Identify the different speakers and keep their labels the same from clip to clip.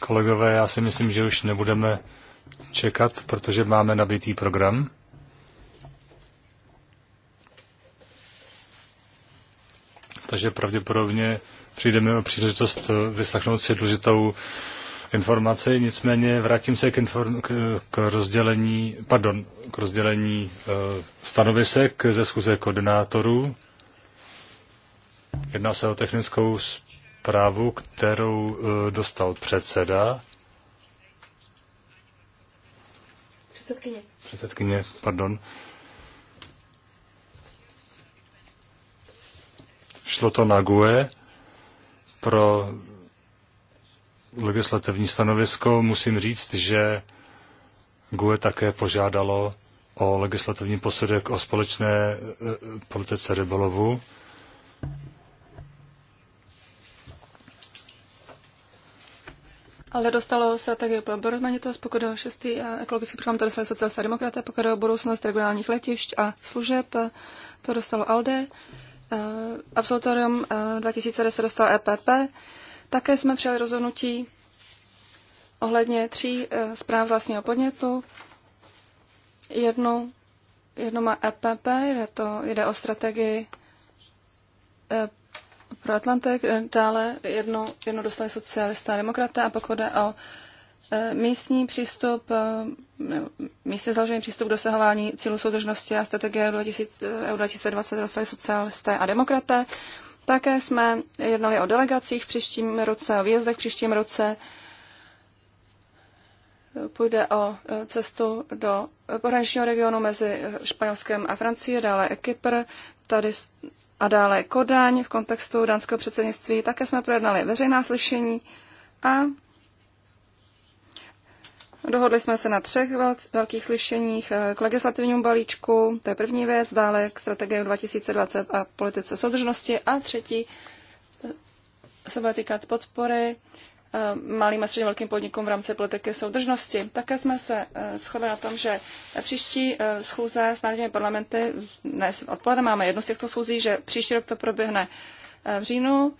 Speaker 1: Kolegové, já si myslím, že už nebudeme čekat, protože máme nabitý program. Takže pravděpodobně přijdeme o příležitost vyslechnout si důležitou informaci, nicméně vrátím se k, inform- k, k rozdělení, pardon, k rozdělení e, stanovisek ze schůze koordinátorů. Jedná se o technickou zprávu, kterou e, dostal předseda. Předsedkyně. Předsedkyně, pardon. Šlo to na GUE pro legislativní stanovisko. Musím říct, že GUE také požádalo o legislativní posudek o společné e, e, politice rybolovu.
Speaker 2: Ale dostalo strategii pro rozmanitost, pokud o šestý a eh, ekologický program, to dostali sociální demokraté, pokud o budoucnost regionálních letišť a služeb, eh, to dostalo ALDE. Eh, absolutorium 2010 dostal EPP. Také jsme přijali rozhodnutí ohledně tří zpráv vlastního podnětu. Jednu, jednu má EPP, jde, to, jde o strategii pro Atlantek eh, dále jedno jedno dostali socialisté a demokraté a pokud jde o eh, místní přístup, eh, místně založený přístup k dosahování cílů soudržnosti a strategie 2020 dostali socialisté a demokraté. Také jsme jednali o delegacích v příštím roce, o výjezdech v příštím roce. Půjde o cestu do pohraničního regionu mezi Španělskem a Francií, dále Kypr. Tady a dále Kodáň v kontextu dánského předsednictví. Také jsme projednali veřejná slyšení a Dohodli jsme se na třech velkých slyšeních eh, k legislativnímu balíčku, to je první věc, dále k strategii 2020 a politice soudržnosti a třetí eh, se bude týkat podpory Eh, malým a středně velkým podnikům v rámci politiky soudržnosti. Také jsme se eh, shodli na tom, že příští eh, schůze s národními parlamenty, dnes odpoledne máme jednu z těchto schůzí, že příští rok to proběhne v říjnu.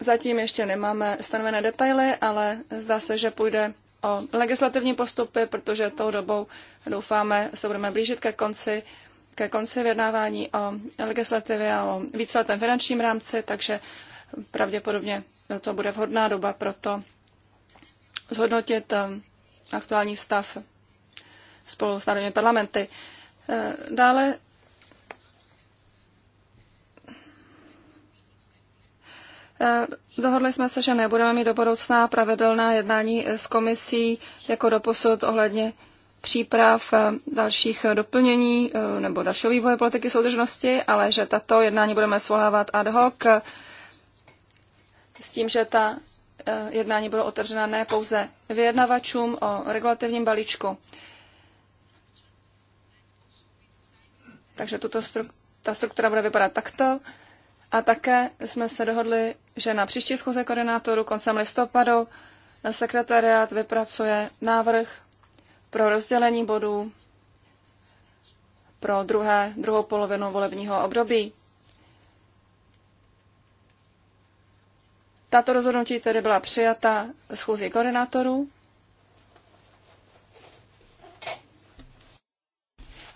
Speaker 2: Zatím ještě nemáme stanovené detaily, ale zdá se, že půjde o legislativní postupy, protože tou dobou, doufáme, se budeme blížit ke konci ke konci vyjednávání o legislativě a o víceletém finančním rámci, takže pravděpodobně to bude vhodná doba pro to zhodnotit eh, aktuální stav spolu s národními parlamenty. Eh, dále eh, Dohodli jsme se, že nebudeme mít do budoucna pravidelná jednání s komisí jako doposud ohledně příprav dalších doplnění nebo dalšího vývoje politiky soudržnosti, ale že tato jednání budeme svolávat ad hoc s tím, že ta eh, jednání bylo otevřena ne pouze vyjednavačům o regulativním balíčku. Takže tuto stru- ta struktura bude vypadat takto. A také jsme se dohodli, že na příští schůze koordinátorů koncem listopadu sekretariát vypracuje návrh pro rozdělení bodů pro druhé, druhou polovinu volebního období. Tato rozhodnutí tedy byla přijata schůzí koordinátorů.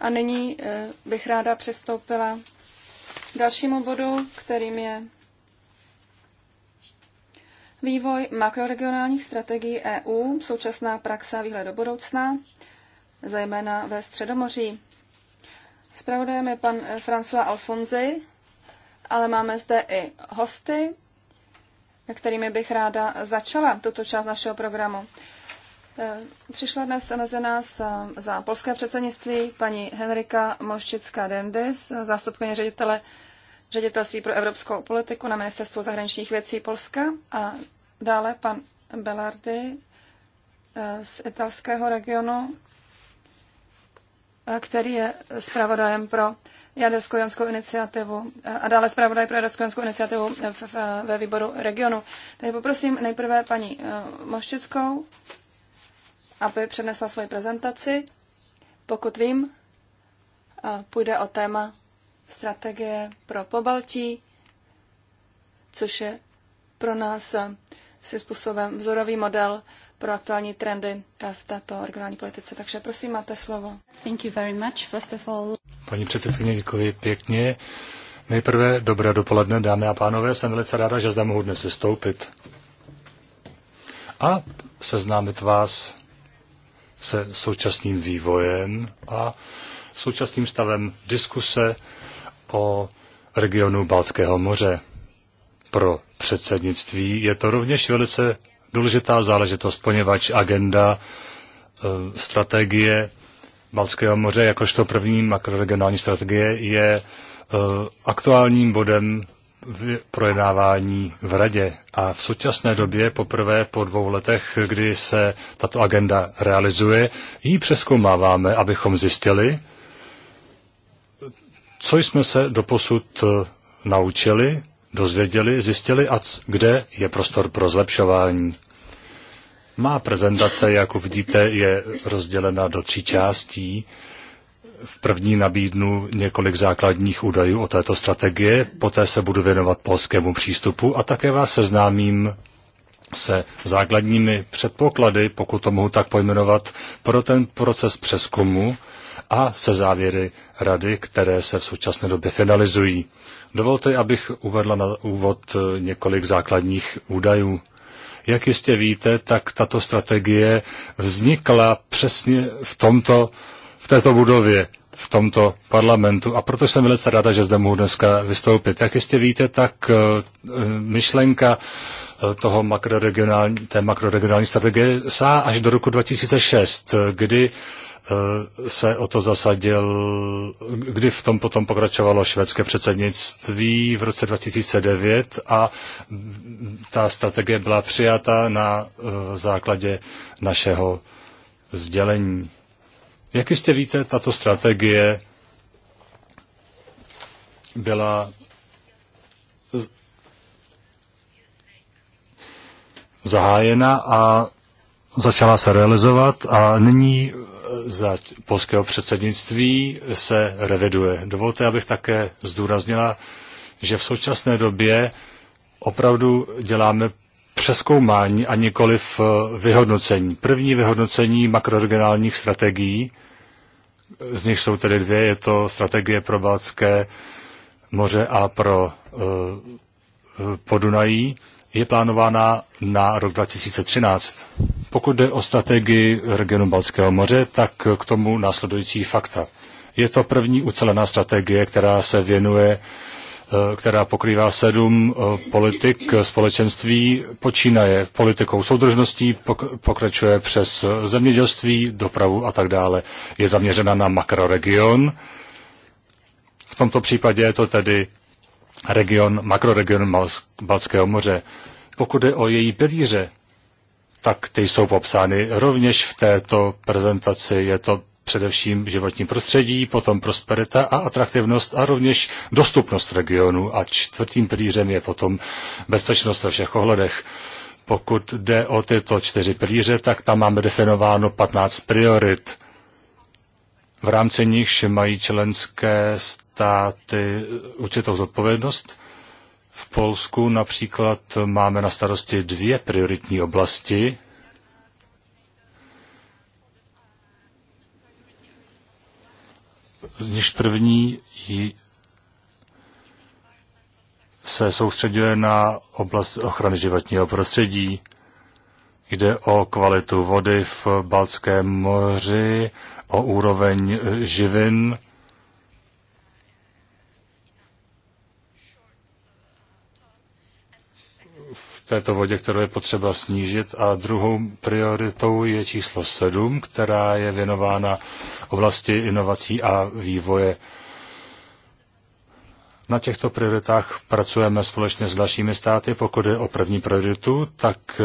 Speaker 2: A nyní eh, bych ráda přistoupila k dalšímu bodu, kterým je vývoj makroregionálních strategií EU, současná praxe a výhled do budoucna, zejména ve Středomoří. Spravodajem je pan François Alfonzi, ale máme zde i hosty, kterými bych ráda začala tuto část našeho programu. E, přišla dnes mezi nás e, za polské předsednictví paní Henrika Moščická-Dendis, zástupkyně ředitele ředitelství pro evropskou politiku na Ministerstvu zahraničních věcí Polska a dále pan Belardi e, z italského regionu, který je zpravodajem pro jadersko-jonskou iniciativu eh, a dále zpravodaj pro jadersko-jonskou iniciativu eh, ve výboru regionu. Takže poprosím nejprve paní eh, Moščickou, aby přednesla svoji prezentaci. Pokud vím, půjde o téma strategie pro pobaltí, což je pro nás svým způsobem vzorový model pro aktuální trendy v této regionální politice. Takže prosím, máte slovo. Thank you very much, first of all.
Speaker 1: Paní předsedkyně, děkuji pěkně. Nejprve dobré dopoledne, dámy a pánové. Jsem velice ráda, že zde mohu dnes vystoupit a seznámit vás se současným vývojem a současným stavem diskuse o regionu Balckého moře. Pro předsednictví je to rovněž velice důležitá záležitost, poněvadž agenda e, strategie Balckého moře jakožto první makroregionální strategie je e, aktuálním bodem v projednávání v Radě. A v současné době, poprvé po dvou letech, kdy se tato agenda realizuje, ji přeskoumáváme, abychom zjistili, co jsme se doposud e, naučili dozvěděli, zjistili, a kde je prostor pro zlepšování. Má prezentace, jak uvidíte, je rozdělena do tří částí. V první nabídnu několik základních údajů o této strategie, poté se budu věnovat polskému přístupu a také vás seznámím se základními předpoklady, pokud to mohu tak pojmenovat, pro ten proces přeskumu a se závěry rady, které se v současné době finalizují. Dovolte, abych uvedla na úvod několik základních údajů. Jak jistě víte, tak tato strategie vznikla přesně v, tomto, v této budově, v tomto parlamentu a proto jsem velice ráda, že zde mohu dneska vystoupit. Jak jistě víte, tak eh, myšlenka eh, toho makroregionální, té makroregionální strategie sá až do roku 2006, eh, kdy Eh, se o to zasadil, kdy v tom potom pokračovalo švédské předsednictví v roce 2009 a ta strategie byla přijata na eh, základě našeho sdělení. Jak jistě víte, tato strategie byla zahájena a začala se realizovat a nyní za polského předsednictví se reviduje. Dovolte, abych také zdůraznila, že v současné době opravdu děláme přeskoumání a nikoli v eh, vyhodnocení. První vyhodnocení makroregionálních strategií, z nich jsou tedy dvě, je to strategie pro Balcké moře a pro uh, Podunají je plánována na rok 2013. Pokud jde o strategii regionu Balckého moře, tak k tomu následující fakta. Je to první ucelená strategie, která se věnuje, eh, která pokrývá sedm eh, politik eh, společenství, počínaje politikou soudržností, pokračuje přes zemědělství, dopravu a tak dále. Je zaměřena na makroregion. V tomto případě je to tedy region, makroregion Balckého moře. Pokud je o její pilíře, tak ty jsou popsány rovněž v této prezentaci. Je to především životní prostředí, potom prosperita a atraktivnost a rovněž dostupnost regionu. A čtvrtým pilířem je potom bezpečnost ve všech ohledech. Pokud jde o tyto čtyři pilíře, tak tam máme definováno 15 priorit, v rámci nichž mají členské státy určitou zodpovědnost. V Polsku například máme na starosti dvě prioritní oblasti. Z první se soustředuje na oblast ochrany životního prostředí. Jde o kvalitu vody v Balckém moři, o úroveň živin, této vodě, kterou je potřeba snížit. A druhou prioritou je číslo 7, která je věnována oblasti inovací a vývoje. Na těchto prioritách pracujeme společně s dalšími státy. Pokud je o první prioritu, tak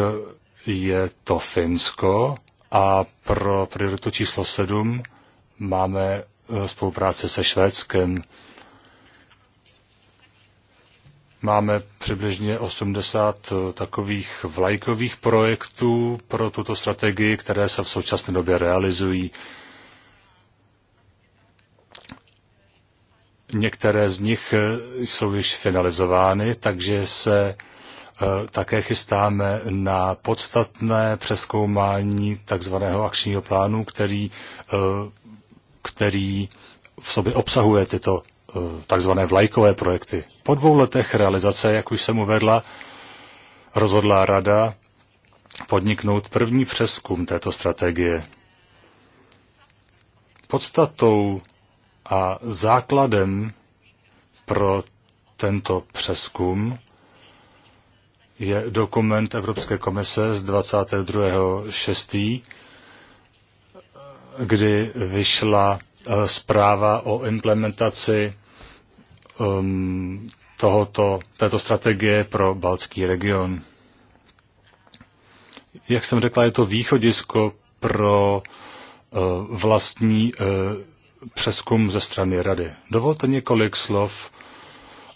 Speaker 1: je to Finsko a pro prioritu číslo 7 máme eh, spolupráce se Švédskem. Máme přibližně 80 eh, takových vlajkových projektů pro tuto strategii, které se v současné době realizují. Některé z nich eh, jsou již finalizovány, takže se eh, také chystáme na podstatné přeskoumání takzvaného akčního plánu, který, který v sobě obsahuje tyto Eh, takzvané vlajkové projekty. Po dvou letech realizace, jak už jsem uvedla, rozhodla rada podniknout první přeskum této strategie. Podstatou a základem pro tento přeskum je dokument Evropské komise z 22.6., kdy vyšla Eh, zpráva o implementaci um, tohoto, této strategie pro Baltský region. Jak jsem řekla, je to východisko pro uh, vlastní uh, přeskum ze strany Rady. Dovolte několik slov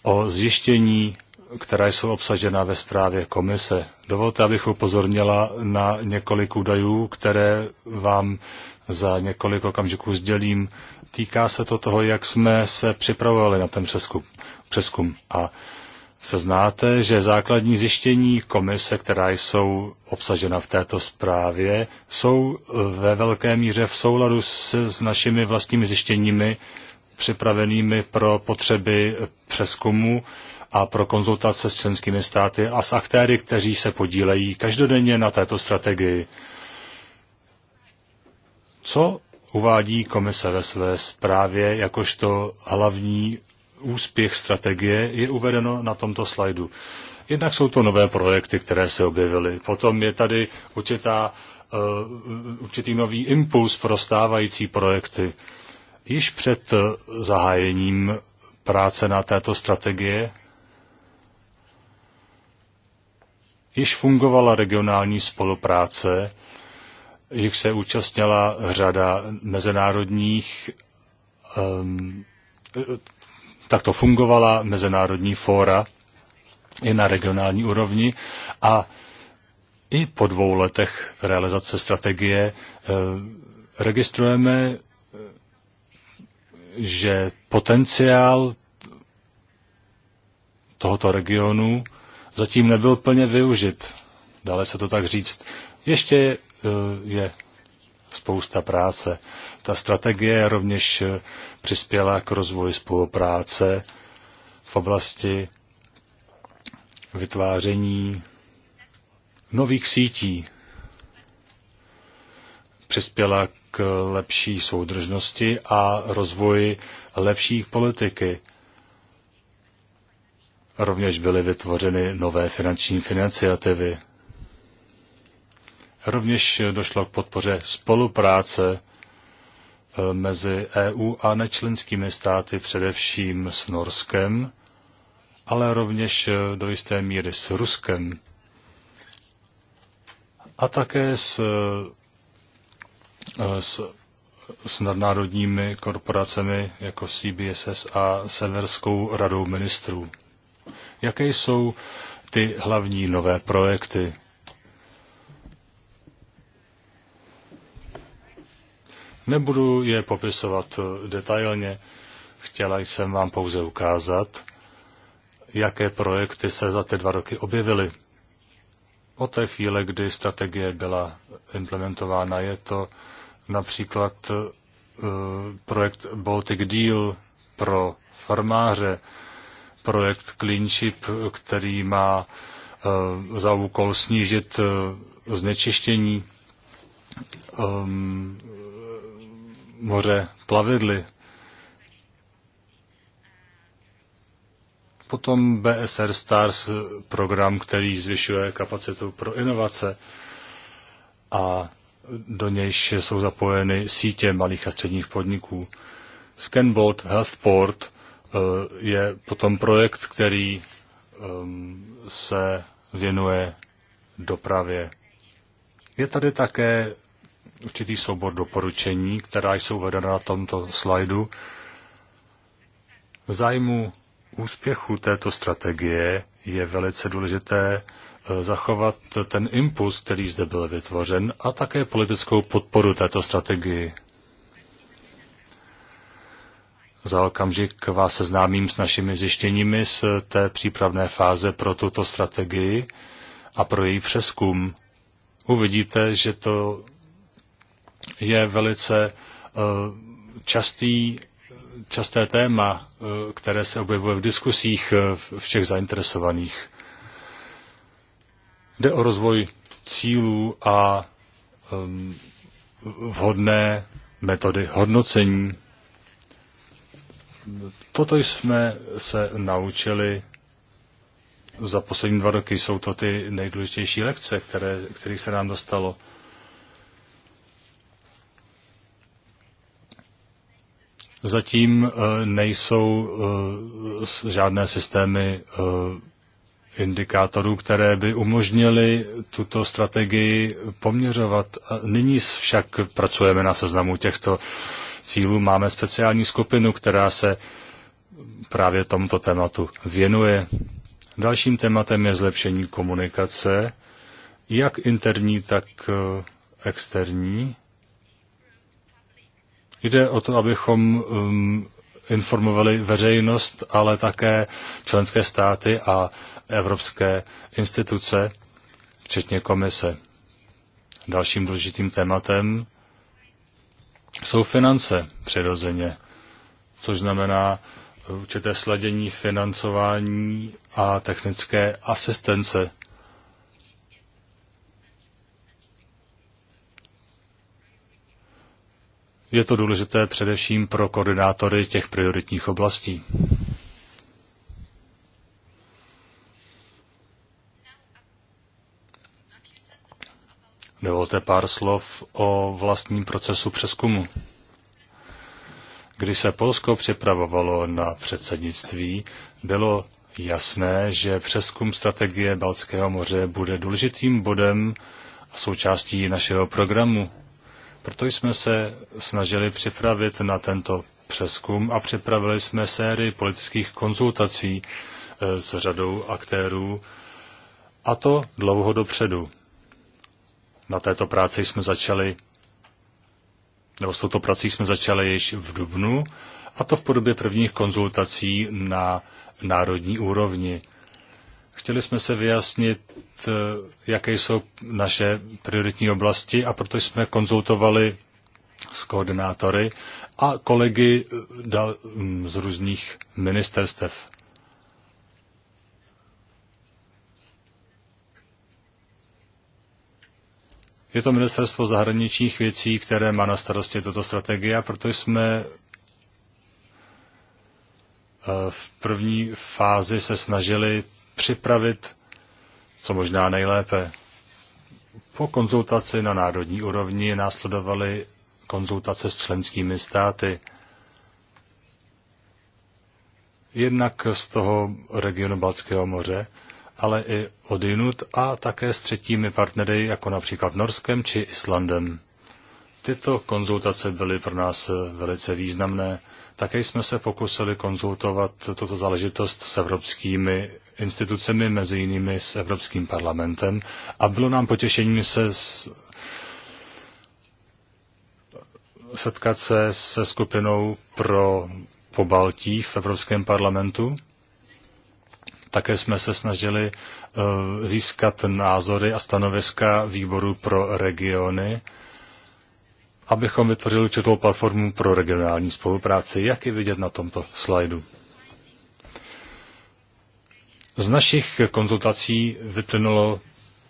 Speaker 1: o zjištění, která jsou obsažena ve zprávě komise. Dovolte, abych upozornila na několik údajů, které vám za několik okamžiků sdělím. Týká se to toho, jak jsme se připravovali na ten přeskup přeskum. A seznáte, že základní zjištění komise, která jsou obsažena v této zprávě, jsou eh, ve velké míře v souladu s, s našimi vlastními zjištěními připravenými pro potřeby eh, přeskumu a pro konzultace s členskými státy a s aktéry, kteří se podílejí každodenně na této strategii. Co uvádí komise ve své zprávě jakožto hlavní úspěch strategie, je uvedeno na tomto slajdu. Jednak jsou to nové projekty, které se objevily. Potom je tady určitá, uh, určitý nový impuls pro stávající projekty. Již před zahájením práce na této strategie již fungovala regionální spolupráce, jich se účastnila řada mezinárodních, um, tak to fungovala mezinárodní fóra i na regionální úrovni a i po dvou letech realizace strategie eh, registrujeme, eh, že potenciál tohoto regionu zatím nebyl plně využit. Dále se to tak říct. Ještě Eh, je spousta práce. Ta strategie rovněž eh, přispěla k rozvoji spolupráce v oblasti vytváření nových sítí. Přispěla k lepší soudržnosti a rozvoji lepších politiky. Rovněž byly vytvořeny nové finanční iniciativy. Rovněž došlo k podpoře spolupráce e, mezi EU a nečlenskými státy, především s Norskem, ale rovněž e, do jisté míry s Ruskem a také s, e, s, s nadnárodními korporacemi jako CBSS a Severskou radou ministrů. Jaké jsou ty hlavní nové projekty? Nebudu je popisovat eh, detailně, chtěla jsem vám pouze ukázat, jaké projekty se za ty dva roky objevily. O té chvíle, kdy strategie byla implementována, je to například eh, projekt Baltic Deal pro farmáře, projekt Cleanship, který má eh, za úkol snížit znečištění, ehm, moře plavidly. Potom BSR Stars, program, který zvyšuje kapacitu pro inovace a do nějž jsou zapojeny sítě malých a středních podniků. Scanbot Healthport eh, je potom projekt, který ehm, se věnuje dopravě. Je tady také určitý soubor doporučení, která jsou vedena na tomto slajdu. V zájmu úspěchu této strategie je velice důležité eh, zachovat ten impuls, který zde byl vytvořen, a také politickou podporu této strategii. Za okamžik vás seznámím s našimi zjištěními z té přípravné fáze pro tuto strategii a pro její přeskum. Uvidíte, že to je velice eh, častý, časté téma, eh, které se objevuje v diskusích eh, všech zainteresovaných. Jde o rozvoj cílů a ehm, vhodné metody hodnocení. Toto jsme se naučili za poslední dva roky. Jsou to ty nejdůležitější lekce, které, kterých se nám dostalo. Zatím eh, nejsou eh, žádné systémy eh, indikátorů, které by umožnily tuto strategii poměřovat. Nyní však pracujeme na seznamu těchto cílů. Máme speciální skupinu, která se právě tomuto tématu věnuje. Dalším tématem je zlepšení komunikace, jak interní, tak externí. Jde o to, abychom um, informovali veřejnost, ale také členské státy a evropské instituce, včetně komise. Dalším důležitým tématem jsou finance přirozeně, což znamená určité sladění financování a technické asistence. Je to důležité především pro koordinátory těch prioritních oblastí. Dovolte pár slov o vlastním procesu přeskumu. Když se Polsko připravovalo na předsednictví, bylo jasné, že přeskum strategie Balckého moře bude důležitým bodem a součástí našeho programu. Proto jsme se snažili připravit na tento přeskum a připravili jsme sérii politických konzultací eh, s řadou aktérů, a to dlouho dopředu. Na této práci jsme začali, nebo s touto prací jsme začali již v Dubnu, a to v podobě prvních konzultací na národní úrovni. Chtěli jsme se vyjasnit Eh, jaké jsou naše prioritní oblasti a proto jsme konzultovali s koordinátory a kolegy eh, mm, z různých ministerstev. Je to ministerstvo zahraničních věcí, které má na starosti toto strategie a proto jsme eh, v první fázi se snažili připravit co možná nejlépe. Po konzultaci na národní úrovni následovaly konzultace s členskými státy. Jednak z toho regionu Balckého moře, ale i odinut a také s třetími partnery, jako například Norskem či Islandem. Tyto konzultace byly pro nás velice významné. Také jsme se pokusili konzultovat tuto záležitost s evropskými institucemi, mezi jinými s Evropským parlamentem. A bylo nám potěšením se s, setkat se se skupinou pro pobaltí v Evropském parlamentu. Také jsme se snažili uh, získat názory a stanoviska výboru pro regiony, abychom vytvořili určitou platformu pro regionální spolupráci, jak je vidět na tomto slajdu. Z našich konzultací vyplynulo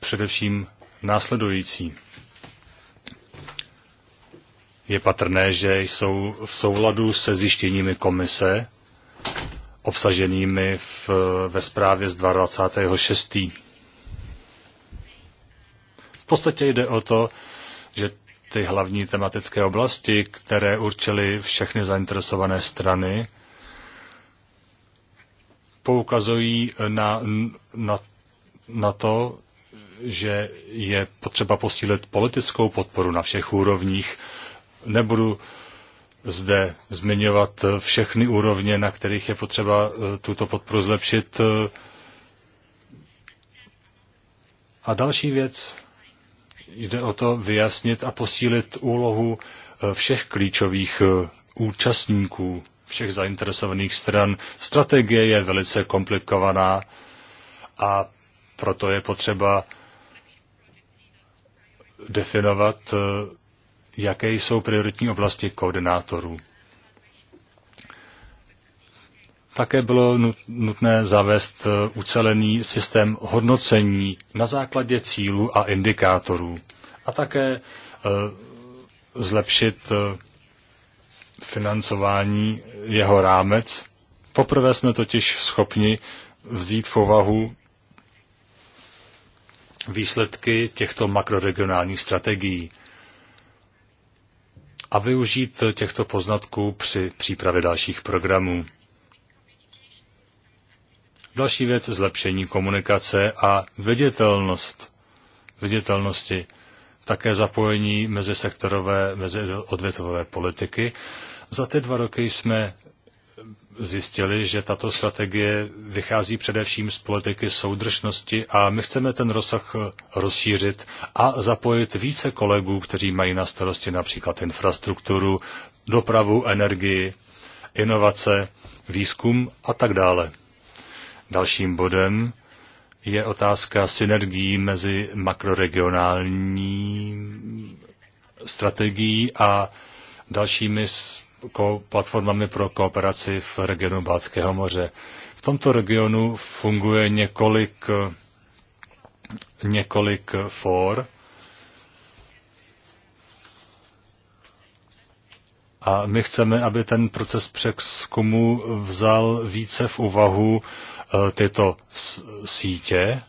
Speaker 1: především následující. Je patrné, že jsou v souladu se zjištěními komise, obsaženými v, ve zprávě z 26. V podstatě jde o to, že ty hlavní tematické oblasti, které určily všechny zainteresované strany, poukazují na, na, na to, že je potřeba posílit politickou podporu na všech úrovních. Nebudu zde zmiňovat všechny úrovně, na kterých je potřeba eh, tuto podporu zlepšit. A další věc, jde o to vyjasnit a posílit úlohu eh, všech klíčových eh, účastníků všech zainteresovaných stran. Strategie je velice komplikovaná a proto je potřeba definovat, eh, jaké jsou prioritní oblasti koordinátorů. Také bylo nutné zavést eh, ucelený systém hodnocení na základě cílů a indikátorů a také eh, zlepšit financování jeho rámec. Poprvé jsme totiž schopni vzít v úvahu výsledky těchto makroregionálních strategií a využít těchto poznatků při přípravě dalších programů. Další věc zlepšení komunikace a viditelnost, viditelnosti, také zapojení mezi sektorové mezi odvětvové politiky za ty dva roky jsme zjistili, že tato strategie vychází především z politiky soudržnosti a my chceme ten rozsah eh, rozšířit a zapojit více kolegů, kteří mají na starosti například infrastrukturu, dopravu, energii, inovace, výzkum a tak dále. Dalším bodem je otázka synergií mezi makroregionální strategií a dalšími platformami pro kooperaci v regionu Bátského moře. V tomto regionu funguje několik, několik for a my chceme, aby ten proces přeskumu vzal více v úvahu eh, tyto sítě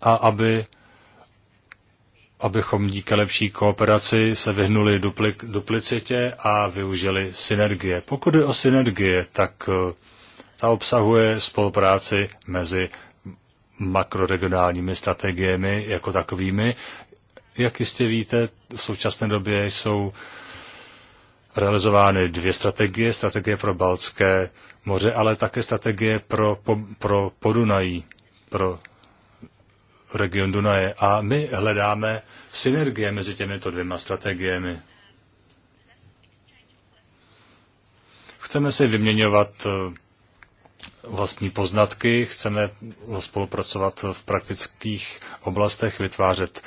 Speaker 1: a aby abychom díky lepší kooperaci se vyhnuli duplicitě a využili synergie. Pokud je o synergie, tak eh, ta obsahuje spolupráci mezi makroregionálními strategiemi jako takovými. Jak jistě víte, v současné době jsou realizovány dvě strategie, strategie pro Baltské moře, ale také strategie pro, pro Podunají, pro region Dunaje a my hledáme synergie mezi těmito dvěma strategiemi. Chceme si vyměňovat eh, vlastní poznatky, chceme spolupracovat v praktických oblastech, vytvářet,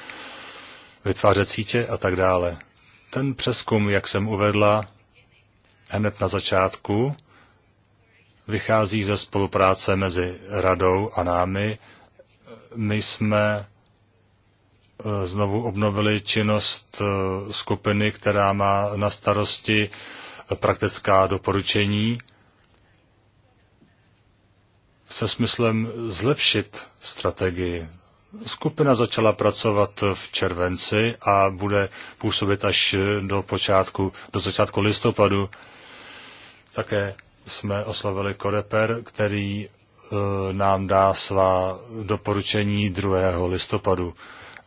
Speaker 1: vytvářet sítě a tak dále. Ten přeskum, jak jsem uvedla hned na začátku, vychází ze spolupráce mezi radou a námi my jsme eh, znovu obnovili činnost eh, skupiny, která má na starosti eh, praktická doporučení se smyslem zlepšit strategii. Skupina začala pracovat v červenci a bude působit až do počátku, do začátku listopadu. Také jsme oslovili Koreper, který Eh, nám dá svá doporučení 2. listopadu.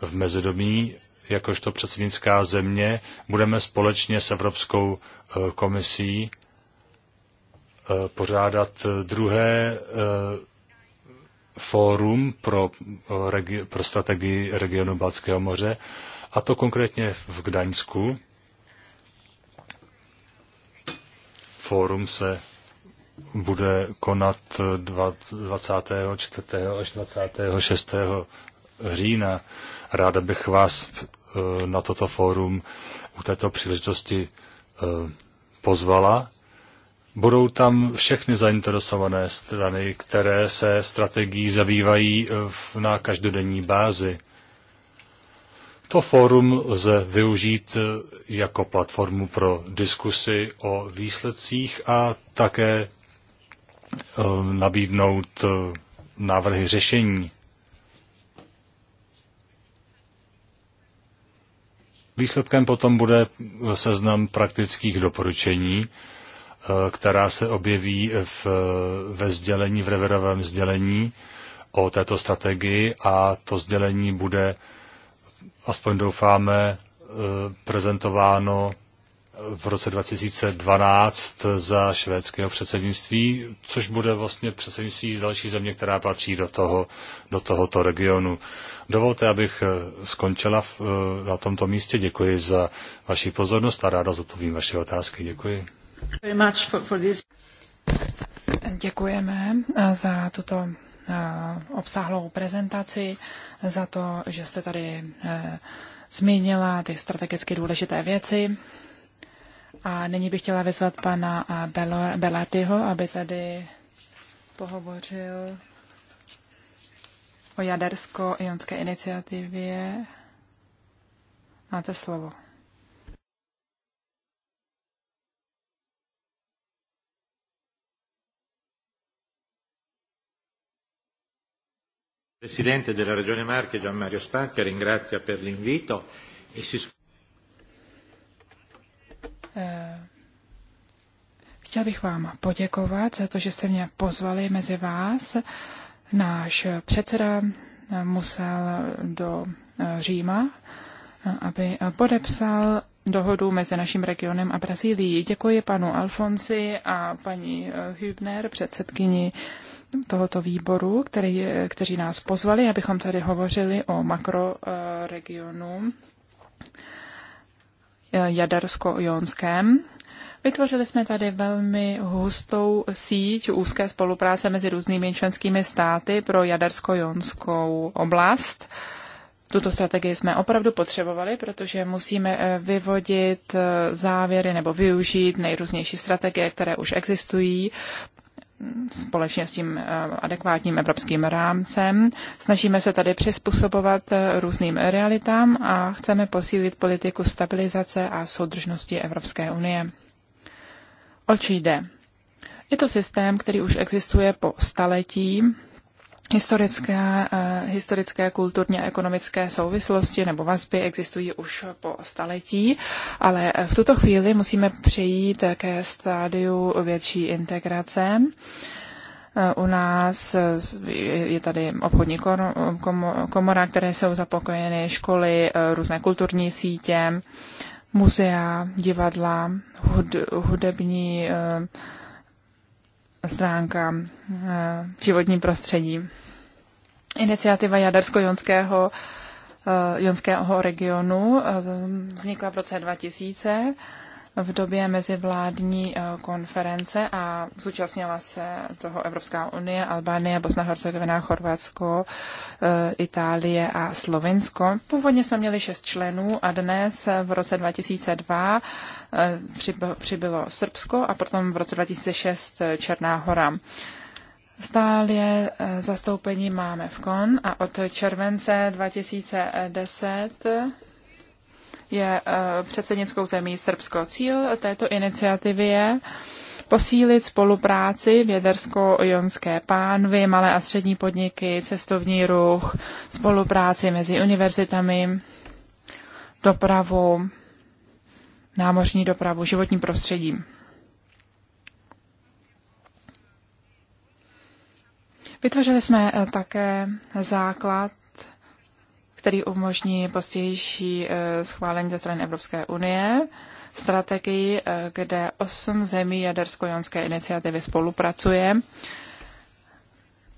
Speaker 1: V mezidobí, jakožto předsednická země, budeme společně s Evropskou eh, komisí eh, pořádat druhé fórum pro, pro strategii regionu Balckého moře, a to konkrétně v Gdaňsku. Fórum se bude konat 24. až 26. října. Ráda bych vás eh, na toto fórum u této příležitosti eh, pozvala. Budou tam všechny zainteresované strany, které se strategií zabývají eh, na každodenní bázi. To fórum lze využít jako platformu pro diskusy o výsledcích a také Eh, nabídnout eh, návrhy řešení. Výsledkem potom bude seznam praktických doporučení, eh, která se objeví v, ve sdělení, v reverovém sdělení o této strategii a to sdělení bude, aspoň doufáme, prezentováno v roce 2012 za švédského předsednictví, což bude vlastně předsednictví z další země, která patří do, toho, do tohoto regionu. Dovolte, abych eh, skončila v, eh, na tomto místě. Děkuji za vaši pozornost a ráda zodpovím vaše otázky. Děkuji.
Speaker 3: Děkujeme eh, za tuto obsáhlou prezentaci, za to, že jste tady zmínila ty strategicky důležité věci. A nyní bych chtěla vyzvat pana Belardyho, aby tady pohovořil o jadersko-ionské iniciativě. Máte slovo.
Speaker 1: Presidente della Regione Marche Gian Mario Spacca ringrazia per l'invito e si
Speaker 3: Eh, Chtěl bych vám poděkovat za to, že jste mě pozvali mezi vás. Náš předseda eh, musel do eh, Říma, aby podepsal dohodu mezi naším regionem a Brazílií. Děkuji panu Alfonsi a paní Hübner, předsedkyni tohoto výboru, který, kteří nás pozvali, abychom tady hovořili o makroregionu Jadarsko-Jonském. Vytvořili jsme tady velmi hustou síť úzké spolupráce mezi různými členskými státy pro jadarsko-jonskou oblast. Tuto strategii jsme opravdu potřebovali, protože musíme eh, vyvodit eh, závěry nebo využít nejrůznější strategie, které už existují společně s tím eh, adekvátním evropským rámcem. Snažíme se tady přizpůsobovat eh, různým realitám a chceme posílit politiku stabilizace a soudržnosti Evropské unie. OČI jde? Je to systém, který už existuje po staletí Historické, eh, historické, kulturně ekonomické souvislosti nebo vazby existují už po staletí, ale v tuto chvíli musíme přejít ke stádiu větší integrace. Eh, u nás eh, je tady obchodní komora, které jsou zapokojeny, školy, různé kulturní sítě, muzea, divadla, hudební uh, eh, životní prostředí. Iniciativa Jadersko-Jonského eh, Jonského regionu eh, vznikla v roce 2000 v době mezivládní eh, konference a zúčastnila se toho Evropská unie, Albánie, Bosna, Hercegovina, Chorvatsko, eh, Itálie a Slovensko. Původně jsme měli šest členů a dnes eh, v roce 2002 přibylo Srbsko a potom v roce 2006 Černá hora. Stále zastoupení máme v KON a od července 2010 je eh, předsednickou zemí Srbsko. Cíl této iniciativy je posílit spolupráci jadersko jonské pánvy, malé a střední podniky, cestovní ruch, spolupráci mezi univerzitami, dopravu, námořní dopravu, životní prostředí. Vytvořili jsme eh, také základ který umožní postější eh, schválení ze strany Evropské unie strategii, eh, kde osm zemí jadersko-jonské iniciativy spolupracuje.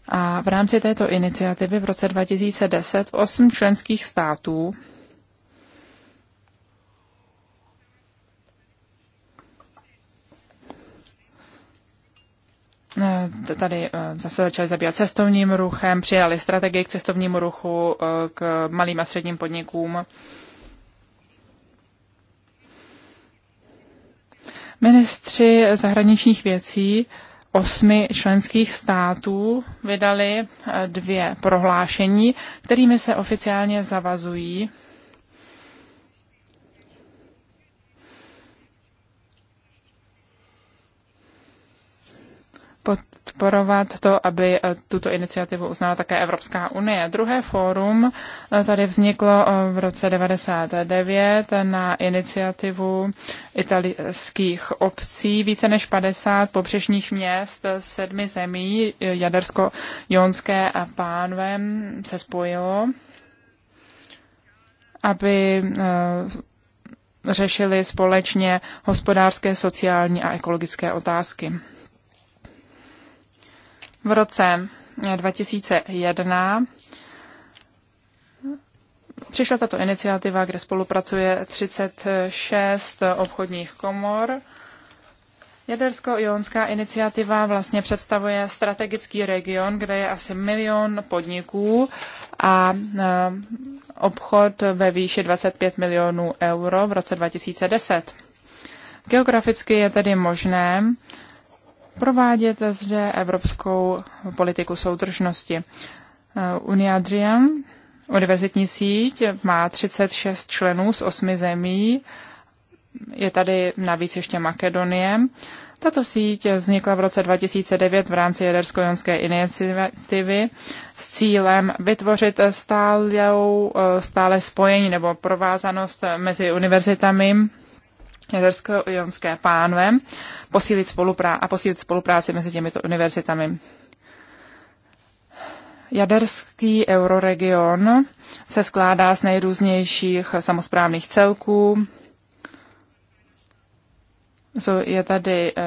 Speaker 3: A v rámci této iniciativy v roce 2010 osm členských států Eh, tady eh, zase začali zabývat cestovním ruchem, přijali strategii k cestovnímu ruchu, eh, k malým a středním podnikům. Ministři zahraničních věcí osmi členských států vydali dvě prohlášení, kterými se oficiálně zavazují podporovat to, aby eh, tuto iniciativu uznala také Evropská unie. Druhé fórum eh, tady vzniklo eh, v roce 99 na iniciativu italských obcí. Více než 50 pobřežních měst sedmi zemí Jadersko-Jonské a Pánvem se spojilo aby řešili společně hospodářské, sociální a ekologické otázky v roce 2001 eh, přišla tato iniciativa, kde spolupracuje 36 obchodních komor. Jadersko-jonská iniciativa vlastně představuje strategický region, kde je asi milion podniků a eh, obchod ve výši 25 milionů euro v roce 2010. Geograficky je tedy možné provádět zde evropskou politiku soudržnosti. Eh, Uniadrian, univerzitní síť, má 36 členů z 8 zemí, je tady navíc ještě Makedonie. Tato síť vznikla v roce 2009 v rámci jadersko-jonské iniciativy s cílem vytvořit stálou, eh, stále spojení nebo provázanost mezi univerzitami Jezersko-Jonské pánve posílit spoluprá- a posílit spolupráci mezi těmito univerzitami. Jaderský euroregion se skládá z nejrůznějších samozprávných celků. Je tady eh,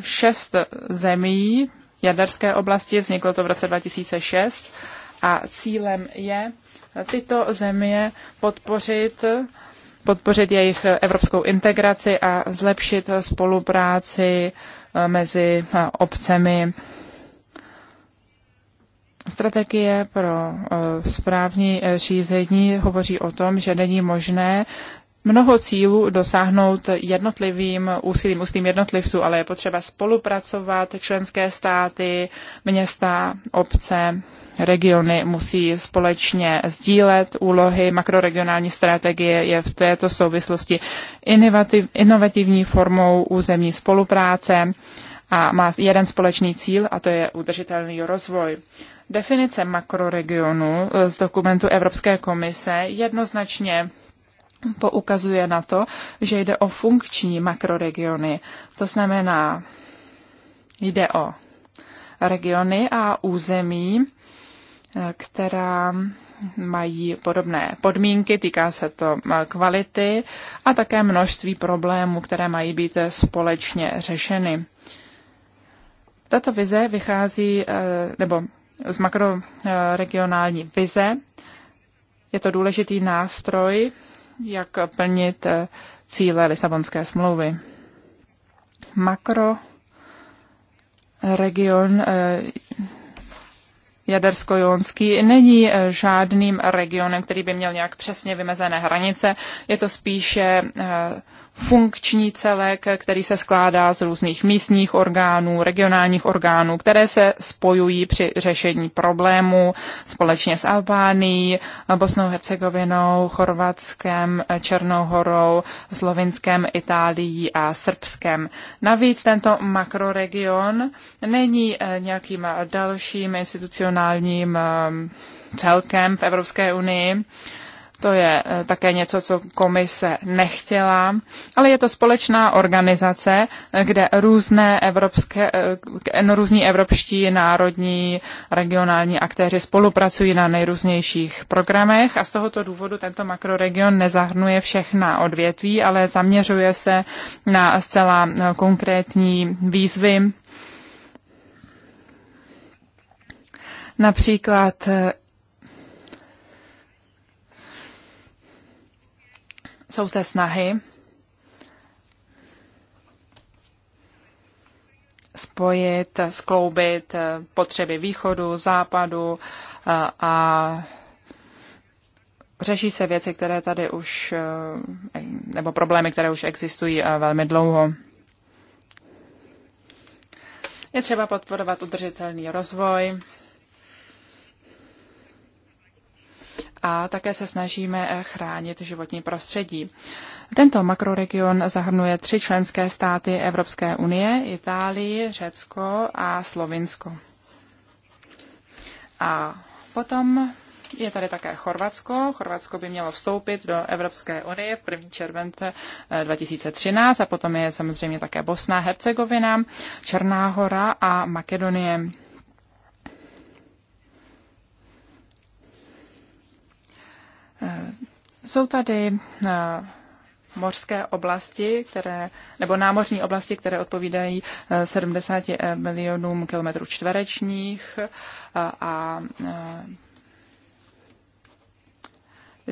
Speaker 3: šest zemí jaderské oblasti, vzniklo to v roce 2006 a cílem je tyto země podpořit podpořit jejich evropskou integraci a zlepšit spolupráci eh, mezi eh, obcemi. Strategie pro eh, správní řízení hovoří o tom, že není možné mnoho cílů dosáhnout jednotlivým úsilím, úsilím jednotlivců, ale je potřeba spolupracovat. Členské státy, města, obce, regiony musí společně sdílet úlohy. Makroregionální strategie je v této souvislosti inovativ, inovativní formou územní spolupráce a má jeden společný cíl, a to je udržitelný rozvoj. Definice makroregionu z dokumentu Evropské komise jednoznačně poukazuje na to, že jde o funkční makroregiony. To znamená, jde o regiony a území, která mají podobné podmínky, týká se to kvality a také množství problémů, které mají být společně řešeny. Tato vize vychází, eh, nebo z makroregionální vize, je to důležitý nástroj jak plnit eh, cíle Lisabonské smlouvy. Makro region eh, Jadersko-Jonský není eh, žádným regionem, který by měl nějak přesně vymezené hranice. Je to spíše funkční celek, který se skládá z různých místních orgánů, regionálních orgánů, které se spojují při řešení problémů společně s Albánií, Bosnou Hercegovinou, Chorvatskem, Černohorou, Slovinskem, Itálií a Srbskem. Navíc tento makroregion není eh, nějakým eh, dalším institucionálním eh, celkem v Evropské unii, to je eh, také něco, co komise nechtěla, ale je to společná organizace, eh, kde různé evropské, eh, no, různí evropští národní regionální aktéři spolupracují na nejrůznějších programech a z tohoto důvodu tento makroregion nezahrnuje všechna odvětví, ale zaměřuje se na zcela konkrétní výzvy. Například jsou zde snahy spojit, skloubit eh, potřeby východu, západu eh, a řeší se věci, které tady už, eh, nebo problémy, které už existují velmi dlouho. Je třeba podporovat udržitelný rozvoj, a také se snažíme eh, chránit životní prostředí. Tento makroregion zahrnuje tři členské státy Evropské unie, Itálii, Řecko a Slovinsko. A potom je tady také Chorvatsko. Chorvatsko by mělo vstoupit do Evropské unie v 1. července 2013 eh, a potom je samozřejmě také Bosna, Hercegovina, Černá hora a Makedonie. Jsou tady eh, morské oblasti, které, nebo námořní oblasti, které odpovídají 70 eh, eh, milionům kilometrů čtverečních a,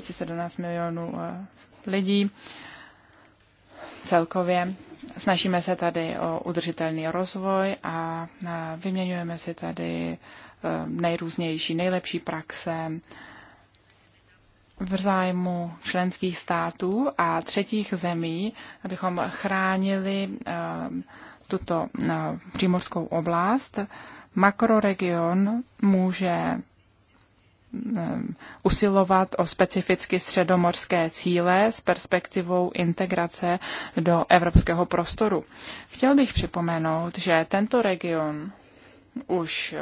Speaker 3: 17 milionů lidí celkově. Snažíme se tady o udržitelný rozvoj a vyměňujeme si tady nejrůznější, nejlepší praxe, v zájmu členských států a třetích zemí, abychom chránili eh, tuto eh, přímorskou oblast. Makroregion může eh, usilovat o specificky středomorské cíle s perspektivou integrace do evropského prostoru. Chtěl bych připomenout, že tento region už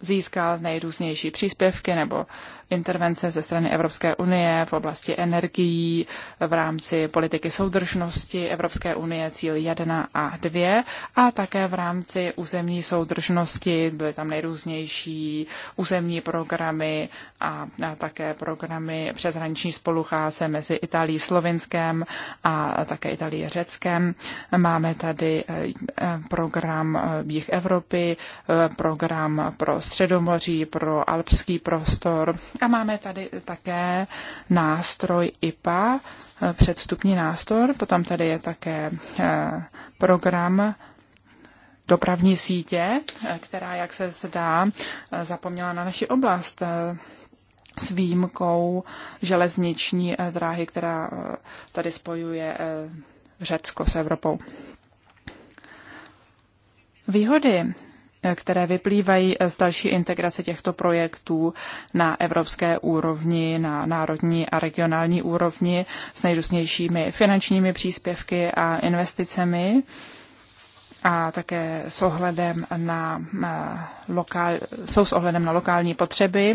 Speaker 3: získal nejrůznější příspěvky nebo intervence ze strany Evropské unie v oblasti energií, v rámci politiky soudržnosti Evropské unie cíl 1 a 2 a také v rámci územní soudržnosti byly tam nejrůznější územní programy a, a také programy přeshraniční spolucháce mezi Itálií, Slovinskem a také Itálií, Řeckem. Máme tady eh, program Bích eh, Evropy, eh, program pro Středomoří, pro alpský prostor. A máme tady také nástroj IPA, eh, předstupní nástroj, potom tady je také eh, program dopravní sítě, eh, která, jak se zdá, zapomněla na naši oblast s výjimkou železniční dráhy, která tady spojuje Řecko s Evropou. Výhody které vyplývají z další integrace těchto projektů na evropské úrovni, na národní a regionální úrovni s nejrůznějšími finančními příspěvky a investicemi a také s ohledem na, na eh, lokál, jsou s ohledem na lokální potřeby.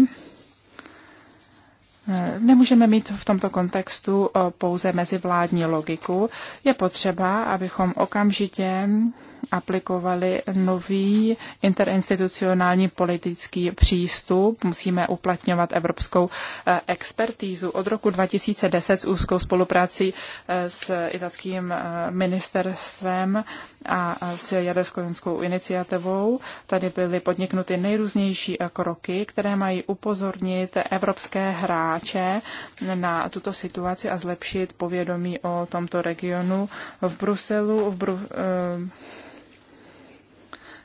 Speaker 3: Eh, nemůžeme mít v tomto kontextu eh, pouze mezivládní logiku. Je potřeba, abychom okamžitě aplikovali nový interinstitucionální politický přístup. Musíme uplatňovat evropskou eh, expertízu. Od roku 2010 s úzkou spoluprácí eh, s italským eh, ministerstvem a s jadersko iniciativou. Tady byly podniknuty nejrůznější kroky, které mají upozornit evropské hráče na tuto situaci a zlepšit povědomí o tomto regionu v Bruselu, v Bru-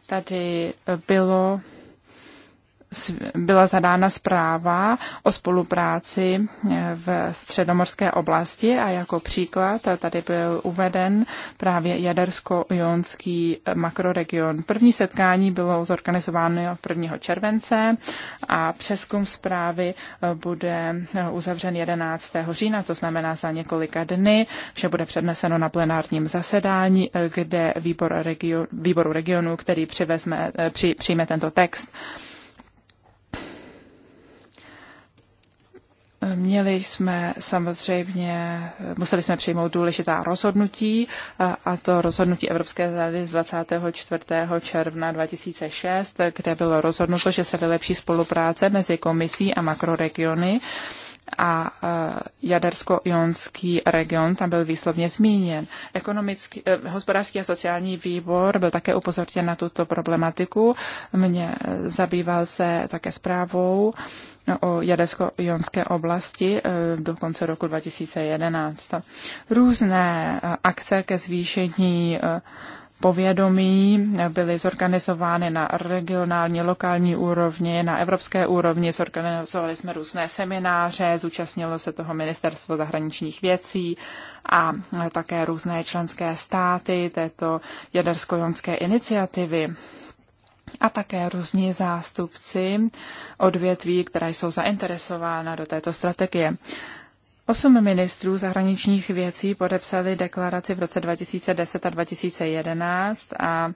Speaker 3: tady bylo byla zadána zpráva o spolupráci e, v středomorské oblasti a jako příklad tady byl uveden právě jadersko-jonský e, makroregion. První setkání bylo zorganizováno 1. července a přeskum zprávy e, bude uzavřen 11. října, to znamená za několika dny. Vše bude předneseno na plenárním zasedání, kde výbor region, výboru regionu, který přivezme, při, přijme tento text, Měli jsme samozřejmě, museli jsme přijmout důležitá rozhodnutí, a to rozhodnutí Evropské rady z 24. června 2006, kde bylo rozhodnuto, že se vylepší spolupráce mezi komisí a makroregiony a jadersko-jonský region tam byl výslovně zmíněn. Ekonomický, eh, hospodářský a sociální výbor byl také upozorněn na tuto problematiku. Mě zabýval se také zprávou eh, No, o jadesko jonské oblasti eh, do konce roku 2011. Různé eh, akce ke zvýšení eh, povědomí byly zorganizovány na regionální, lokální úrovni, na evropské úrovni. Zorganizovali jsme různé semináře, zúčastnilo se toho ministerstvo zahraničních věcí a také různé členské státy této jadersko-jonské iniciativy a také různí zástupci odvětví, které jsou zainteresována do této strategie. Osm ministrů zahraničních věcí podepsali deklaraci v roce 2010 a 2011 a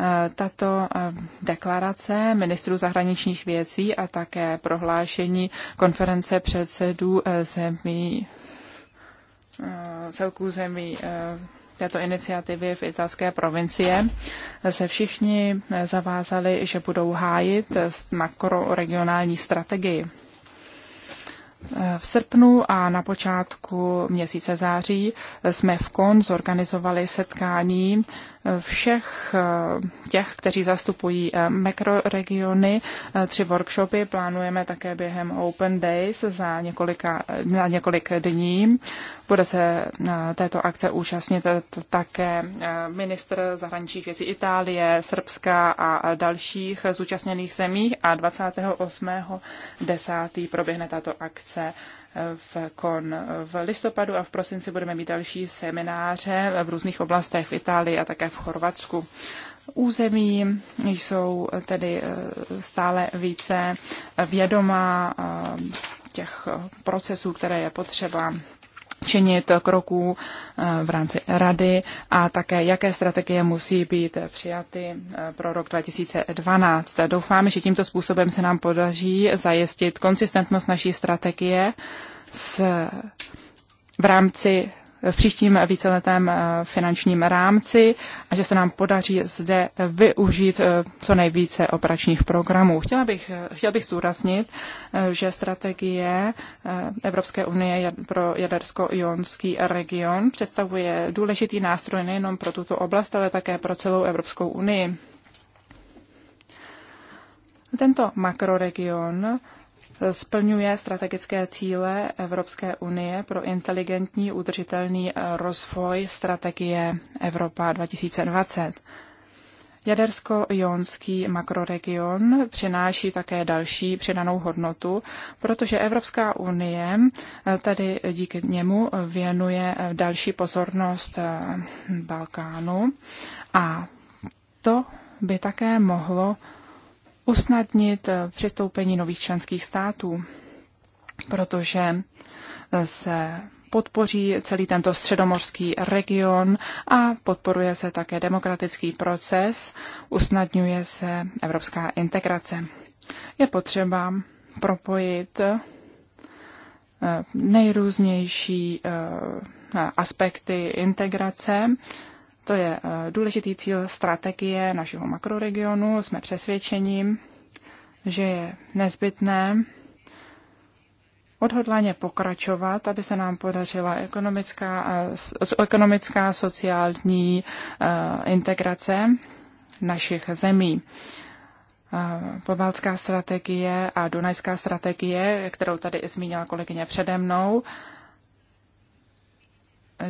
Speaker 3: e, tato e, deklarace ministrů zahraničních věcí a také prohlášení konference předsedů e, zemí celků zemí této iniciativy v italské provincie se všichni zavázali, že budou hájit makroregionální strategii. V srpnu a na počátku měsíce září jsme v KON zorganizovali setkání všech eh, těch, kteří zastupují eh, mikroregiony. Eh, tři workshopy plánujeme také během Open Days za, několika, za několik dní. Bude se této akce účastnit také ministr zahraničních věcí Itálie, Srbska a dalších zúčastněných zemí a 28.10. proběhne tato akce v KON v listopadu a v prosinci budeme mít další semináře v různých oblastech v Itálii a také v Chorvatsku území jsou tedy eh, stále více eh, vědomá eh, těch procesů, které je potřeba činit kroků eh, v rámci rady a také jaké strategie musí být přijaty eh, pro rok 2012. Doufáme, že tímto způsobem se nám podaří zajistit konsistentnost naší strategie s, v rámci v příštím víceletém eh, finančním rámci a že se nám podaří zde využít eh, co nejvíce operačních programů. Chtěla bych, eh, chtěla bych zdůraznit, že strategie Evropské unie pro jadersko-jonský region představuje důležitý nástroj nejenom pro tuto oblast, ale také pro celou Evropskou unii. Tento makroregion splňuje strategické cíle Evropské unie pro inteligentní udržitelný rozvoj strategie Evropa 2020. Jadersko-jonský makroregion přináší také další přidanou hodnotu, protože Evropská unie tady díky němu věnuje další pozornost Balkánu a to by také mohlo usnadnit eh, přistoupení nových členských států, protože eh, se podpoří celý tento středomorský region a podporuje se také demokratický proces, usnadňuje se evropská integrace. Je potřeba propojit eh, nejrůznější aspekty integrace to je eh, důležitý cíl strategie našeho makroregionu. Jsme přesvědčením, že je nezbytné odhodlaně pokračovat, aby se nám podařila ekonomická, eh, ekonomická sociální eh, integrace našich zemí. Pobalská strategie a Dunajská strategie, kterou tady zmínila kolegyně přede mnou,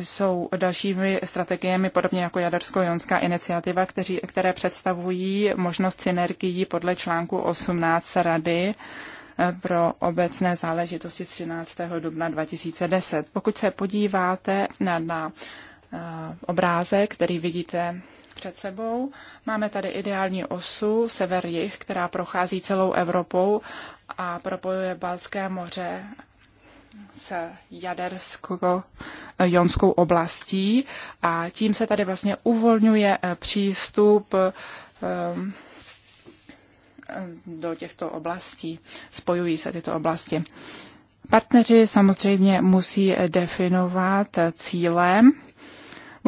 Speaker 3: jsou dalšími strategiemi, podobně jako Jadersko-Jonská iniciativa, kteří, které představují možnost synergií podle článku 18 Rady eh, pro obecné záležitosti 13. dubna 2010. Pokud se podíváte na, na eh, obrázek, který vidíte před sebou, máme tady ideální osu sever-jih, která prochází celou Evropou a propojuje Balské moře s jadersko-jonskou oblastí a tím se tady vlastně uvolňuje eh, přístup ehm, eh, do těchto oblastí, spojují se tyto oblasti. Partneři samozřejmě musí definovat eh, cílem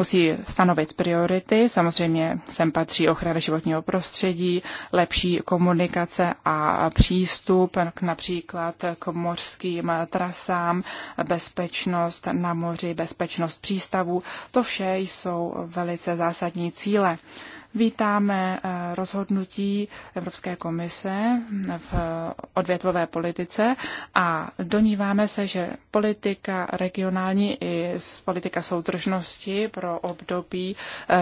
Speaker 3: musí stanovit priority. Samozřejmě sem patří ochrana životního prostředí, lepší komunikace a přístup k například k mořským trasám, bezpečnost na moři, bezpečnost přístavů. To vše jsou velice zásadní cíle. Vítáme eh, rozhodnutí Evropské komise v eh, odvětvové politice a doníváme se, že politika regionální i politika soudržnosti pro období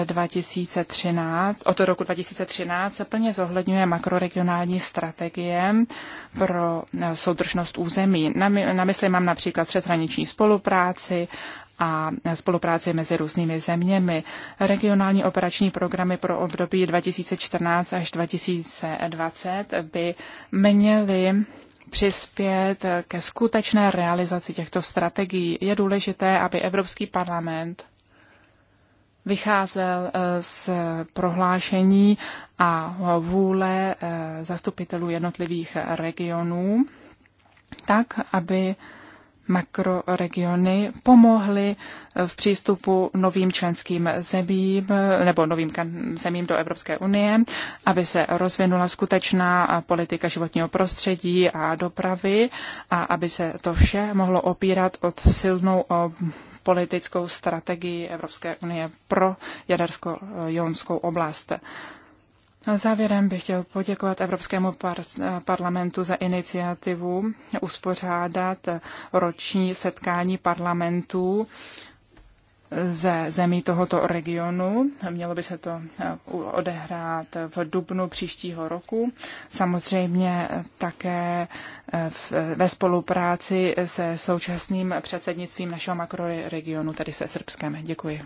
Speaker 3: 2013, eh, od roku 2013 se plně zohledňuje makroregionální strategie pro soudržnost území. Na, na mysli mám například přeshraniční spolupráci a spolupráci mezi různými zeměmi. Regionální operační programy pro období 2014 až 2020 by měly přispět ke skutečné realizaci těchto strategií. Je důležité, aby Evropský parlament vycházel eh, z prohlášení a vůle eh, zastupitelů jednotlivých regionů, tak, aby makroregiony pomohly eh, v přístupu novým členským zemím eh, nebo novým zemím do Evropské unie, aby se rozvinula skutečná eh, politika životního prostředí a dopravy a aby se to vše mohlo opírat od silnou politickou strategii Evropské unie pro jadersko-jonskou oblast. Závěrem bych chtěl poděkovat Evropskému par- parlamentu za iniciativu uspořádat roční setkání parlamentů ze zemí tohoto regionu. Mělo by se to eh, odehrát v dubnu příštího roku. Samozřejmě eh, také eh, ve spolupráci se současným předsednictvím našeho makroregionu, tedy se Srbskem. Děkuji.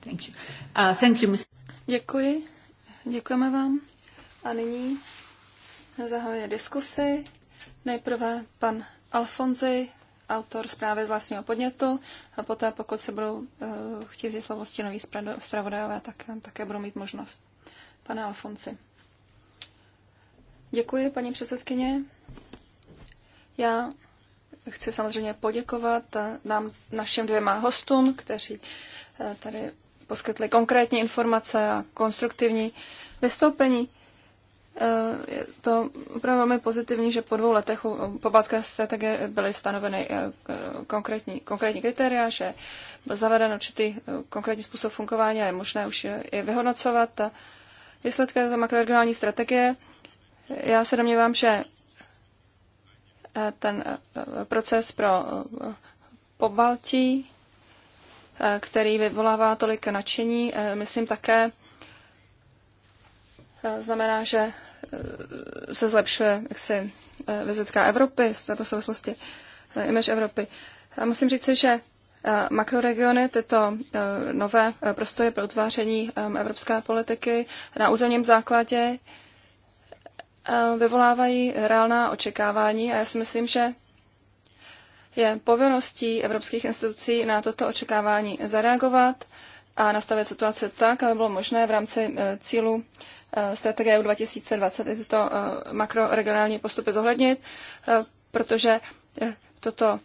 Speaker 3: Thank you. Uh, thank
Speaker 2: you, Mr. Děkuji. Děkujeme vám. A nyní zahajuje diskusy. Nejprve pan Alfonzi, autor zprávy z vlastního podnětu, a poté, pokud se budou uh, chtít zjistit slovo stěnový zpravodajové, tak eh, také budou mít možnost. Pane Alfonzi. Děkuji, paní předsedkyně. Já chci samozřejmě poděkovat nám, našim dvěma hostům, kteří eh, tady poskytli konkrétní informace a konstruktivní vystoupení. Eh, je to opravdu velmi pozitivní, že po dvou letech u pobaltské strategie byly stanoveny eh, konkrétní, konkrétní kritéria, že byl zaveden určitý eh, konkrétní způsob fungování a je možné už je vyhodnocovat. A výsledky této makroregionální strategie, já se domnívám, že ten proces pro pobaltí který vyvolává tolik nadšení, eh, myslím také eh, znamená, že eh, se zlepšuje jaksi vizitka Evropy z této souvislosti, image Evropy. A musím říci, že makroregiony, tyto nové prostory pro utváření evropské politiky na územním základě vyvolávají reálná očekávání a já si myslím, že je povinností evropských institucí na toto očekávání zareagovat a nastavit situaci tak, aby bylo možné v rámci eh, cílu eh, strategie EU 2020 i tyto eh, makroregionální postupy zohlednit, protože toto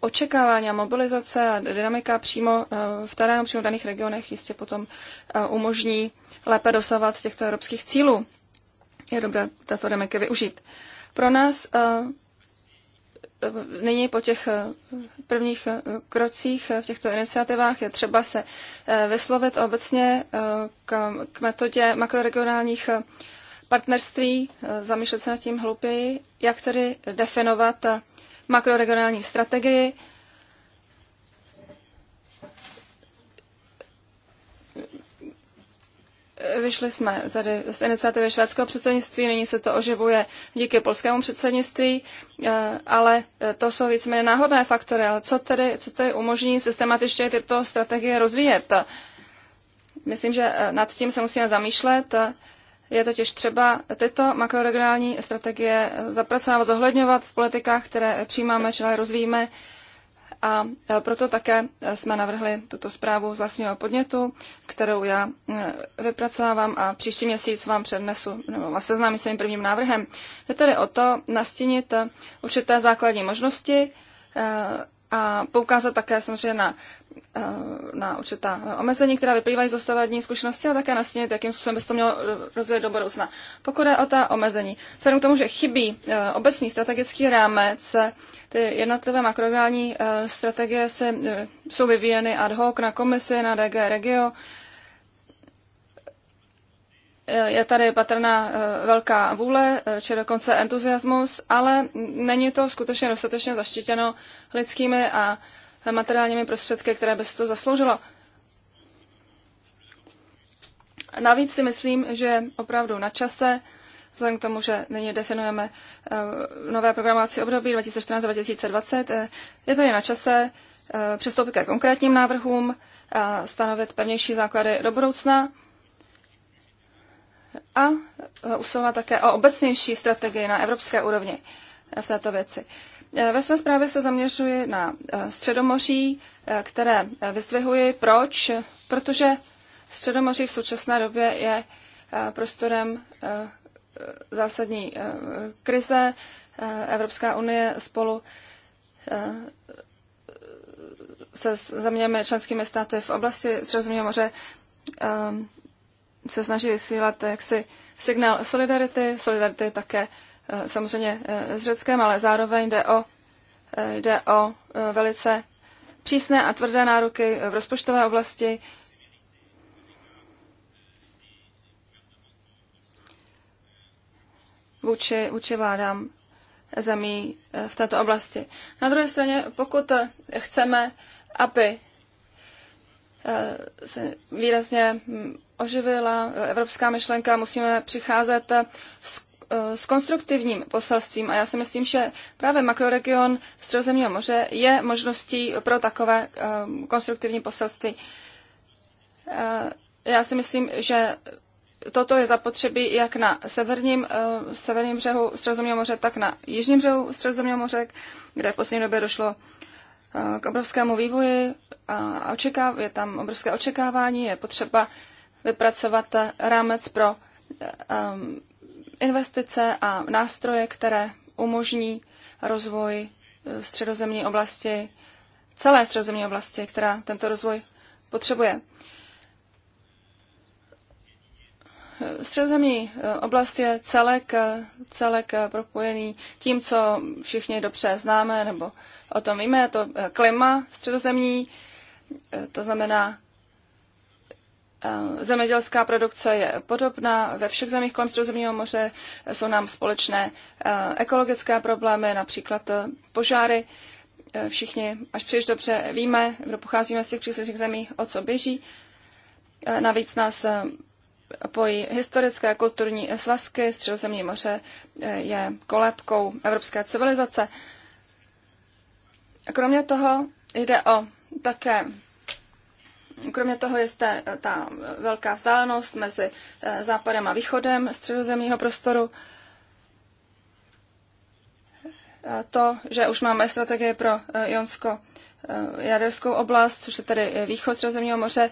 Speaker 2: očekávání a mobilizace a dynamika přímo v terénu, přímo v daných regionech jistě potom umožní lépe dosahovat těchto evropských cílů. Je dobré tato dynamiky využít. Pro nás nyní po těch eh, prvních eh, krocích eh, v těchto iniciativách je třeba se vyslovit obecně k, metodě makroregionálních partnerství, zamýšlet se nad tím hlouběji, jak tedy definovat makroregionální strategii, Vyšli jsme tady z iniciativy švédského předsednictví, nyní se to oživuje díky polskému předsednictví, eh, ale eh, to jsou víceméně náhodné faktory. Ale co tedy, co tedy umožní systematičně tyto strategie rozvíjet? Myslím, že eh, nad tím se musíme zamýšlet. Je totiž třeba tyto makroregionální strategie zapracovat, zohledňovat v politikách, které přijímáme, čili rozvíjíme a e, proto také e, jsme navrhli tuto zprávu z vlastního podnětu, kterou já e, vypracovávám a příští měsíc vám přednesu, nebo vás seznámím svým prvním návrhem. Je tedy o to nastínit určité základní možnosti a poukázat také samozřejmě na Eh, na určitá omezení, která vyplývají z dostavadní zkušenosti a také nasnit, jakým způsobem by se to mělo rozvíjet do budoucna. Pokud je o ta omezení, vzhledem k tomu, že chybí eh, obecný strategický rámec, ty jednotlivé makroregionální eh, strategie se, jsou vyvíjeny ad hoc na komisi, na DG Regio. Je tady patrná velká vůle, či dokonce entuziasmus, ale není to skutečně dostatečně zaštítěno lidskými a materiálními prostředky, které by se to zasloužilo. Navíc si myslím, že opravdu na čase, vzhledem k tomu, že nyní definujeme eh, nové programovací období 2014-2020, eh, je tady na čase eh, přistoupit ke konkrétním návrhům, a stanovit pevnější základy do budoucna a usilovat také o obecnější strategii na evropské úrovni v této věci. Eh, ve své zprávě se zaměřuji na eh, Středomoří, eh, které vyzdvihuji. Proč? Protože Středomoří v současné době je prostorem zásadní krize. Evropská unie spolu se zeměmi členskými státy v oblasti Středozemního moře se snaží vysílat jaksi signál solidarity. Solidarity také Eh, samozřejmě eh, s Řeckem, ale zároveň jde o, eh, jde o velice přísné a tvrdé nároky v rozpočtové oblasti. Vůči, vůči vládám zemí v této oblasti. Na druhé straně, pokud chceme, aby se výrazně hm, oživila evropská myšlenka, musíme přicházet s Eh, s konstruktivním poselstvím a já si myslím, že právě makroregion Středozemního moře je možností pro takové eh, konstruktivní poselství. Eh, já si myslím, že toto je zapotřebí jak na severním, severním břehu Středozemního moře, tak na jižním břehu Středozemního moře, kde v poslední době došlo k obrovskému vývoji a očekáv- je tam obrovské očekávání, je potřeba vypracovat rámec pro um, investice a nástroje, které umožní rozvoj eh, středozemní oblasti, celé středozemní oblasti, která tento rozvoj potřebuje. Eh, středozemní eh, oblast je celek, celek propojený tím, co všichni dobře známe, nebo o tom víme, je to klima středozemní, to znamená Eh, zemědělská produkce je podobná ve všech zemích kolem Středozemního moře. Jsou nám společné eh, ekologické problémy, například eh, požáry. Všichni až příliš dobře víme, kdo pocházíme z těch příslušných zemí, o co běží. Navíc nás pojí historické a kulturní svazky. Středozemní moře je kolébkou evropské civilizace. Kromě toho jde o také Kromě toho je zde eh, ta velká vzdálenost mezi eh, západem a východem středozemního prostoru. Eh, to, že už máme strategie pro Jonsko jaderskou oblast, což je tedy východ Středozemního moře,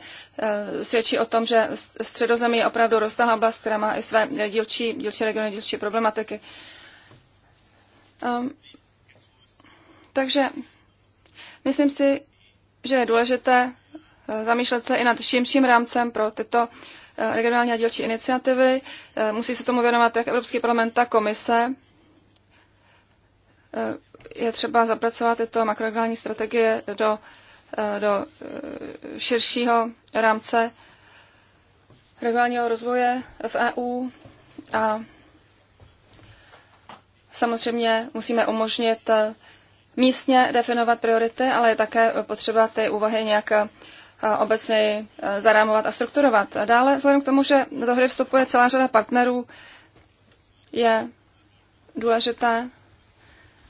Speaker 2: svědčí o tom, že Středozemí je opravdu rozsáhlá oblast, která má i své dílčí, dílčí regiony, dílčí problematiky. Um, takže myslím si, že je důležité Eh, zamýšlet se i nad širším rámcem pro tyto eh, regionální a dílčí iniciativy. Eh, musí se tomu věnovat jak Evropský parlament, tak komise. Je třeba zapracovat tyto makroregionální strategie do, do širšího rámce regionálního rozvoje v EU a samozřejmě musíme umožnit místně definovat priority, ale je také potřeba ty úvahy nějak obecně e, zarámovat a strukturovat. A dále, vzhledem k tomu, že do hry vstupuje celá řada partnerů, je důležité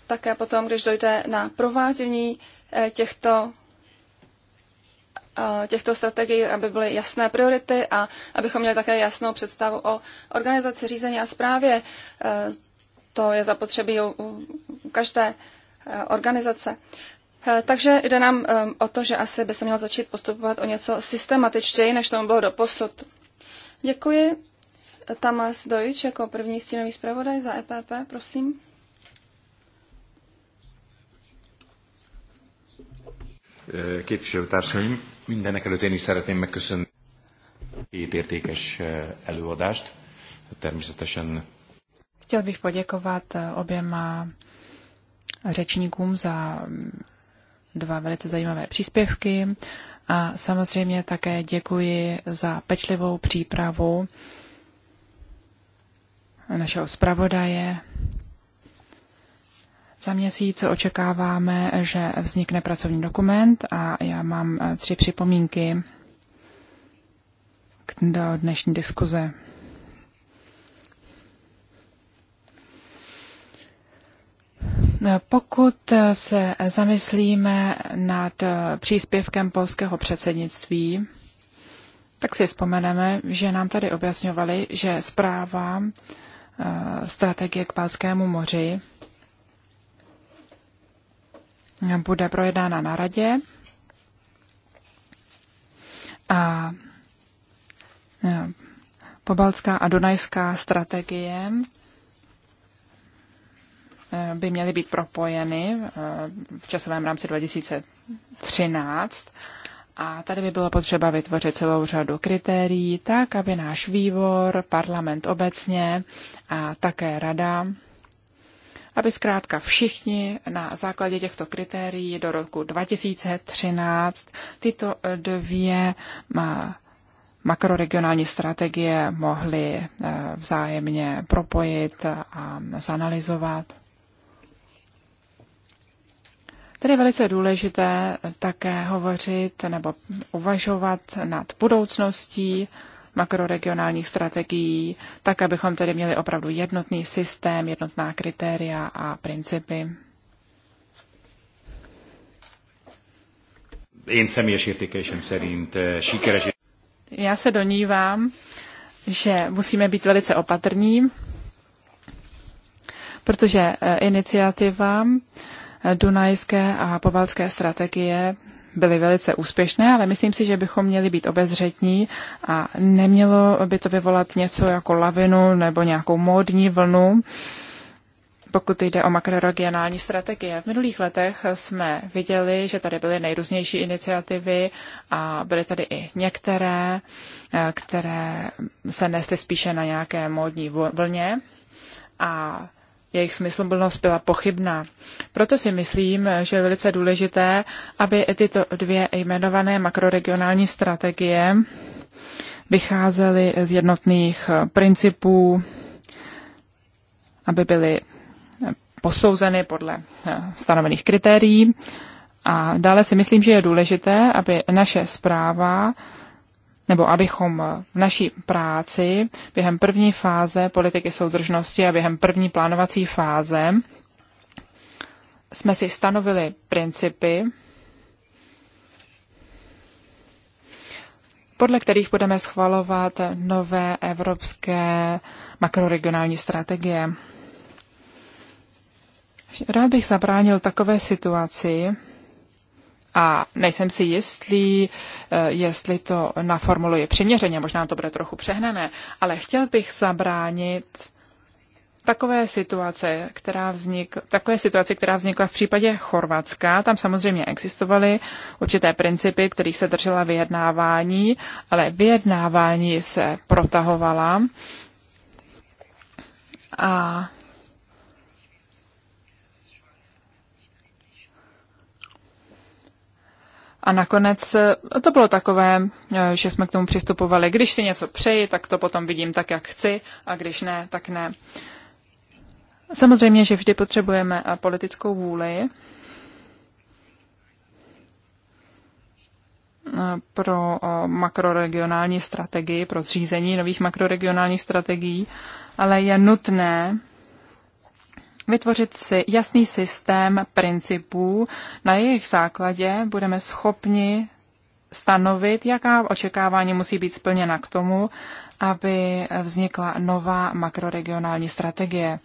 Speaker 2: také potom, když dojde na provádění e, těchto, e, těchto strategií, aby byly jasné priority a abychom měli také jasnou představu o organizaci, řízení a zprávě, To je zapotřebí u každé organizace. Eh, takže jde nám eh, o to, že asi by se mělo začít postupovat o něco systematičtěji, než tomu bylo doposud. Děkuji. Tamas Dojč jako první stínový zpravodaj za EPP, prosím.
Speaker 4: Eh, képviselőtársaim, mindenek előtt én is szeretném megköszönni két értékes előadást. Természetesen
Speaker 3: Chtěl bych poděkovat oběma řečníkům za dva velice zajímavé příspěvky a samozřejmě také děkuji za pečlivou přípravu našeho zpravodaje. Za měsíc očekáváme, že vznikne pracovní dokument a já mám eh, tři připomínky do dnešní diskuze. Pokud se zamyslíme nad příspěvkem polského předsednictví, tak si vzpomeneme, že nám tady objasňovali, že zpráva eh, strategie k Balskému moři bude projednána na radě a eh, pobalská a dunajská strategie by měly být propojeny eh, v časovém rámci 2013. A tady by bylo potřeba vytvořit celou řadu kritérií, tak aby náš výbor, parlament obecně a také rada, aby zkrátka všichni na základě těchto kritérií do roku 2013 tyto dvě makroregionální strategie mohly eh, vzájemně propojit a zanalizovat. Tady je velice důležité také hovořit nebo uvažovat nad budoucností makroregionálních strategií, tak abychom tedy měli opravdu jednotný systém, jednotná kritéria a principy.
Speaker 1: Eh,
Speaker 3: Já se donívám, že musíme být velice opatrní, protože eh, iniciativa Dunajské a povalské strategie byly velice úspěšné, ale myslím si, že bychom měli být obezřetní a nemělo by to vyvolat něco jako lavinu nebo nějakou módní vlnu pokud jde o makroregionální strategie. V minulých letech jsme viděli, že tady byly nejrůznější iniciativy a byly tady i některé, eh, které se nesly spíše na nějaké módní vlně. A jejich smysluplnost byla pochybná. Proto si myslím, že je velice důležité, aby tyto dvě jmenované makroregionální strategie vycházely z jednotných eh, principů, aby byly eh, posouzeny podle eh, stanovených kritérií. A dále si myslím, že je důležité, aby naše zpráva nebo abychom v naší práci během první fáze politiky soudržnosti a během první plánovací fáze jsme si stanovili principy, podle kterých budeme schvalovat nové evropské makroregionální strategie. Rád bych zabránil takové situaci, a nejsem si jistý, eh, jestli to naformuluji přiměřeně, možná to bude trochu přehnané, ale chtěl bych zabránit takové situace, která vznik, takové situace, která vznikla v případě Chorvatska, tam samozřejmě existovaly určité principy, kterých se držela vyjednávání, ale vyjednávání se protahovala a A nakonec e, to bylo takové, e, že jsme k tomu přistupovali. Když si něco přeji, tak to potom vidím tak, jak chci, a když ne, tak ne. Samozřejmě, že vždy potřebujeme e, politickou vůli pro makroregionální strategii, pro zřízení nových makroregionálních strategií, ale je nutné vytvořit si jasný systém principů, na jejich základě budeme schopni stanovit, jaká očekávání musí být splněna k tomu, aby vznikla nová makroregionální strategie.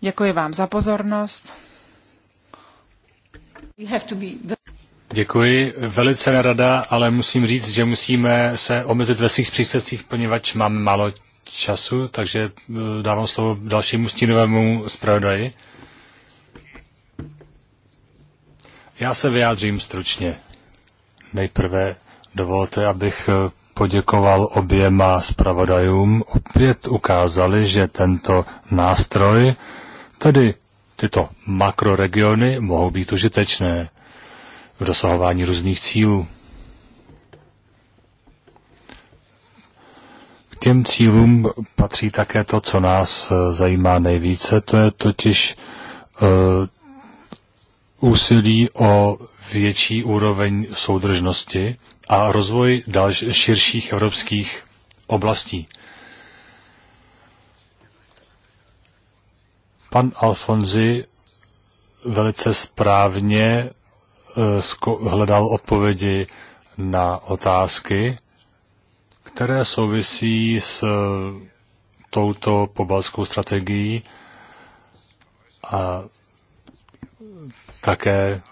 Speaker 3: Děkuji vám za pozornost.
Speaker 1: Děkuji, velice nerada, ale musím říct, že musíme se omezit ve svých příspěvcích, poněvadž máme málo času, takže eh, dávám slovo dalšímu stínovému zpravodaji. Já se vyjádřím stručně. Nejprve dovolte, abych eh, poděkoval oběma zpravodajům. Opět ukázali, že tento nástroj, tedy tyto makroregiony, mohou být užitečné v dosahování různých cílů. těm cílům patří také to, co nás eh, zajímá nejvíce, to je totiž uh, úsilí o větší úroveň soudržnosti a rozvoj dalš- širších evropských oblastí. Pan Alfonzi velice správně eh, hledal odpovědi na otázky které souvisí s e, touto pobalskou strategií a také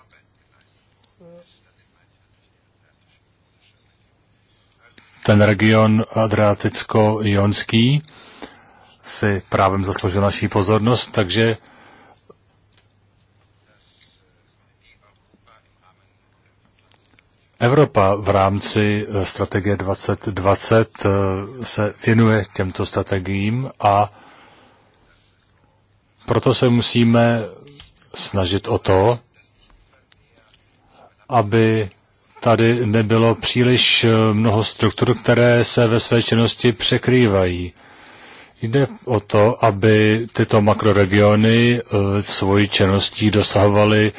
Speaker 1: ten region Adriaticko-Jonský si právem zasloužil naší pozornost, takže Evropa v rámci eh, strategie 2020 eh, se věnuje těmto strategiím a proto se musíme snažit o to, aby tady nebylo příliš eh, mnoho struktur, které se ve své činnosti překrývají. Jde o to, aby tyto makroregiony svoji činností dosahovaly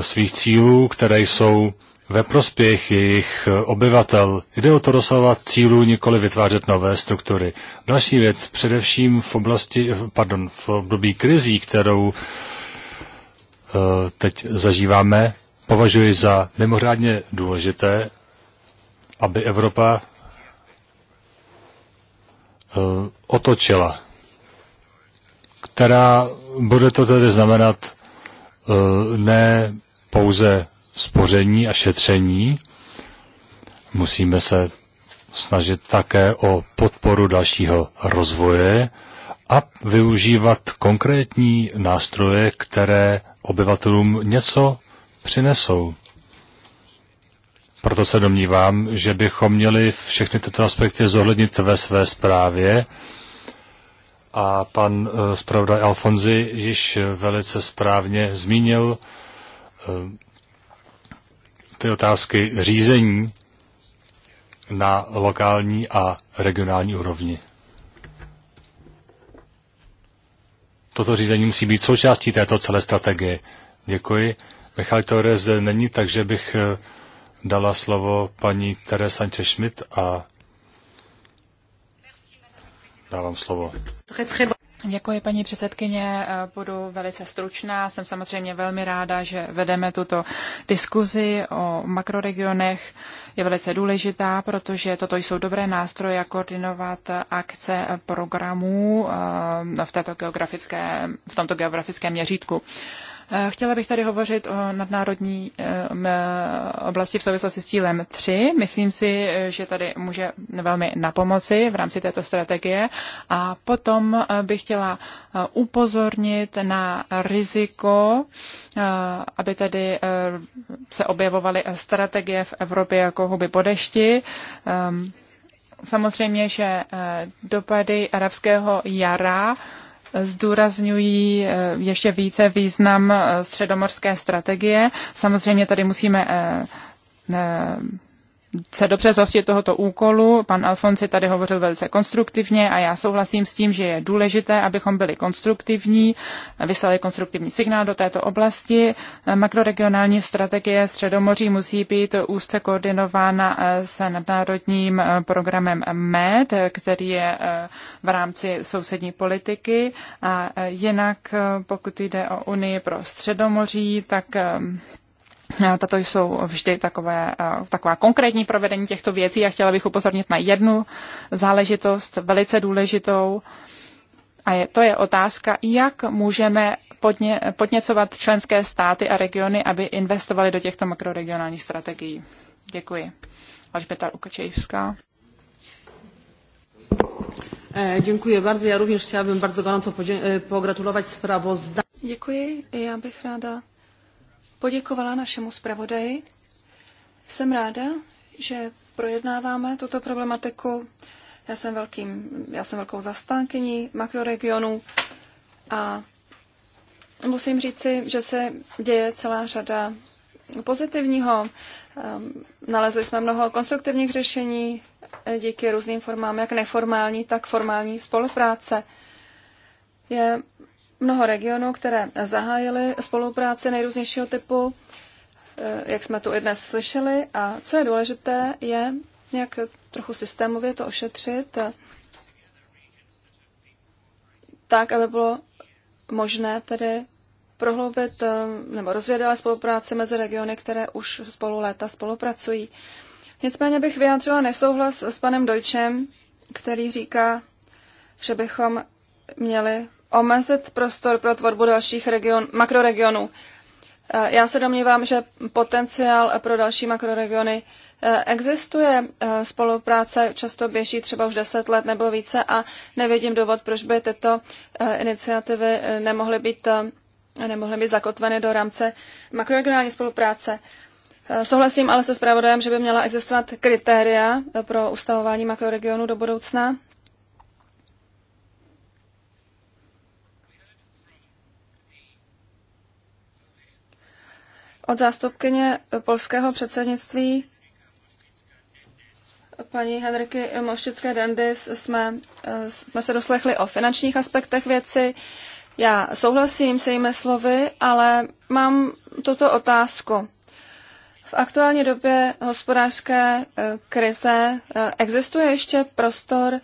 Speaker 1: svých cílů, které jsou ve prospěch jejich eh, obyvatel. Jde o to dosahovat cílů, nikoli vytvářet nové struktury. Další věc, především v oblasti, eh, pardon, v období krizí, kterou eh, teď zažíváme, považuji za mimořádně důležité, aby Evropa otočila, která bude to tedy znamenat ne pouze spoření a šetření. Musíme se snažit také o podporu dalšího rozvoje a využívat konkrétní nástroje, které obyvatelům něco přinesou. Proto se domnívám, že bychom měli všechny tyto aspekty zohlednit ve své zprávě. A pan eh, zpravodaj Alfonzi již velice správně zmínil eh, ty otázky řízení na lokální a regionální úrovni. Toto řízení musí být součástí této celé strategie. Děkuji. Michal Torres není, takže bych eh, dala slovo paní Teresa Sanchez Schmidt a dávám slovo.
Speaker 3: Děkuji, paní předsedkyně. Eh, Budu velice stručná. Jsem samozřejmě velmi ráda, že vedeme tuto diskuzi o makroregionech. Je velice důležitá, protože toto jsou dobré nástroje, jak koordinovat akce programů eh, v, této geografické, v tomto geografickém měřítku. Eh, chtěla bych tady hovořit o nadnárodní eh, oblasti v souvislosti s cílem 3. Myslím si, eh, že tady může velmi napomoci v rámci této strategie. A potom bych chtěla upozornit na riziko, aby tady se objevovaly strategie v Evropě jako huby po dešti. Ehm, samozřejmě, že dopady arabského jara zdůrazňují eh, ještě více význam eh, středomorské strategie. Samozřejmě tady musíme eh, se dobře zhostit tohoto úkolu. Pan Alfonsi tady hovořil velice konstruktivně a já souhlasím s tím, že je důležité, abychom byli konstruktivní, vyslali konstruktivní signál do této oblasti. Makroregionální strategie Středomoří musí být úzce koordinována eh, se nadnárodním eh, programem MED, který je eh, v rámci sousední politiky. A jinak, pokud jde o Unii pro Středomoří, tak Eh, tato jsou vždy takové, eh, taková konkrétní provedení těchto věcí a chtěla bych upozornit na jednu záležitost, velice důležitou. A je, to je otázka, jak můžeme podně, podněcovat členské státy a regiony, aby investovali do těchto makroregionálních strategií. Děkuji. Alžběta Lukačejevská.
Speaker 2: Eh, děkuji bardzo. Já rovněž chciałabym bardzo gorąco pogratulovat sprawozdania. Děkuji. Já bych ráda poděkovala našemu zpravodaji. Jsem ráda, že projednáváme tuto problematiku. Já jsem, velkým, já jsem velkou zastánkyní makroregionů a musím říci, že se děje celá řada pozitivního. Ehm, nalezli jsme mnoho konstruktivních řešení díky různým formám, jak neformální, tak formální spolupráce. Je mnoho regionů, které zahájily spolupráci nejrůznějšího typu, eh, jak jsme tu i dnes slyšeli. A co je důležité, je nějak trochu systémově to ošetřit eh, tak, aby bylo možné tedy prohloubit eh, nebo rozvěděla spolupráci mezi regiony, které už spolu léta spolupracují. Nicméně bych vyjádřila nesouhlas s panem Dojčem, který říká, že bychom měli omezit prostor pro tvorbu dalších region, makroregionů. Eh, já se domnívám, že potenciál pro další makroregiony eh, existuje. Eh, spolupráce často běží třeba už deset let nebo více a nevidím důvod, proč by tyto iniciativy nemohly být, nemohly být zakotveny do rámce makroregionální spolupráce. Souhlasím ale se zpravodajem, že by měla existovat kritéria pro ustavování makroregionu do budoucna. Od zástupkyně polského předsednictví paní Henriky moščické Dendis jsme, eh, jsme se doslechli o finančních aspektech věci. Já souhlasím se jimi slovy, ale mám tuto otázku. V aktuální době hospodářské eh, krize eh, existuje ještě prostor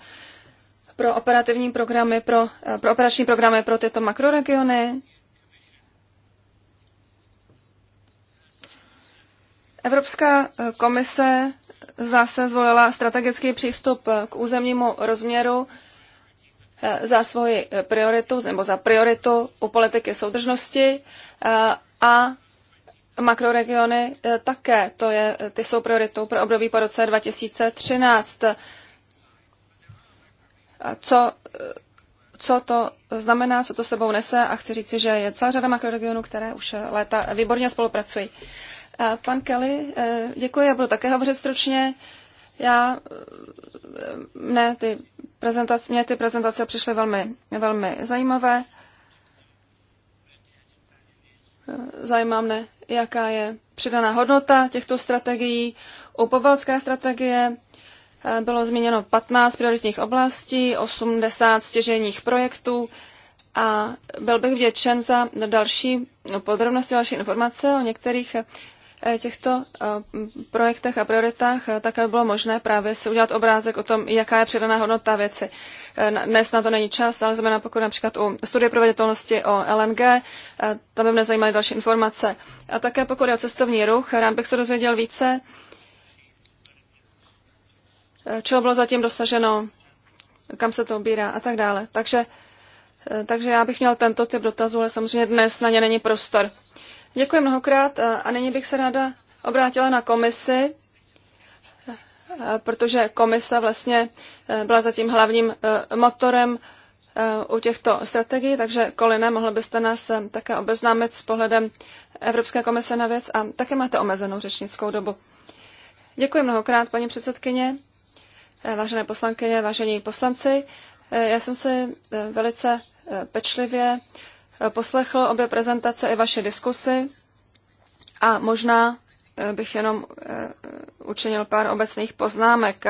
Speaker 2: pro operativní programy, pro, pro operační programy pro tyto makroregiony? Evropská eh, komise zase zvolila strategický přístup eh, k územnímu rozměru eh, za svoji prioritu, nebo za prioritu u politiky soudržnosti a makroregiony také. To je, ty jsou prioritou pro období po roce 2013. Co, co to znamená, co to sebou nese a chci říci, že je celá řada makroregionů, které už léta výborně spolupracují. Pan Kelly, eh, děkuji, já budu také hovořit stručně. Já, eh, mne ty prezentace, mě ty prezentace přišly velmi, velmi zajímavé. Eh, zajímá mne, jaká je přidaná hodnota těchto strategií. U pobaltské strategie bylo zmíněno 15 prioritních oblastí, 80 stěžejních projektů a byl bych vděčen za další podrobnosti, další informace o některých Eh, těchto eh, projektech a prioritách, eh, tak aby bylo možné právě si udělat obrázek o tom, jaká je přidaná hodnota věci. Dnes na to není čas, ale znamená pokud například u studie proveditelnosti o LNG, tam by mě zajímaly další informace. A také pokud je o cestovní ruch, rád bych se dozvěděl více, čeho bylo zatím dosaženo, kam se to ubírá a tak dále. Takže, takže já bych měl tento typ dotazů, ale samozřejmě dnes na ně není prostor. Děkuji mnohokrát a nyní bych se ráda obrátila na komisi, protože komise vlastně e, byla zatím hlavním e, motorem e, u těchto strategií, takže Koline, mohl byste nás také obeznámit s pohledem Evropské komise na věc a také máte omezenou řečnickou dobu. Děkuji mnohokrát, paní předsedkyně, vážené poslankyně, vážení poslanci. Já jsem si velice pečlivě Eh, poslechl obě prezentace i vaše diskusy a možná eh, bych jenom eh, učinil pár obecných poznámek.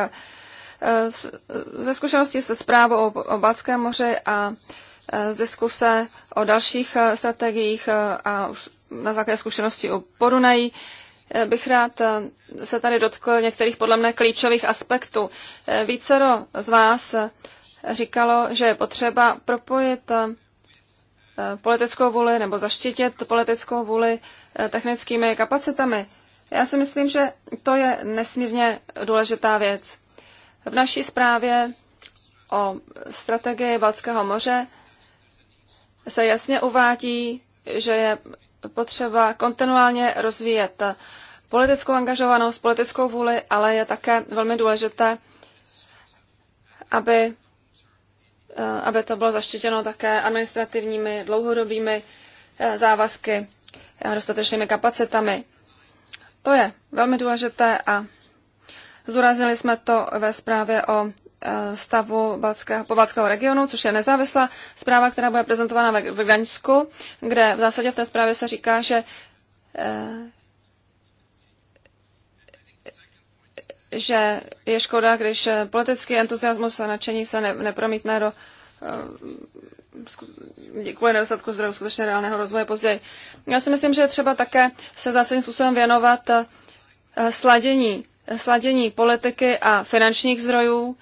Speaker 2: Ze zkušenosti se zprávou o Balckém moři a z diskuse o dalších strategiích a na základě zkušeností o Porunají bych rád se tady dotkl některých podle mne klíčových aspektů. Vícero z vás říkalo, že je potřeba propojit politickou vůli nebo zaštítit politickou vůli eh, technickými kapacitami. Já si myslím, že to je nesmírně důležitá věc. V naší zprávě o strategii Balckého moře se jasně uvádí, že je potřeba kontinuálně rozvíjet politickou angažovanost, politickou vůli, ale je také velmi důležité, aby Eh, aby to bylo zaštítěno také administrativními dlouhodobými eh, závazky a dostatečnými kapacitami. To je velmi důležité a zúraznili jsme to ve zprávě o eh, stavu Balckého, pobalckého regionu, což je nezávislá zpráva, která bude prezentována ve Gdaňsku, kde v zásadě v té zprávě se říká, že že je škoda, když eh, politický entuziasmus a nadšení se ne, nepromítne do eh, kvůli nedostatku zdrojů skutečně reálného rozvoje později. Já si myslím, že je třeba také se zásadním způsobem věnovat eh, sladění, sladění politiky a finančních zdrojů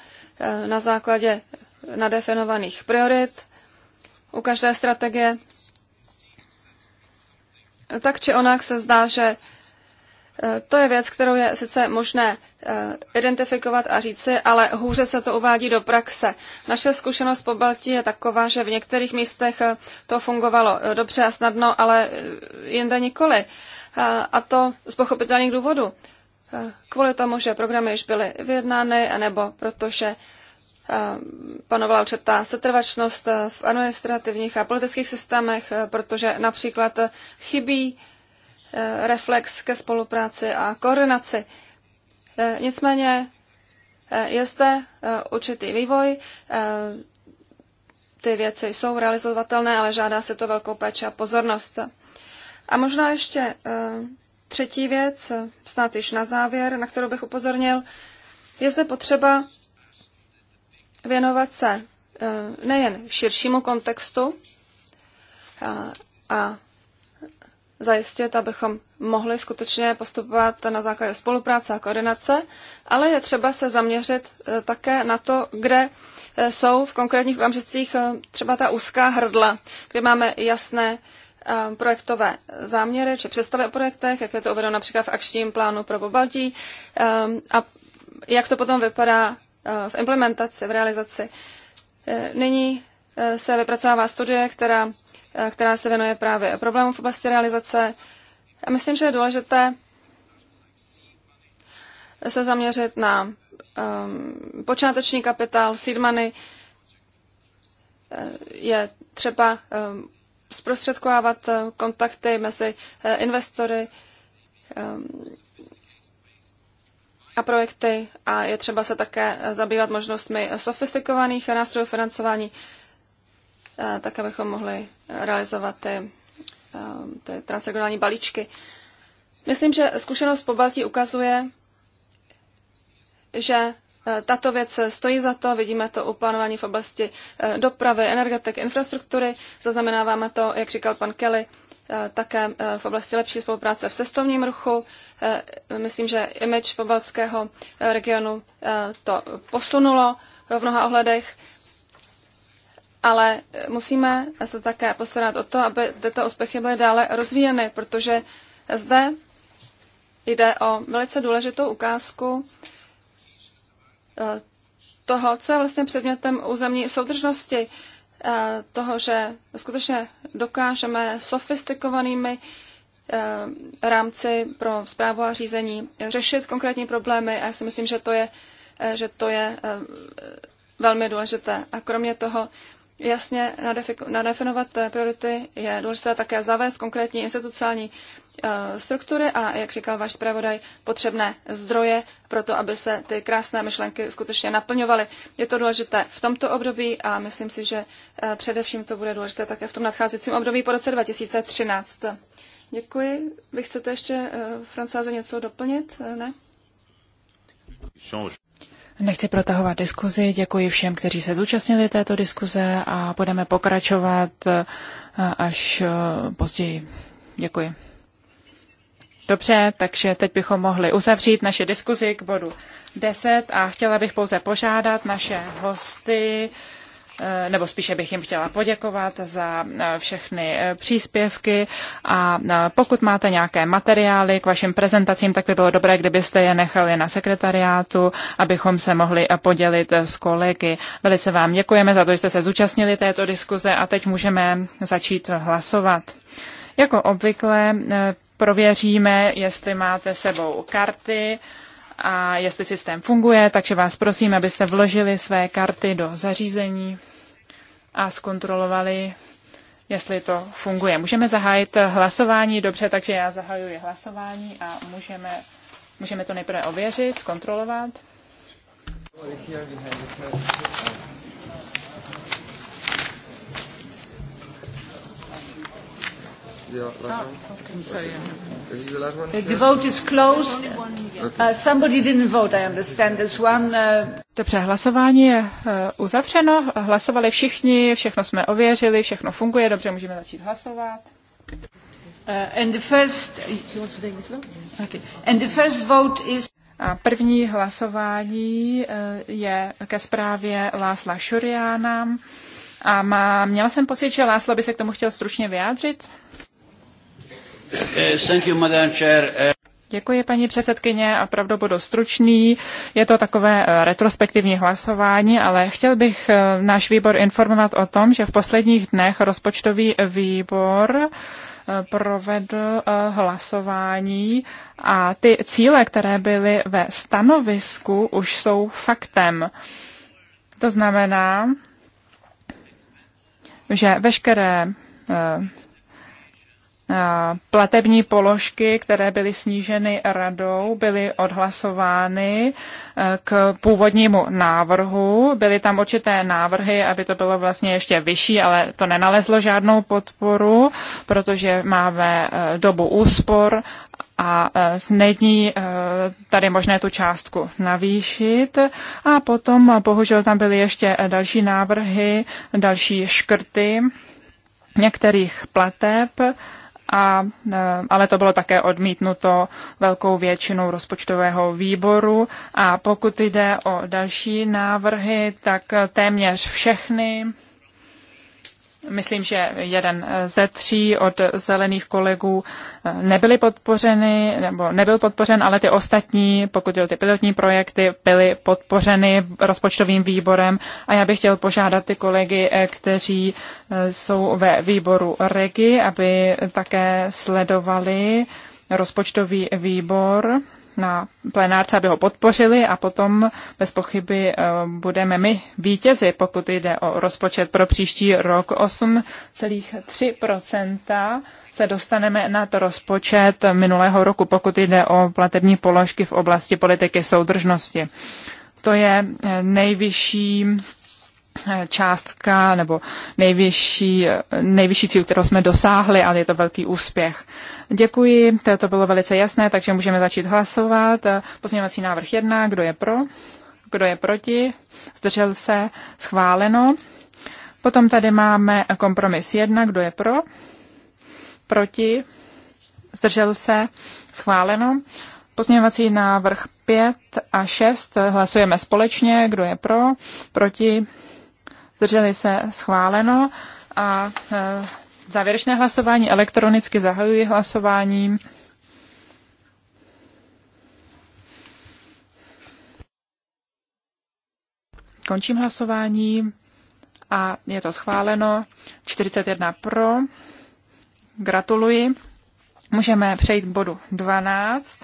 Speaker 2: na základě nadefinovaných priorit u každé strategie. Tak či onak se zdá, že to je věc, kterou je sice možné Eh, identifikovat a říci, ale hůře se to uvádí do praxe. Naše zkušenost po Baltii je taková, že v některých místech eh, to fungovalo eh, dobře a snadno, ale jinde nikoli. A to z pochopitelných důvodů. Kvůli tomu, že programy již byly vyjednány, nebo protože panovala určitá setrvačnost v administrativních a politických systémech, protože například chybí reflex ke spolupráci a koordinaci. E, nicméně e, je zde e, určitý vývoj, ty věci jsou realizovatelné, ale žádá se to velkou péči a pozornost. A možná ještě třetí věc, snad již na závěr, na kterou bych upozornil, je zde potřeba věnovat se nejen širšímu kontextu a zajistit, abychom mohli skutečně postupovat na základě spolupráce a koordinace, ale je třeba se zaměřit eh, také na to, kde eh, jsou v konkrétních okamžicích eh, třeba ta úzká hrdla, kde máme jasné projektové záměry či představy o projektech, jak je to uvedeno například v akčním plánu pro Pobaltí a jak to potom vypadá v implementaci, v realizaci. Nyní se vypracovává studie, která Eh, která se věnuje právě problémům v oblasti realizace. Já myslím, že je důležité se zaměřit na um, počáteční kapitál, seed money. Eh, je třeba um, zprostředkovávat eh, kontakty mezi investory um, a projekty a je třeba se také zabývat možnostmi sofistikovaných nástrojů financování. Uh, tak abychom mohli realizovat ty, ty transregionální balíčky. Myslím, že zkušenost po Baltii ukazuje, že tato věc stojí za to, vidíme to u plánování v oblasti dopravy, energetiky, infrastruktury, zaznamenáváme to, jak říkal pan Kelly, také v oblasti lepší spolupráce v cestovním ruchu. Myslím, že image pobaltského regionu to posunulo v mnoha ohledech ale musíme se také postarat o to, aby tyto úspěchy byly dále rozvíjeny, protože zde jde o velice důležitou ukázku eh, toho, co je vlastně předmětem územní soudržnosti, eh, toho, že skutečně dokážeme sofistikovanými eh, rámci pro zprávu a řízení řešit konkrétní problémy a já si myslím, že to je, že to je velmi důležité. A kromě toho jasně nadefinovat priority, je důležité také zavést konkrétní institucionální eh, struktury a, jak říkal váš zpravodaj, potřebné zdroje pro to, aby se ty krásné myšlenky skutečně naplňovaly. Je to důležité v tomto období a myslím si, že eh, především to bude důležité také v tom nadcházejícím období po roce 2013. Děkuji. Vy chcete ještě, eh, Francáze, něco doplnit? Ne?
Speaker 3: Nechci protahovat diskuzi, děkuji všem, kteří se zúčastnili této diskuze a budeme pokračovat eh, až eh, později. Děkuji. Dobře, takže teď bychom mohli uzavřít naše diskuzi k bodu 10 a chtěla bych pouze požádat naše hosty, Eh, nebo spíše bych jim chtěla poděkovat za eh, všechny eh, příspěvky a pokud máte nějaké materiály k vašim prezentacím, tak by bylo dobré, kdybyste je nechali na sekretariátu, abychom se mohli podělit s kolegy. Velice vám děkujeme za to, že jste se zúčastnili této diskuze a teď můžeme začít hlasovat. Jako obvykle prověříme, jestli máte sebou karty a jestli systém funguje, takže vás prosím, abyste vložili své karty do zařízení a zkontrolovali, jestli to funguje. Můžeme zahájit hlasování, dobře, takže já zahajuji hlasování a můžeme, můžeme to nejprve ověřit, zkontrolovat. the last one? The vote is closed. Uh, somebody didn't vote, I understand. There's one. Uh... Dobře, hlasování je eh, uzavřeno. Hlasovali všichni, všechno jsme ověřili, všechno funguje. Dobře, můžeme začít hlasovat. Eh, A první hlasování eh, je ke zprávě Lásla Šuriána. A má, měla jsem pocit, že Lásla by se k tomu chtěl stručně vyjádřit.
Speaker 2: Thank you, Madam Chair.
Speaker 3: Děkuji, paní předsedkyně, pravdu budu stručný. Je to takové eh, retrospektivní hlasování, ale chtěl bych eh, náš výbor informovat o tom, že v posledních dnech rozpočtový výbor eh, provedl hlasování a ty cíle, které byly ve stanovisku, už jsou faktem. To znamená, že veškeré platební položky, které byly sníženy radou, byly odhlasovány e, k původnímu návrhu. Byly tam určité návrhy, aby to bylo vlastně ještě vyšší, ale to nenalezlo žádnou podporu, protože máme e, dobu úspor a e, není tady možné tu částku navýšit. A potom bohužel tam byly ještě další návrhy, další škrty některých plateb a, e, ale to bylo také odmítnuto velkou většinou rozpočtového výboru. A pokud jde o další návrhy, tak téměř všechny Myslím, že jeden eh, ze tří od zelených kolegů eh, nebyly podpořeny, nebo nebyl podpořen, ale ty ostatní, pokud jde ty pilotní projekty, byly podpořeny rozpočtovým výborem a já bych chtěl požádat ty kolegy, eh, kteří jsou ve výboru REGI, aby také sledovali rozpočtový výbor na plenárce, aby ho podpořili a potom bez pochyby eh, budeme my vítězi, pokud jde o rozpočet pro příští rok. 8,3% se dostaneme na to rozpočet minulého roku, pokud jde o platební položky v oblasti politiky soudržnosti. To je eh, nejvyšší částka nebo nejvyšší, nejvyšší cíl, kterou jsme dosáhli, ale je to velký úspěch. Děkuji, to bylo velice jasné, takže můžeme začít hlasovat. Pozměňovací návrh 1, kdo je pro, kdo je proti, zdržel se, schváleno. Potom tady máme kompromis 1, kdo je pro, proti, zdržel se, schváleno. Pozměňovací návrh 5 a 6 hlasujeme společně, kdo je pro, proti, zdrželi se schváleno a e, závěrečné hlasování elektronicky zahajuji hlasováním. Končím hlasování a je to schváleno. 41 pro. Gratuluji. Můžeme přejít k bodu 12.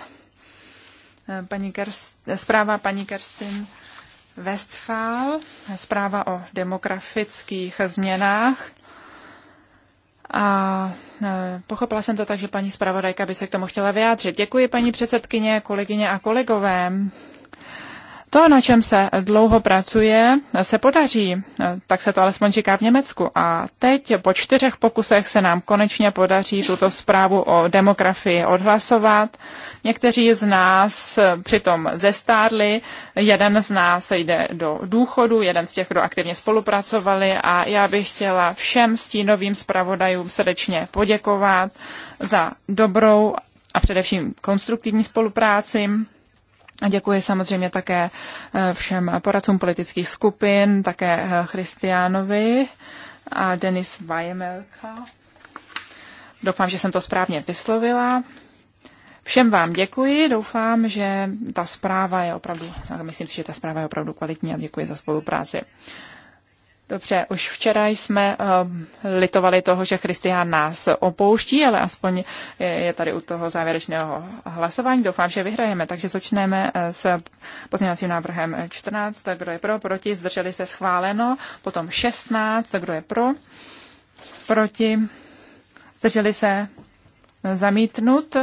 Speaker 3: E, paní Kerst, e, zpráva paní Kerstin Westfál, zpráva o demografických změnách. A e, pochopila jsem to tak, že paní zpravodajka by se k tomu chtěla vyjádřit. Děkuji paní předsedkyně, kolegyně a kolegové. To, na čem se dlouho pracuje, se podaří, tak se to alespoň říká v Německu. A teď po čtyřech pokusech se nám konečně podaří tuto zprávu o demografii odhlasovat. Někteří z nás přitom zestárli, jeden z nás jde do důchodu, jeden z těch, kdo aktivně spolupracovali a já bych chtěla všem stínovým zpravodajům srdečně poděkovat za dobrou a především konstruktivní spolupráci. A děkuji samozřejmě také eh, všem poradcům politických skupin, také eh, Christianovi a Denis Vajemelka. Doufám, že jsem to správně vyslovila. Všem vám děkuji, doufám, že ta zpráva je opravdu, myslím si, že ta zpráva je opravdu kvalitní a děkuji za spolupráci. Dobře, už včera jsme ehm, litovali toho, že Christian nás opouští, ale aspoň je tady u toho závěrečného hlasování. Doufám, že vyhrajeme, takže začneme eh, s pozměňovacím návrhem 14, kdo je pro, proti, zdrželi se schváleno, potom 16, kdo je pro, proti, zdrželi se zamítnut,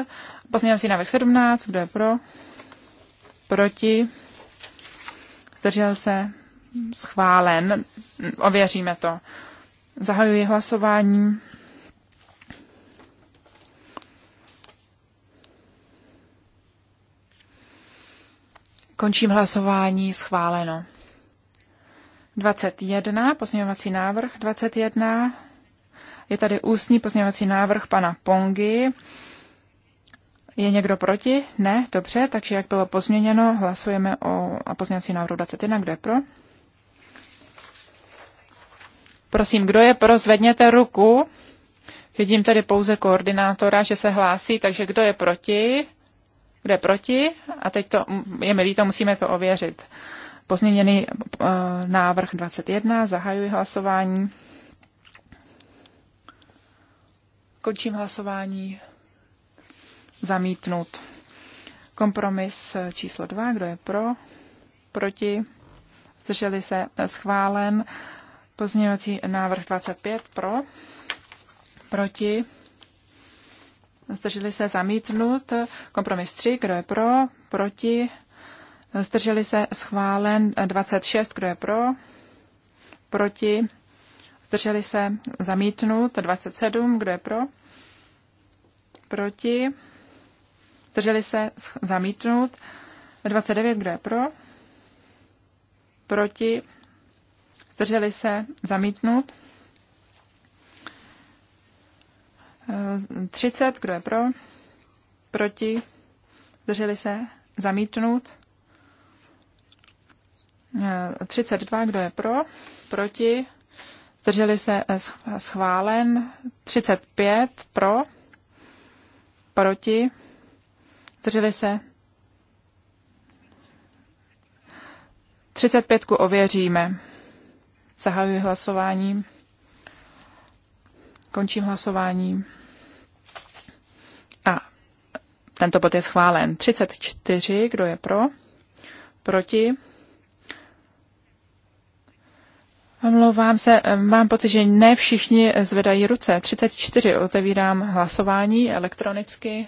Speaker 3: pozměňovací návrh 17, kdo je pro, proti, zdržel se schválen. Ověříme to. Zahajuji hlasování. Končím hlasování. Schváleno. 21, pozměňovací návrh 21. Je tady ústní pozměňovací návrh pana Pongy. Je někdo proti? Ne, dobře, takže jak bylo pozměněno, hlasujeme o pozměňovací návrhu 21. je pro? Prosím, kdo je pro, zvedněte ruku. Vidím tady pouze koordinátora, že se hlásí, takže kdo je proti? Kdo je proti? A teď to, je milý, to musíme to ověřit. Pozměněný uh, návrh 21, zahajuji hlasování. Končím hlasování. Zamítnut. Kompromis eh, číslo 2, kdo je pro? Proti? Zdrželi se schválen. Uh, Pozměňovací návrh 25 pro, proti, zdrželi se zamítnut. Kompromis 3, kdo je pro, proti, zdrželi se schválen 26, kdo je pro, proti, zdrželi se zamítnut 27, kdo je pro, proti, zdrželi se zamítnut 29, kdo je pro, proti, zdrželi se, zamítnout 30, kdo je pro, proti, zdrželi se, zamítnout 32, kdo je pro, proti, zdrželi se, schválen. 35, pro, proti, zdrželi se, 35 ověříme. Zahajuji hlasování. Končím hlasování. A tento bod je schválen. 34, kdo je pro? Proti? Omlouvám se, eh, mám pocit, že ne všichni zvedají ruce. 34, otevírám hlasování elektronicky.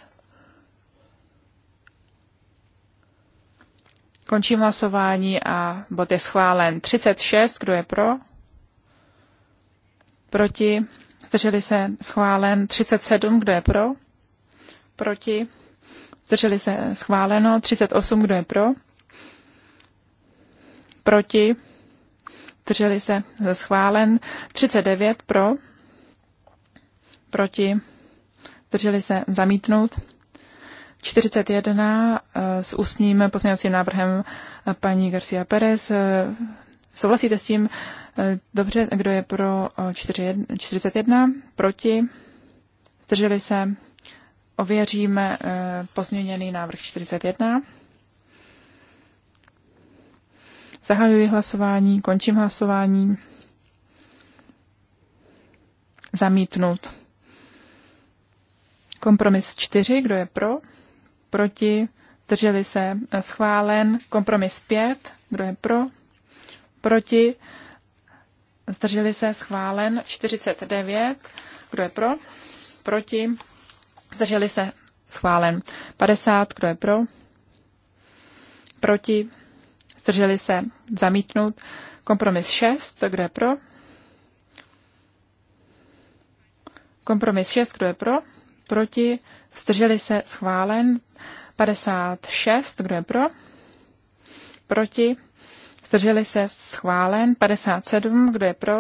Speaker 3: Končím hlasování a bod je schválen. 36, kdo je pro? Proti? Zdrželi se schválen. 37, kdo je pro? Proti? Zdrželi se schváleno. 38, kdo je pro? Proti? Zdrželi se schválen. 39 pro? Proti? Zdrželi se zamítnout. 41 eh, s ústním pozměňovacím návrhem eh, paní Garcia Perez. Eh, souhlasíte s tím? Dobře, kdo je pro 41? Proti? Zdrželi se? Ověříme pozměněný návrh 41. Zahajuji hlasování, končím hlasování. Zamítnout. Kompromis 4, kdo je pro? proti, drželi se, eh, schválen. Kompromis 5, kdo je pro, proti, zdrželi se, schválen. 49, kdo je pro, proti, zdrželi se, schválen. 50, kdo je pro, proti, zdrželi se, zamítnout. Kompromis 6, kdo je pro, Kompromis 6, kdo je pro? Proti? Zdrželi se? Schválen. 56, kdo je pro? Proti? Zdrželi se schválen. 57, kdo je pro?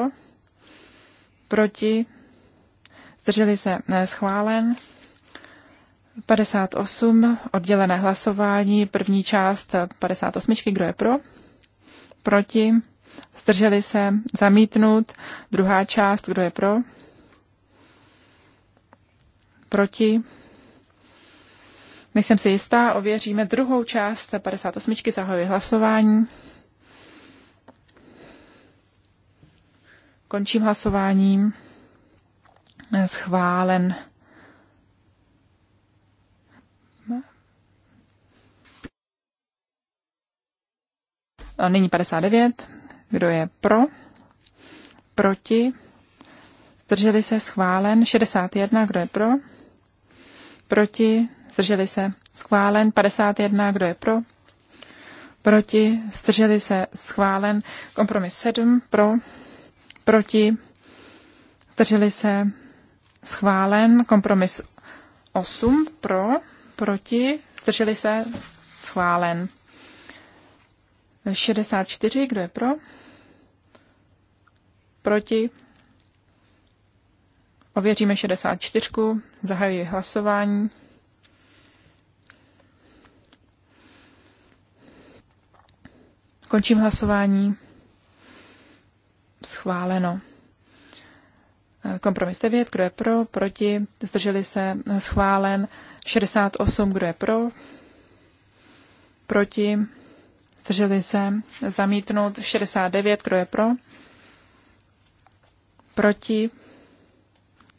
Speaker 3: Proti? Zdrželi se ne, schválen. 58, oddělené hlasování, první část 58, kdo je pro? Proti? Zdrželi se zamítnout. Druhá část, kdo je pro? Proti? Nejsem si jistá, ověříme druhou část 58. Zahajuji hlasování. Končím hlasováním. Schválen. A nyní 59. Kdo je pro? Proti? Zdrželi se schválen. 61. Kdo je pro? Proti? zdrželi se, schválen. 51, kdo je pro, proti, zdrželi se, schválen. Kompromis 7, pro, proti, zdrželi se, schválen. Kompromis 8, pro, proti, zdrželi se, schválen. 64, kdo je pro? Proti? Ověříme 64, zahajuji hlasování. Končím hlasování. Schváleno. Kompromis 9, kdo je pro, proti, zdrželi se, schválen. 68, kdo je pro, proti, zdrželi se, zamítnut. 69, kdo je pro, proti,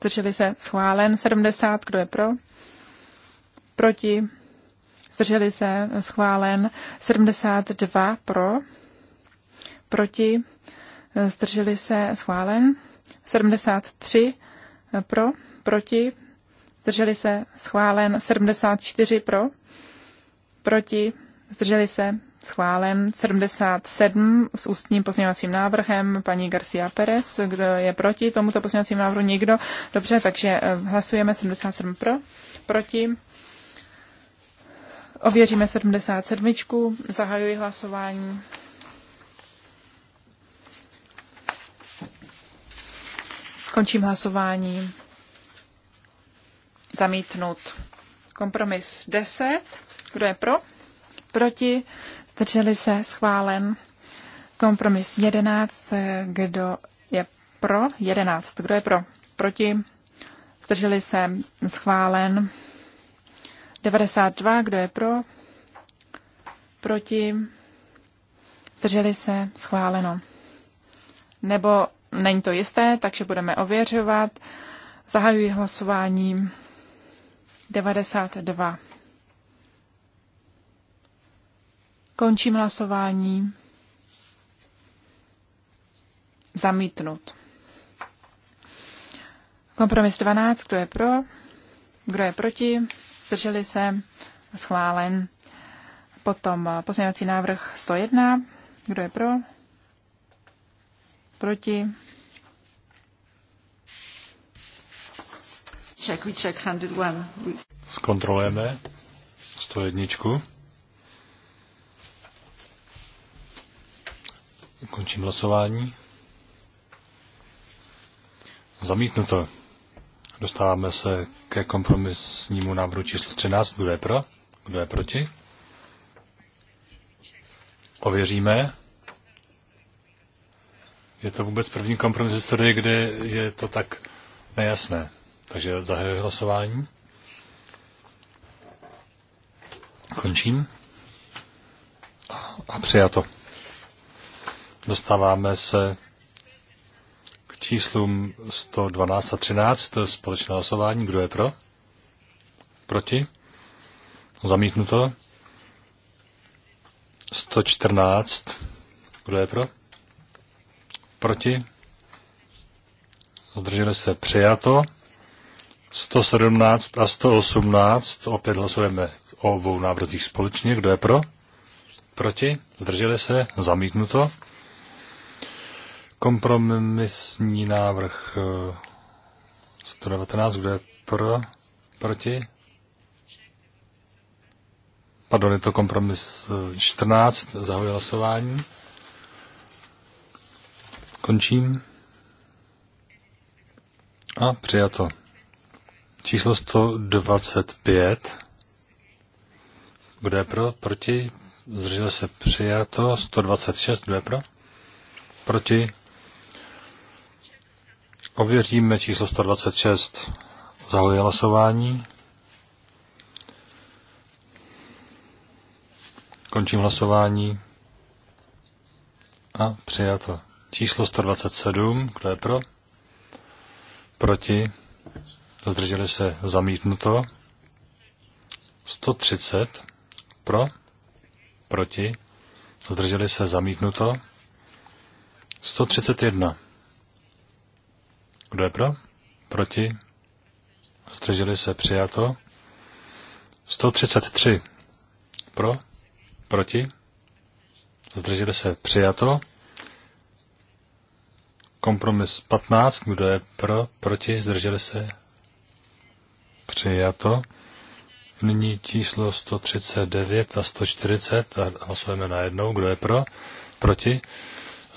Speaker 3: zdrželi se, schválen. 70, kdo je pro, proti, zdrželi se, schválen 72 pro, proti, zdrželi se, schválen 73 pro, proti, zdrželi se, schválen 74 pro, proti, zdrželi se, schválen 77 s ústním pozměňovacím návrhem paní Garcia Perez. Kdo je proti tomuto pozměňovacímu návrhu? Nikdo. Dobře, takže eh, hlasujeme 77 pro, proti, Ověříme 77. Zahajuji hlasování. Končím hlasování. Zamítnut. Kompromis 10. Kdo je pro? Proti? Zdrželi se? Schválen. Kompromis 11. Kdo je pro? 11. Kdo je pro? Proti? Zdrželi se? Schválen. 92, kdo je pro? Proti? Zdrželi se? Schváleno. Nebo není to jisté, takže budeme ověřovat. Zahajuji hlasování 92. Končím hlasování. Zamítnut. Kompromis 12. Kdo je pro? Kdo je proti? zdrželi se, schválen. Potom eh, pozměňovací návrh 101, kdo je pro, proti. Check, we check
Speaker 2: 101.
Speaker 1: Zkontrolujeme 101. Končím hlasování. Zamítnuto. Dostáváme se ke kompromisnímu návrhu číslo 13. Kdo je pro? Kdo je proti? Ověříme. Je to vůbec první kompromis historie, kde je to tak nejasné. Takže zahajuji hlasování. Končím. A přijato. Dostáváme se číslům 112 a 13 společné hlasování. Kdo je pro? Proti? Zamítnuto. 114. Kdo je pro? Proti? Zdrželi se přijato. 117 a 118. Opět hlasujeme o obou návrzích společně. Kdo je pro? Proti? Zdrželi se? Zamítnuto. Kompromisní návrh 119, eh, kdo je pro, proti? Pardon, je to kompromis 14, eh, zahoji hlasování. Končím. A přijato. Číslo 125. Kdo je pro? Proti? Zdržel se přijato. 126. Kdo je pro? Proti? Ověříme číslo 126. Zahoji hlasování. Končím hlasování. A přijato. Číslo 127. Kdo je pro? Proti? Zdrželi se zamítnuto. 130. Pro? Proti? Zdrželi se zamítnuto. 131. Kdo je pro? Proti? Zdrželi se přijato. 133. Pro? Proti? Zdrželi se přijato. Kompromis 15. Kdo je pro? Proti? Zdrželi se přijato. Nyní číslo 139 a 140 a hlasujeme najednou. Kdo je pro? Proti?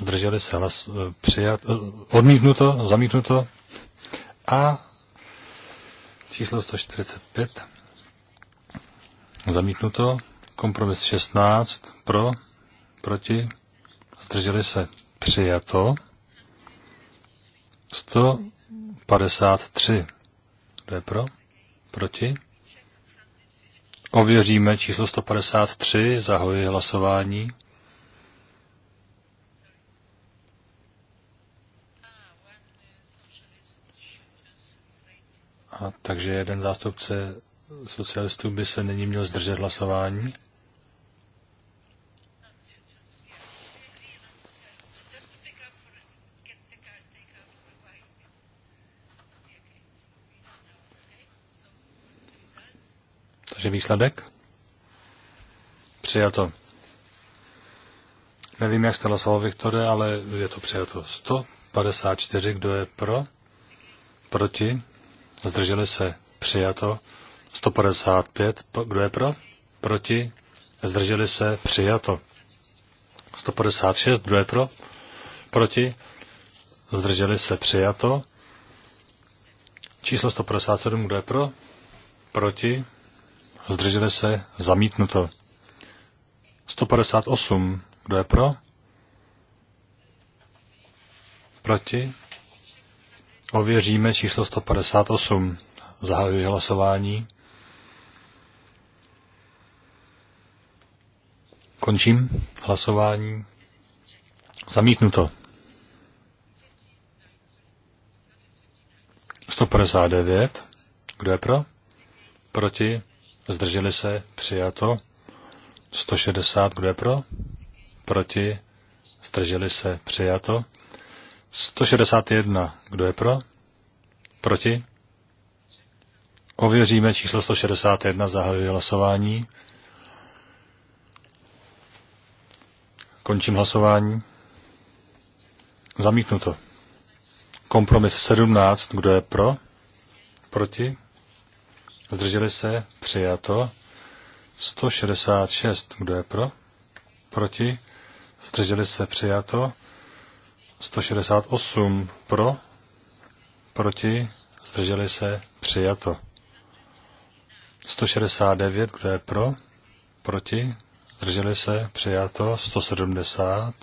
Speaker 1: zdrželi se hlas, eh, přijat, eh, odmítnuto, zamítnuto a číslo 145 zamítnuto, kompromis 16 pro, proti, zdrželi se přijato, 153, kdo je pro, proti, ověříme číslo 153, zahoji hlasování, A takže jeden zástupce socialistů by se nyní měl zdržet hlasování. Takže výsledek? Přijato. Nevím, jak jste hlasoval, Viktore, ale je to přijato. 154, kdo je pro? Proti? zdrželi se, přijato. 155, kdo je pro? Proti, zdrželi se, přijato. 156, kdo je pro? Proti, zdrželi se, přijato. Číslo 157, kdo je pro? Proti, zdrželi se, zamítnuto. 158, kdo je pro? Proti, Ověříme číslo 158. Zahajuji hlasování. Končím hlasování. Zamítnuto. 159. Kdo je pro? Proti? Zdrželi se? Přijato. 160. Kdo je pro? Proti? Zdrželi se? Přijato. 161. Kdo je pro? Proti? Ověříme číslo 161, zahajuji hlasování. Končím hlasování. Zamítnuto. Kompromis 17, kdo je pro? Proti? Zdrželi se? Přijato. 166, kdo je pro? Proti? Zdrželi se? Přijato. 168 pro, proti, zdrželi se, přijato. 169, kdo je pro, proti, zdrželi se, přijato. 170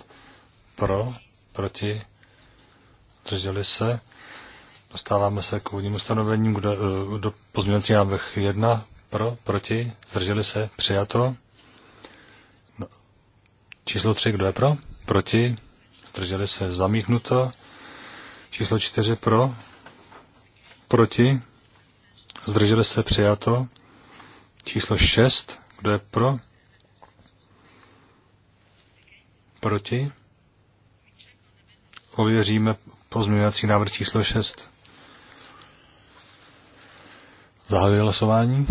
Speaker 1: pro, proti, zdrželi se. Dostáváme se k úvodním ustanovením, kdo, eh, do pozměňovací návrh 1 pro, proti, zdrželi se, přijato. No, číslo 3, kdo je pro? Proti, zdrželi se zamítnuto. Číslo 4 pro, proti, zdrželi se přijato. Číslo 6, kdo je pro, proti. Ověříme pozměňovací návrh číslo 6. Zahajuji hlasování.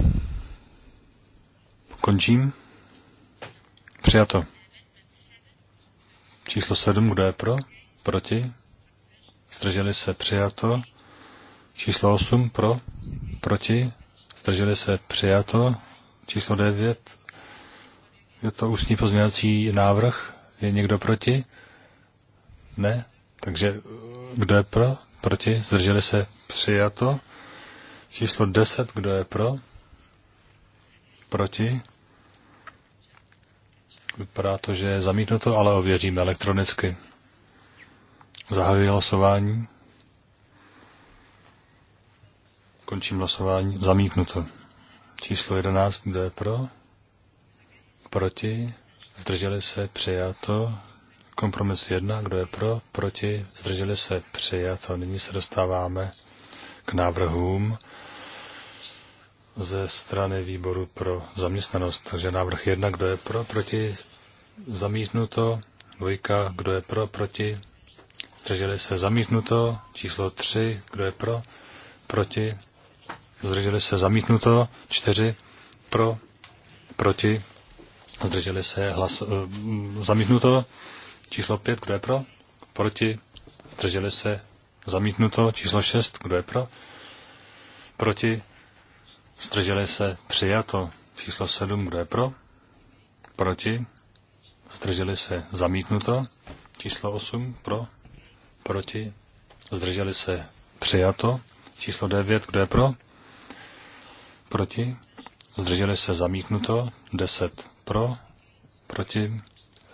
Speaker 1: Končím. Přijato. Číslo 7, kdo je pro? Proti? Zdrželi se přijato. Číslo 8 pro? Proti? Zdrželi se přijato. Číslo 9. Je to ústní pozměňovací návrh. Je někdo proti? Ne? Takže kdo je pro? Proti? Zdrželi se přijato. Číslo 10. Kdo je pro? Proti? Vypadá to, že je zamítnuto, ale ověříme elektronicky. Zahajuji hlasování. Končím hlasování. Zamítnuto. Číslo 11, kdo je pro? Proti? Zdrželi se? Přijato. Kompromis 1, kdo je pro? Proti? Zdrželi se? Přijato. Nyní se dostáváme k návrhům ze strany výboru pro zaměstnanost. Takže návrh jedna, kdo je pro, proti, zamítnuto. Dvojka, kdo je pro, proti, zdrželi se, zamítnuto. Číslo tři, kdo je pro, proti, zdrželi se, zamítnuto. Čtyři, pro, proti, zdrželi se, hlas, eh, zamítnuto. Číslo pět, kdo je pro, proti, zdrželi se, zamítnuto. Číslo šest, kdo je pro, proti, Zdrželi se přijato. Číslo 7, kdo je pro? Proti? Zdrželi se zamítnuto. Číslo 8, pro? Proti? Zdrželi se přijato. Číslo 9, kdo je pro? Proti? Zdrželi se zamítnuto. 10 pro? Proti?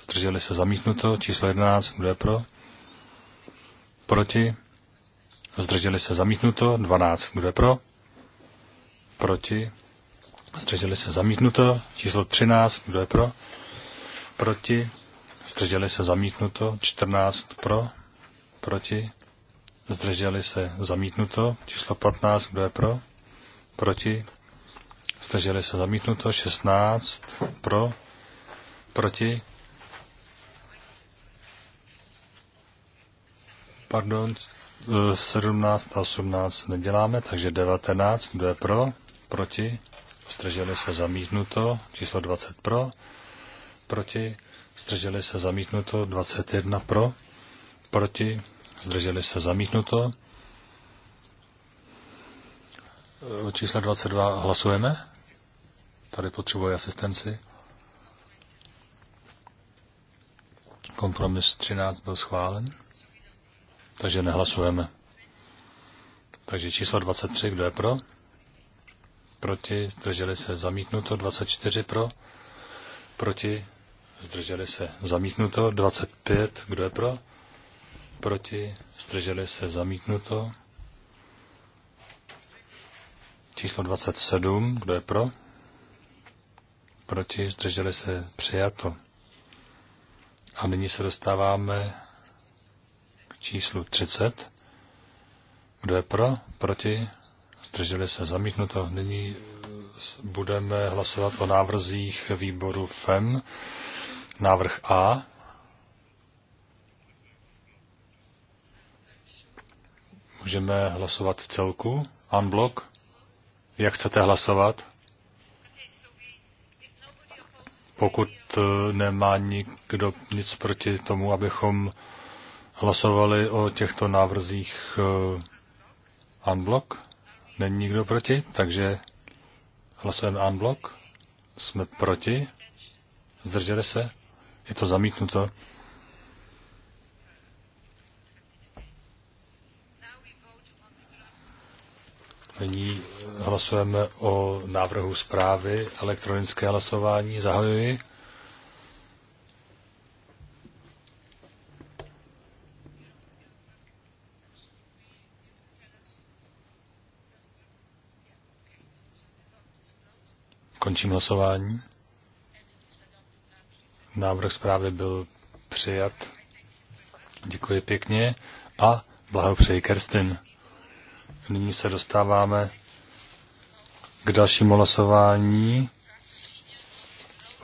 Speaker 1: Zdrželi se zamítnuto. Číslo 11, kdo je pro? Proti? Zdrželi se zamítnuto. 12, kdo je pro? Proti? Zdrželi se zamítnuto. Číslo 13. Kdo je pro? Proti? Zdrželi se zamítnuto. 14. Pro? Proti? Zdrželi se zamítnuto. Číslo 15. Kdo je pro? Proti? Zdrželi se zamítnuto. 16. Pro? Proti? Pardon, 17 eh, a 18 neděláme, takže 19, kdo je pro? proti, zdrželi se zamítnuto, číslo 20 pro, proti, zdrželi se zamítnuto, 21 pro, proti, zdrželi se zamítnuto. E, o čísle 22 hlasujeme. Tady potřebuji asistenci. Kompromis 13 byl schválen, takže nehlasujeme. Takže číslo 23, kdo je pro? proti, zdrželi se zamítnuto, 24 pro, proti, zdrželi se zamítnuto, 25, kdo je pro, proti, zdrželi se zamítnuto, číslo 27, kdo je pro, proti, zdrželi se přijato. A nyní se dostáváme k číslu 30. Kdo je pro? Proti? zdrželi se zamítnuto. Nyní budeme hlasovat o návrzích výboru FEM. Návrh A. Můžeme hlasovat v celku, unblock. Jak chcete hlasovat? Pokud e, nemá nikdo nic proti tomu, abychom hlasovali o těchto návrzích unblock, e, Není nikdo proti, takže hlasujeme unblock. Jsme proti. Zdrželi se. Je to zamítnuto. Nyní hlasujeme o návrhu zprávy elektronické hlasování. Zahajuji. Končím hlasování. Návrh zprávy byl přijat. Děkuji pěkně a blahopřeji Kerstin. Nyní se dostáváme k dalšímu hlasování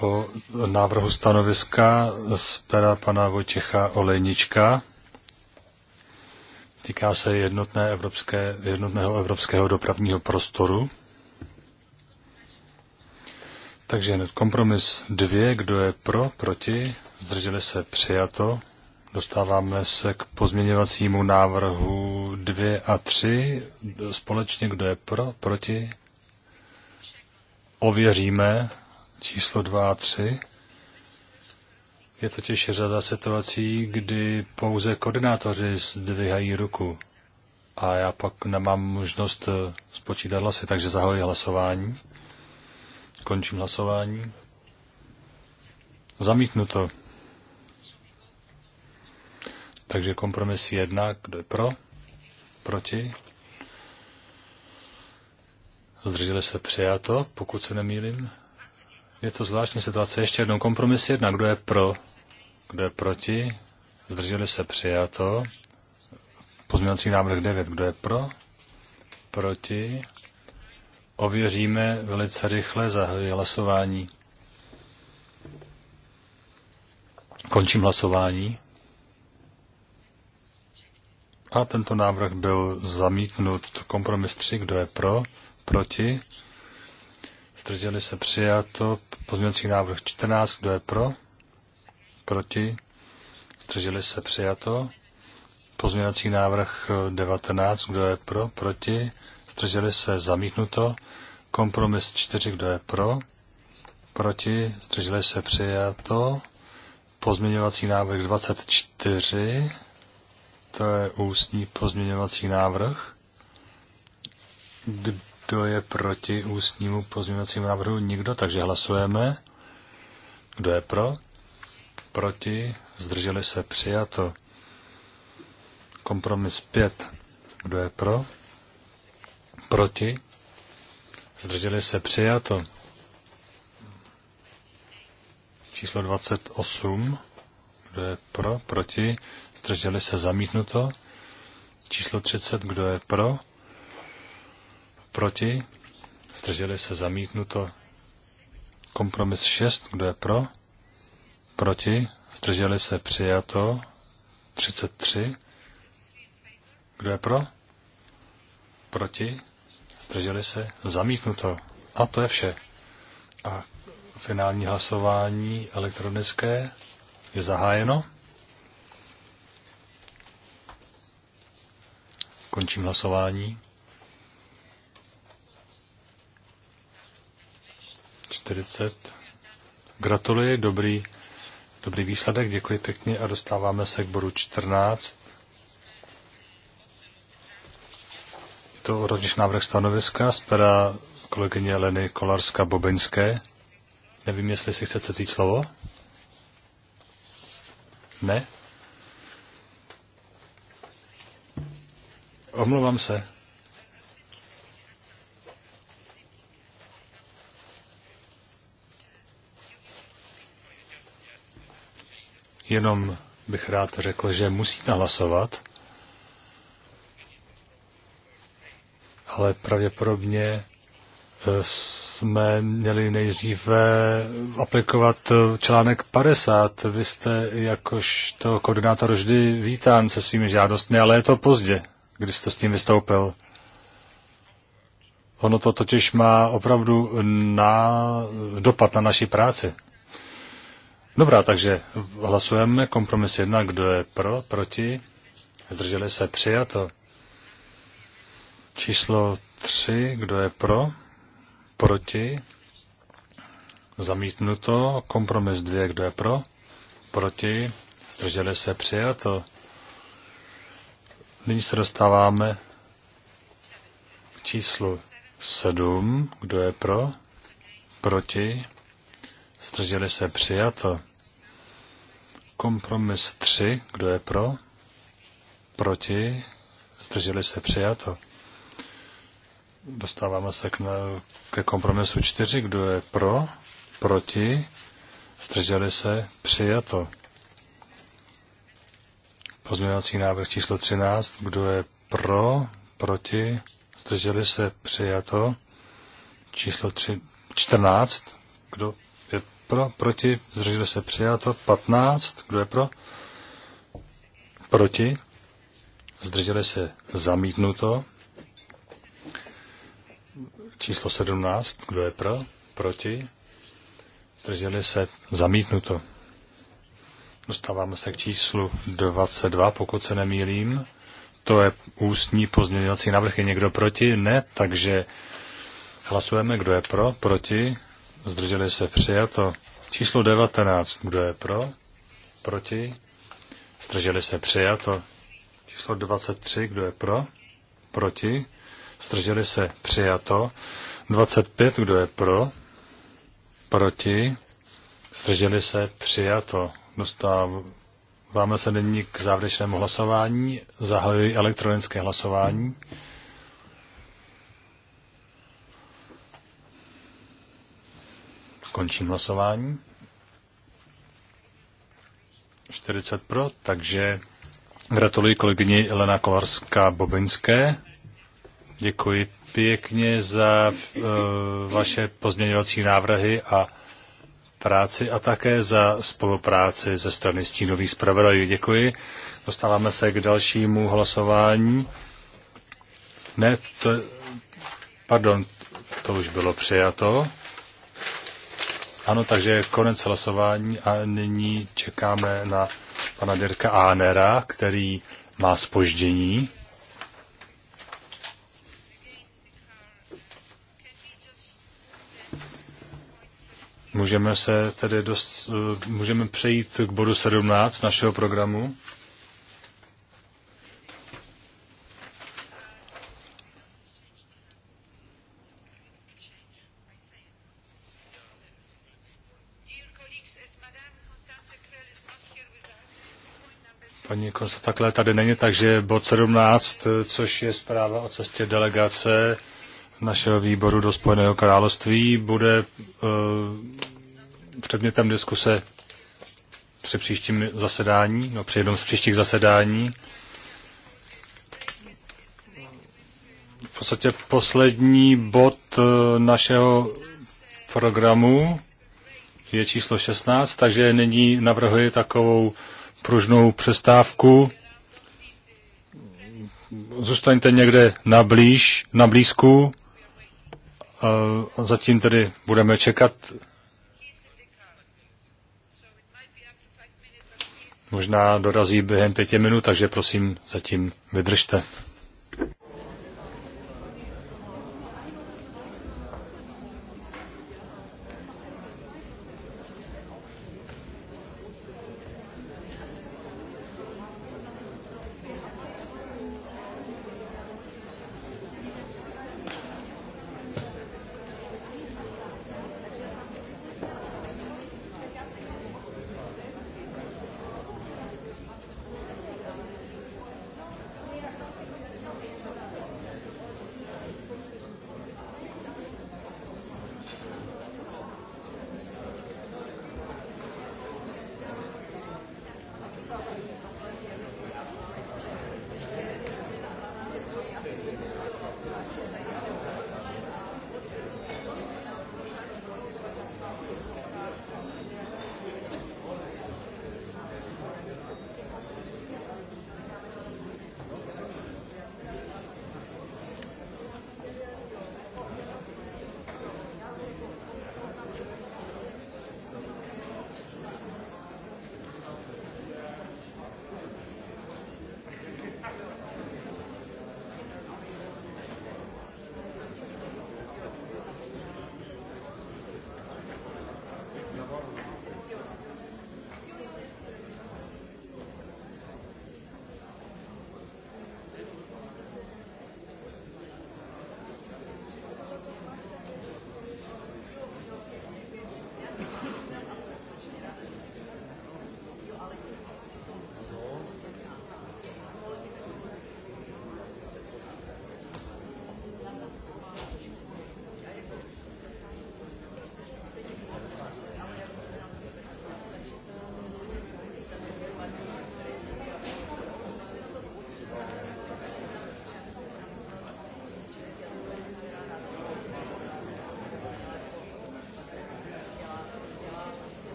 Speaker 1: o návrhu stanoviska z pera pana Vojtěcha Olejnička. Týká se jednotné evropské, jednotného evropského dopravního prostoru. Takže kompromis dvě, kdo je pro, proti, zdrželi se přijato. Dostáváme se k pozměňovacímu návrhu dvě a tři. Společně, kdo je pro, proti, ověříme číslo dva a tři. Je totiž řada situací, kdy pouze koordinátoři zdvihají ruku a já pak nemám možnost spočítat hlasy, takže zahajuji hlasování. Končím hlasování. Zamítnuto. Takže kompromis jedna, kdo je pro, proti. Zdrželi se přijato, pokud se nemýlím. Je to zvláštní situace. Ještě jednou kompromis jedna, kdo je pro, kdo je proti. Zdrželi se přijato. Pozměňovací návrh 9, kdo je pro, proti ověříme velice rychle, zahajuji hlasování. Končím hlasování. A tento návrh byl zamítnut. Kompromis 3, kdo je pro, proti. Zdrželi se přijato. Pozměňovací návrh 14, kdo je pro, proti. Zdrželi se přijato. Pozměňovací návrh 19, kdo je pro, proti zdrželi se, zamítnuto. Kompromis 4, kdo je pro, proti, zdrželi se, přijato. Pozměňovací návrh 24, to je ústní pozměňovací návrh. Kdo je proti ústnímu pozměňovacímu návrhu? Nikdo, takže hlasujeme. Kdo je pro? Proti? Zdrželi se přijato. Kompromis 5. Kdo je pro? Proti? Zdrželi se přijato. Číslo 28. Kdo je pro? Proti? Zdrželi se zamítnuto. Číslo 30. Kdo je pro? Proti? Zdrželi se zamítnuto. Kompromis 6. Kdo je pro? Proti? Zdrželi se přijato. 33. Kdo je pro? Proti? zdrželi se, zamítnuto. A to je vše. A finální hlasování elektronické je zahájeno. Končím hlasování. 40. Gratuluji, dobrý, dobrý výsledek, děkuji pěkně a dostáváme se k bodu 14. to rovněž návrh stanoviska z pera kolegyně Leny Kolarska-Bobeňské. Nevím, jestli si chcete říct slovo. Ne? Omlouvám se. Jenom bych rád řekl, že musíme hlasovat. ale pravděpodobně eh, jsme měli nejdříve aplikovat eh, článek 50. Vy jste jakožto koordinátor vždy vítán se svými žádostmi, ale je to pozdě, kdy jste s ním vystoupil. Ono to totiž má opravdu na dopad na naši práci. Dobrá, takže hlasujeme. Kompromis jedna, kdo je pro, proti, zdrželi se, přijato. Číslo 3, kdo je pro? Proti? Zamítnuto. Kompromis 2, kdo je pro? Proti? Drželi se přijato. Nyní se dostáváme k číslu 7. Kdo je pro? Proti? Zdrželi se přijato. Kompromis 3. Kdo je pro? Proti? Zdrželi se přijato. Dostáváme se k, ke kompromisu 4. Kdo je pro? Proti? Zdrželi se? Přijato. Pozměňovací návrh číslo 13. Kdo je pro? Proti? Zdrželi se? Přijato. Číslo 3, 14. Kdo je pro? Proti? Zdrželi se? Přijato. 15. Kdo je pro? Proti? Zdrželi se? Zamítnuto. Číslo 17. Kdo je pro? Proti? Drželi se zamítnuto. Dostáváme se k číslu 22, pokud se nemýlím. To je ústní pozměňovací návrh. Je někdo proti? Ne, takže hlasujeme, kdo je pro, proti, zdrželi se přijato. Číslo 19, kdo je pro, proti, zdrželi se přijato. Číslo 23, kdo je pro, proti, Zdrželi se přijato. 25, kdo je pro? Proti? Zdrželi se přijato. Dostáváme se nyní k závěrečnému hlasování. Zahajuji elektronické hlasování. Končím hlasování. 40 pro, takže gratuluji kolegyni Elena Kolarská-Bobinské. Děkuji pěkně za eh, vaše pozměňovací návrhy a práci a také za spolupráci ze strany stínových zpravodajů. Děkuji. Dostáváme se k dalšímu hlasování. Ne, to, pardon, to už bylo přijato. Ano, takže konec hlasování a nyní čekáme na pana Dirka Ánera, který má spoždění. Můžeme se tedy dost, eh, můžeme přejít k bodu 17 našeho programu. Paní Konstanta Klé tady není, takže bod 17, eh, což je zpráva o cestě delegace našeho výboru do Spojeného království bude eh, předmětem diskuse při příštím zasedání, no při jednom z příštích zasedání. V podstatě poslední bod eh, našeho programu je číslo 16, takže nyní navrhuji takovou pružnou přestávku. Zůstaňte někde na, blíž, na blízku zatím tedy budeme čekat. Možná dorazí během pěti minut, takže prosím, zatím vydržte.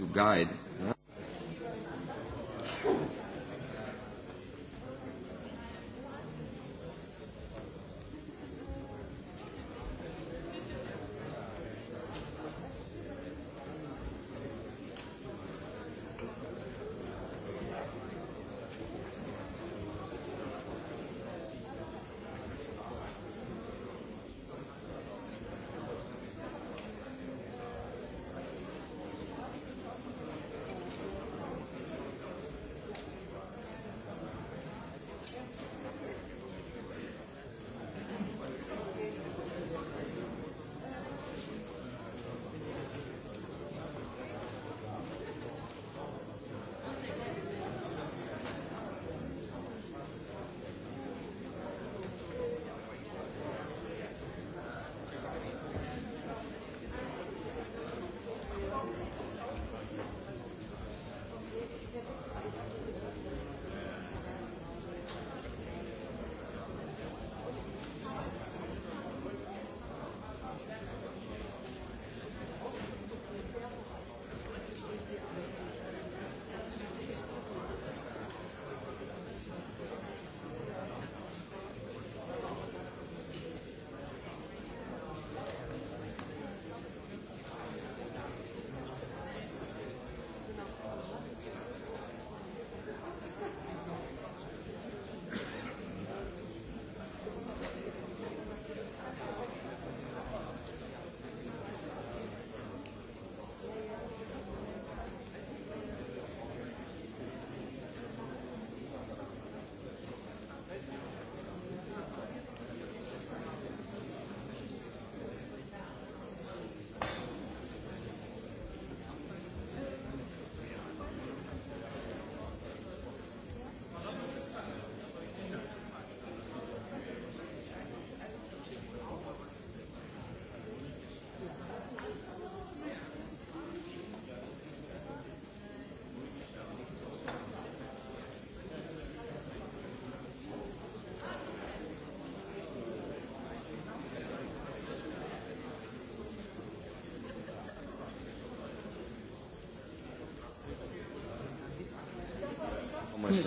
Speaker 1: to guide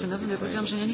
Speaker 1: rozpędowym, bo ja powiedziałam, że ja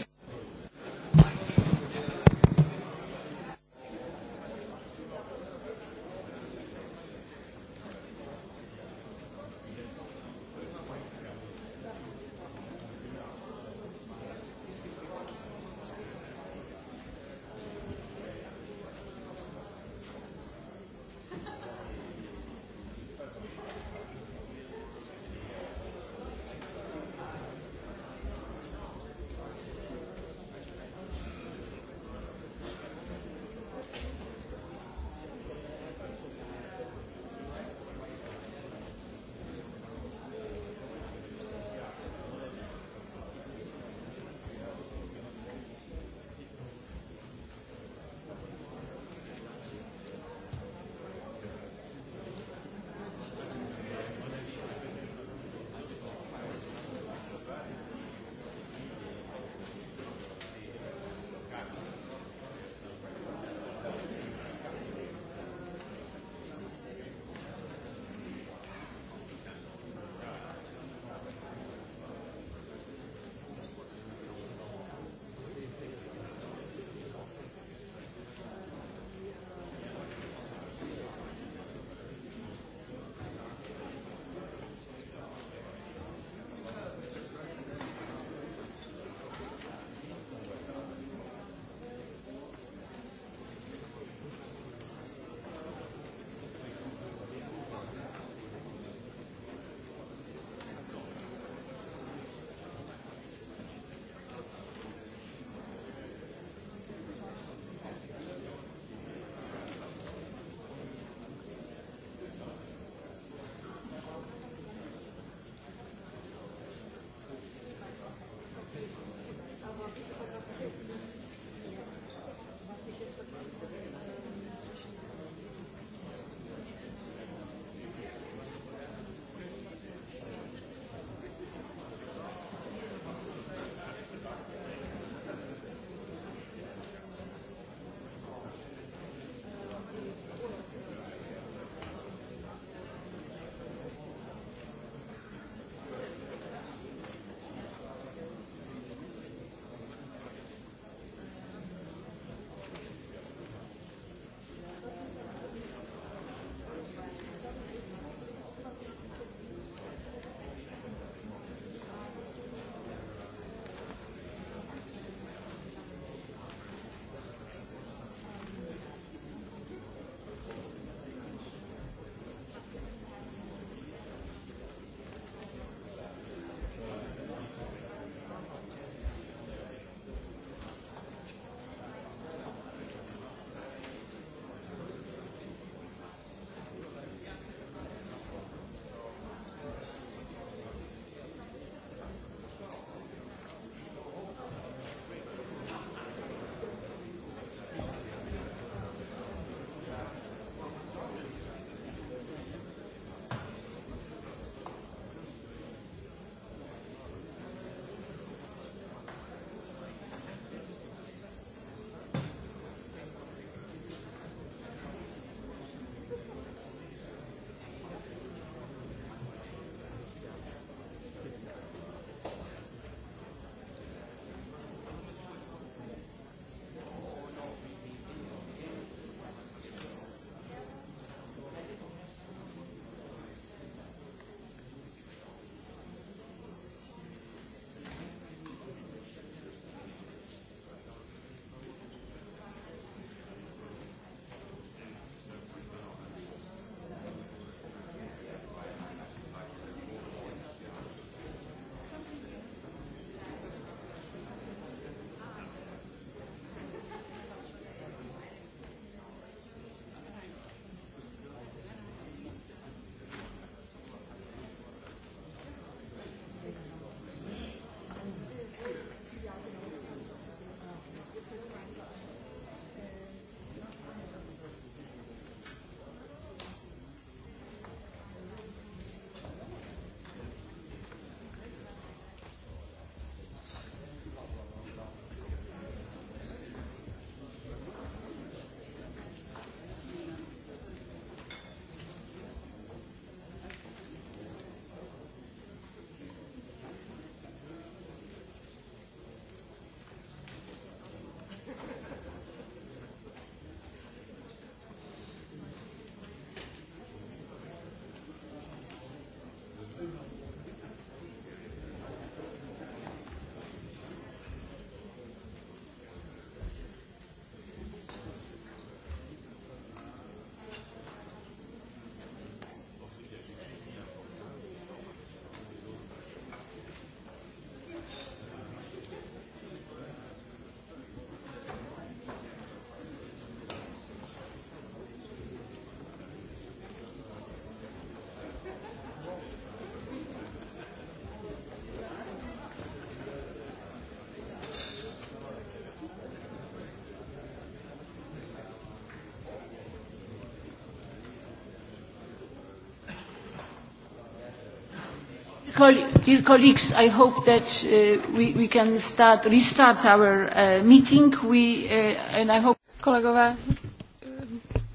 Speaker 2: Dear colleagues, I hope that uh, we, we can start, restart our uh, meeting. We, uh, and I hope... Kolegové,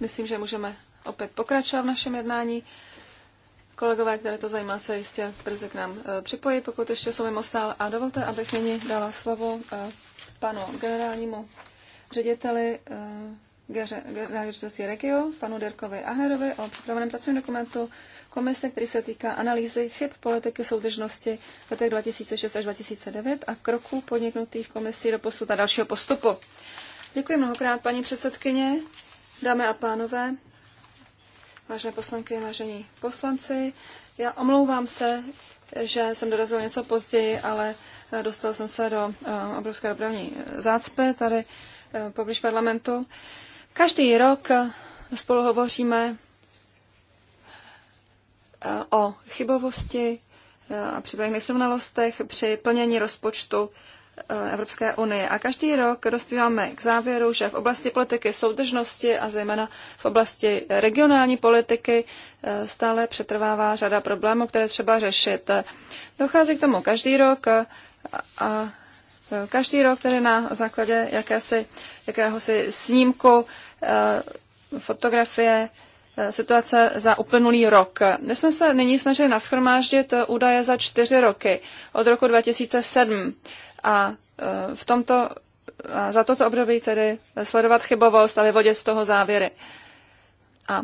Speaker 2: myslím, že můžeme opět pokračovat v našem jednání. Kolegové, které to zajímá, se jistě brzy k nám uh, připojí, pokud ještě jsou mimo sál. A dovolte, abych nyní dala slovo uh, panu generálnímu řediteli uh, generální ředitelství Regio, panu Derkovi Ahnerovi o připraveném pracovním dokumentu komise, který se týká analýzy chyb politiky soudržnosti v letech 2006 až 2009 a kroků podniknutých komisí do posud a dalšího postupu. Děkuji mnohokrát, paní předsedkyně, dámy a pánové, vážené poslanky, vážení poslanci. Já omlouvám se, že jsem dorazil něco později, ale eh, dostal jsem se do eh, obrovské dopravní eh, zácpy tady poblíž parlamentu. Každý rok spolu hovoříme o chybovosti eh, a případných nesrovnalostech při plnění rozpočtu eh, Evropské unie. A každý rok dospíváme k závěru, že v oblasti politiky soudržnosti a zejména v oblasti regionální politiky eh, stále přetrvává řada problémů, které třeba řešit. Dochází k tomu každý rok a každý rok tedy na základě jakési, jakéhosi snímku fotografie Eh, situace za uplynulý rok. My jsme se nyní snažili nashromáždit eh, údaje za čtyři roky od roku 2007 a eh, v tomto, za toto období tedy sledovat chybovost a vyvodit z toho závěry. A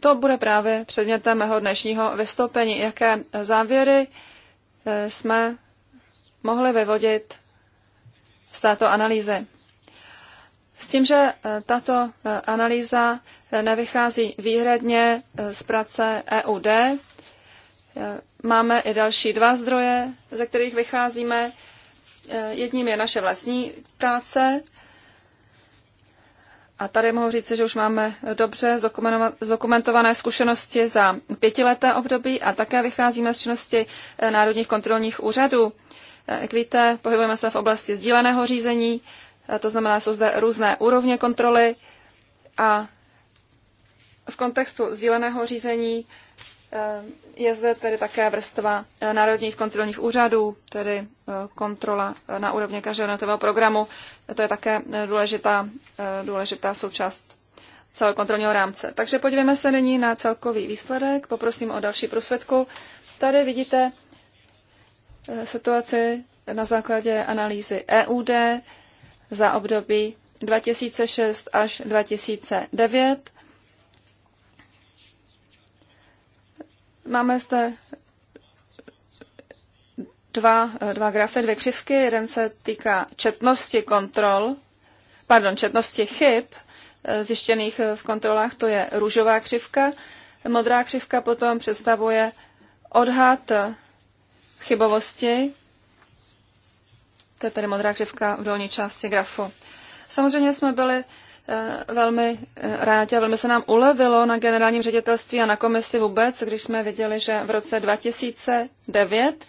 Speaker 2: to bude právě předmětem mého dnešního vystoupení, jaké závěry jsme mohli vyvodit z této analýzy. S tím, že eh, tato eh, analýza eh, nevychází výhradně z práce EUD, máme i další dva zdroje, ze kterých vycházíme. Jedním je naše vlastní práce. A tady mohu říct, že už máme dobře zdokumentované zkušenosti za pětileté období a také vycházíme z činnosti národních kontrolních úřadů. Jak víte, pohybujeme se v oblasti sdíleného řízení Eh, to znamená, jsou zde různé úrovně kontroly a v kontextu sdíleného řízení eh, je zde tedy také vrstva eh, národních kontrolních úřadů, tedy kontrola na úrovni každého jednotlivého programu. To je také důležitá, důležitá součást celého kontrolního rámce. Takže podívejme se nyní na celkový výsledek. Poprosím o další prosvědku. Tady vidíte situaci na základě analýzy EUD, za období 2006 až 2009. Máme zde dva, dva grafy, dvě křivky. Jeden se týká četnosti kontrol, pardon, četnosti chyb eh, zjištěných eh, v kontrolách, to je růžová křivka. Modrá křivka potom představuje odhad chybovosti to je tedy modrá křivka v dolní části grafu. Samozřejmě jsme byli eh, velmi eh, rádi a velmi se nám ulevilo na generálním ředitelství a na komisi vůbec, když jsme viděli, že v roce 2009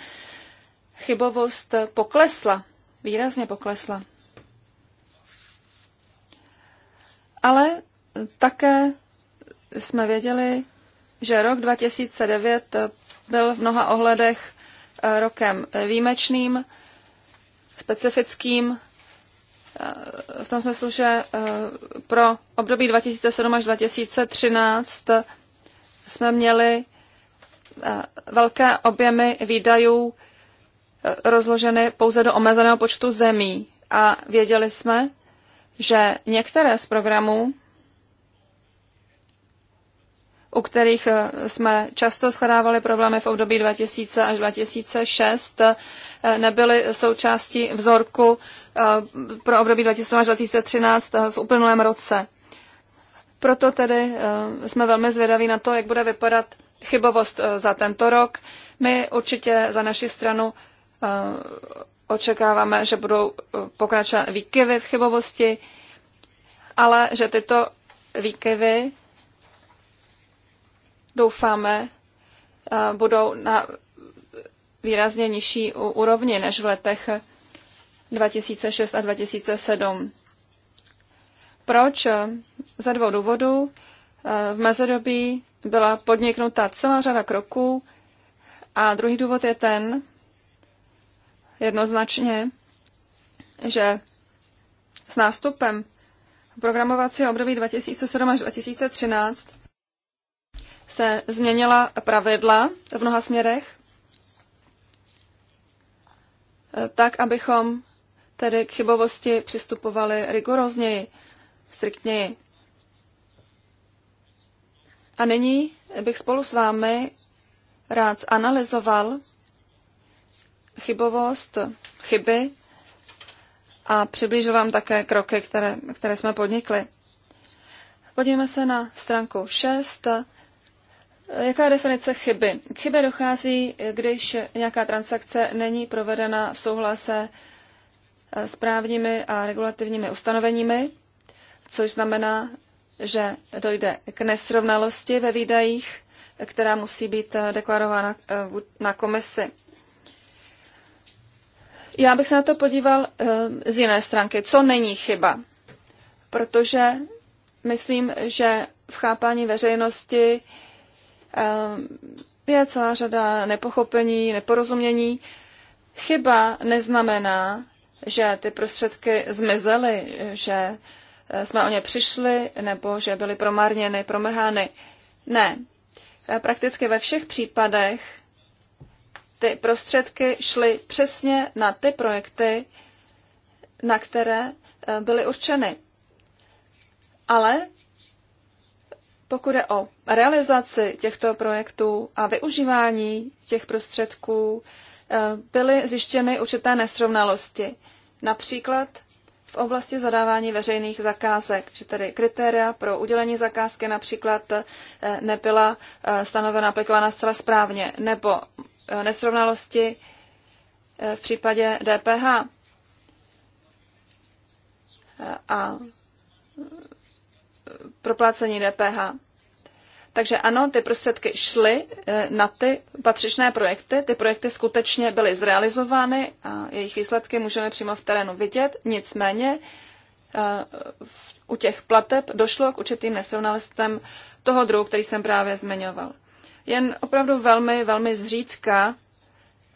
Speaker 2: chybovost poklesla, výrazně poklesla. Ale také jsme věděli, že rok 2009 byl v mnoha ohledech eh, rokem výjimečným, specifickým eh, v tom smyslu, že eh, pro období 2007 až 2013 jsme měli eh, velké objemy výdajů rozloženy pouze do omezeného počtu zemí. A věděli jsme, že některé z programů u kterých eh, jsme často shledávali problémy v období 2000 až 2006, eh, nebyly součástí vzorku eh, pro období 2000 až 2013 v uplynulém roce. Proto tedy jsme velmi zvědaví na to, jak bude vypadat chybovost za tento rok. My určitě za naši stranu očekáváme, že budou pokračovat výkyvy v chybovosti, ale že tyto výkyvy doufáme, eh, budou na výrazně nižší úrovni než v letech 2006 a 2007. Proč? Za dvou důvodů. Eh, v mezidobí byla podniknuta celá řada kroků a druhý důvod je ten, jednoznačně, že s nástupem programovacího období 2007 až 2013 se změnila pravidla v mnoha směrech, tak, abychom tedy k chybovosti přistupovali rigorozněji, striktněji. A nyní bych spolu s vámi rád zanalizoval chybovost, chyby a přiblížil vám také kroky, které, které jsme podnikli. Podívejme se na stránku 6 Eh, jaká je definice chyby? K chybě dochází, eh, když nějaká transakce není provedena v souhlase eh, s právními a regulativními ustanoveními, což znamená, že dojde k nesrovnalosti ve výdajích, která musí být deklarována na komisi. Já bych se na to podíval z jiné stránky. Co není chyba? Protože myslím, že v chápání veřejnosti Eh, je celá řada nepochopení, neporozumění. Chyba neznamená, že ty prostředky zmizely, že eh, jsme o ně přišli nebo že byly promarněny, promrhány. Ne. Eh, prakticky ve všech případech ty prostředky šly přesně na ty projekty, na které byly určeny. Ale pokud je o realizaci těchto projektů a využívání těch prostředků, eh, byly zjištěny určité nesrovnalosti. Například v oblasti zadávání veřejných zakázek, že tedy kritéria pro udělení zakázky například eh, nebyla eh, stanovena, aplikována zcela správně, nebo nesrovnalosti v případě DPH. A proplácení DPH. Takže ano, ty prostředky šly eh, na ty patřičné projekty. Ty projekty skutečně byly zrealizovány a jejich výsledky můžeme přímo v terénu vidět. Nicméně eh, u těch plateb došlo k určitým nesrovnalostem toho druhu, který jsem právě zmiňoval. Jen opravdu velmi, velmi zřídka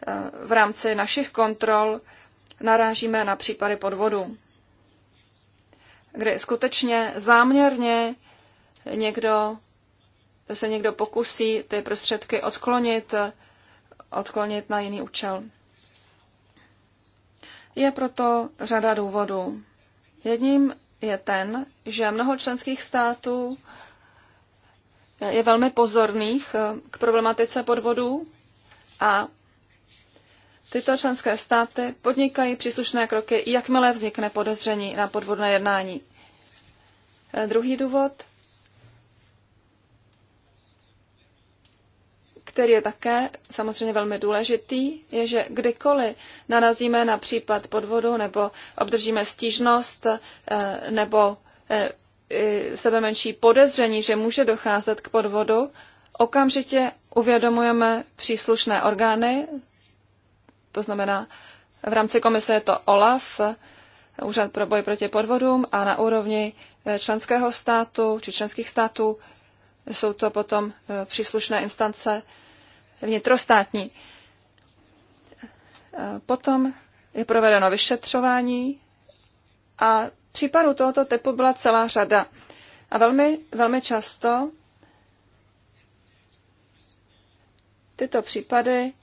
Speaker 2: eh, v rámci našich kontrol narážíme na případy podvodu kdy skutečně záměrně někdo se někdo pokusí ty prostředky odklonit, odklonit na jiný účel. Je proto řada důvodů. Jedním je ten, že mnoho členských států je velmi pozorných k problematice podvodů a Tyto členské státy podnikají příslušné kroky, jakmile vznikne podezření na podvodné jednání. E, druhý důvod, který je také samozřejmě velmi důležitý, je, že kdykoliv narazíme na případ podvodu nebo obdržíme stížnost e, nebo e, sebe menší podezření, že může docházet k podvodu, okamžitě uvědomujeme příslušné orgány, to znamená, v rámci komise je to OLAF, Úřad pro boj proti podvodům a na úrovni eh, členského státu či členských států jsou to potom eh, příslušné instance vnitrostátní. Eh, potom je provedeno vyšetřování a případů tohoto typu byla celá řada. A velmi, velmi často tyto případy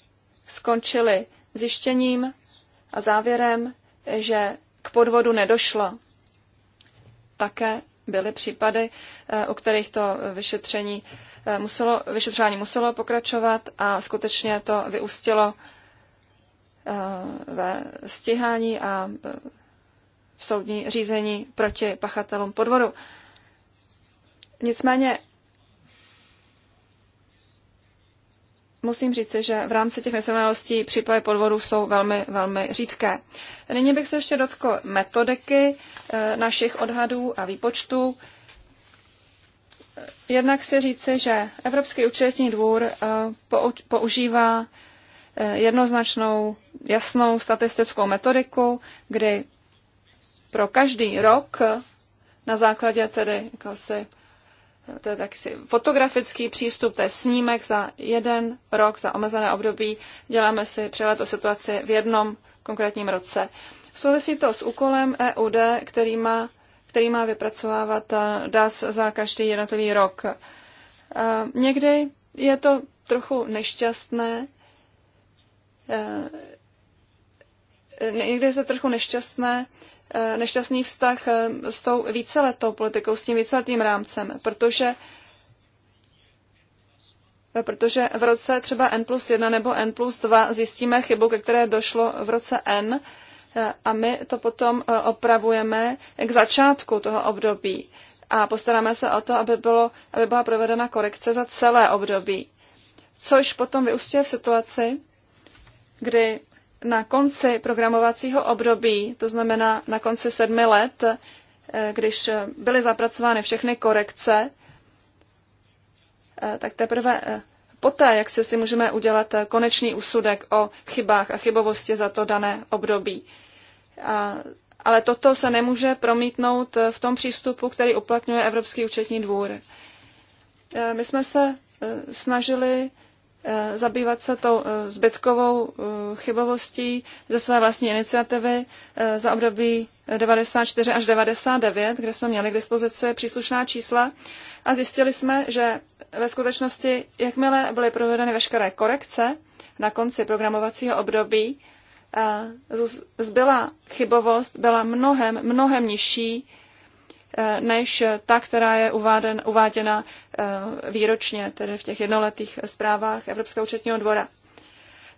Speaker 2: skončily zjištěním a závěrem, že k podvodu nedošlo. Také byly případy, eh, u kterých to vyšetření eh, muselo, vyšetřování muselo pokračovat a skutečně to vyústilo eh, ve stíhání a v soudní řízení proti pachatelům podvodu. Nicméně musím říct, že v rámci těch nesrovnalostí případy podvodů jsou velmi, velmi řídké. Nyní bych se ještě dotkl metodiky eh, našich odhadů a výpočtů. Eh, jednak si říci, že Evropský účetní dvůr eh, používá jednoznačnou, jasnou statistickou metodiku, kdy pro každý rok na základě tedy jakéhosi jako to je taksi fotografický přístup, to je snímek za jeden rok, za omezené období. Děláme si přehled o situaci v jednom konkrétním roce. Souvisí to s úkolem EUD, který má, který má vypracovávat eh, DAS za každý jednotlivý rok. Eh, někdy je to trochu nešťastné, eh, někdy je to trochu nešťastné, Eh, nešťastný vztah eh, s tou víceletou politikou, s tím víceletým rámcem, protože eh, protože v roce třeba N plus 1 nebo N plus 2 zjistíme chybu, ke které došlo v roce N a my to potom opravujeme k začátku toho období a postaráme se o to, aby, bylo, aby byla provedena korekce za celé období. Což potom vyústí v situaci, kdy na konci programovacího období, to znamená na konci sedmi let, eh, když byly zapracovány všechny korekce, eh, tak teprve eh, poté, jak si si můžeme udělat konečný úsudek o chybách a chybovosti za to dané období. A, ale toto se nemůže promítnout v tom přístupu, který uplatňuje Evropský účetní dvůr. My jsme se snažili Eh, zabývat se tou eh, zbytkovou eh, chybovostí ze své vlastní iniciativy za období 94 až 99, kde jsme měli k dispozici příslušná čísla a zjistili jsme, že ve skutečnosti, jakmile byly provedeny veškeré korekce na konci programovacího období, zbyla chybovost byla mnohem, mnohem nižší Eh, než ta, která je uváden, uváděna eh, výročně, tedy v těch jednoletých zprávách Evropského účetního dvora.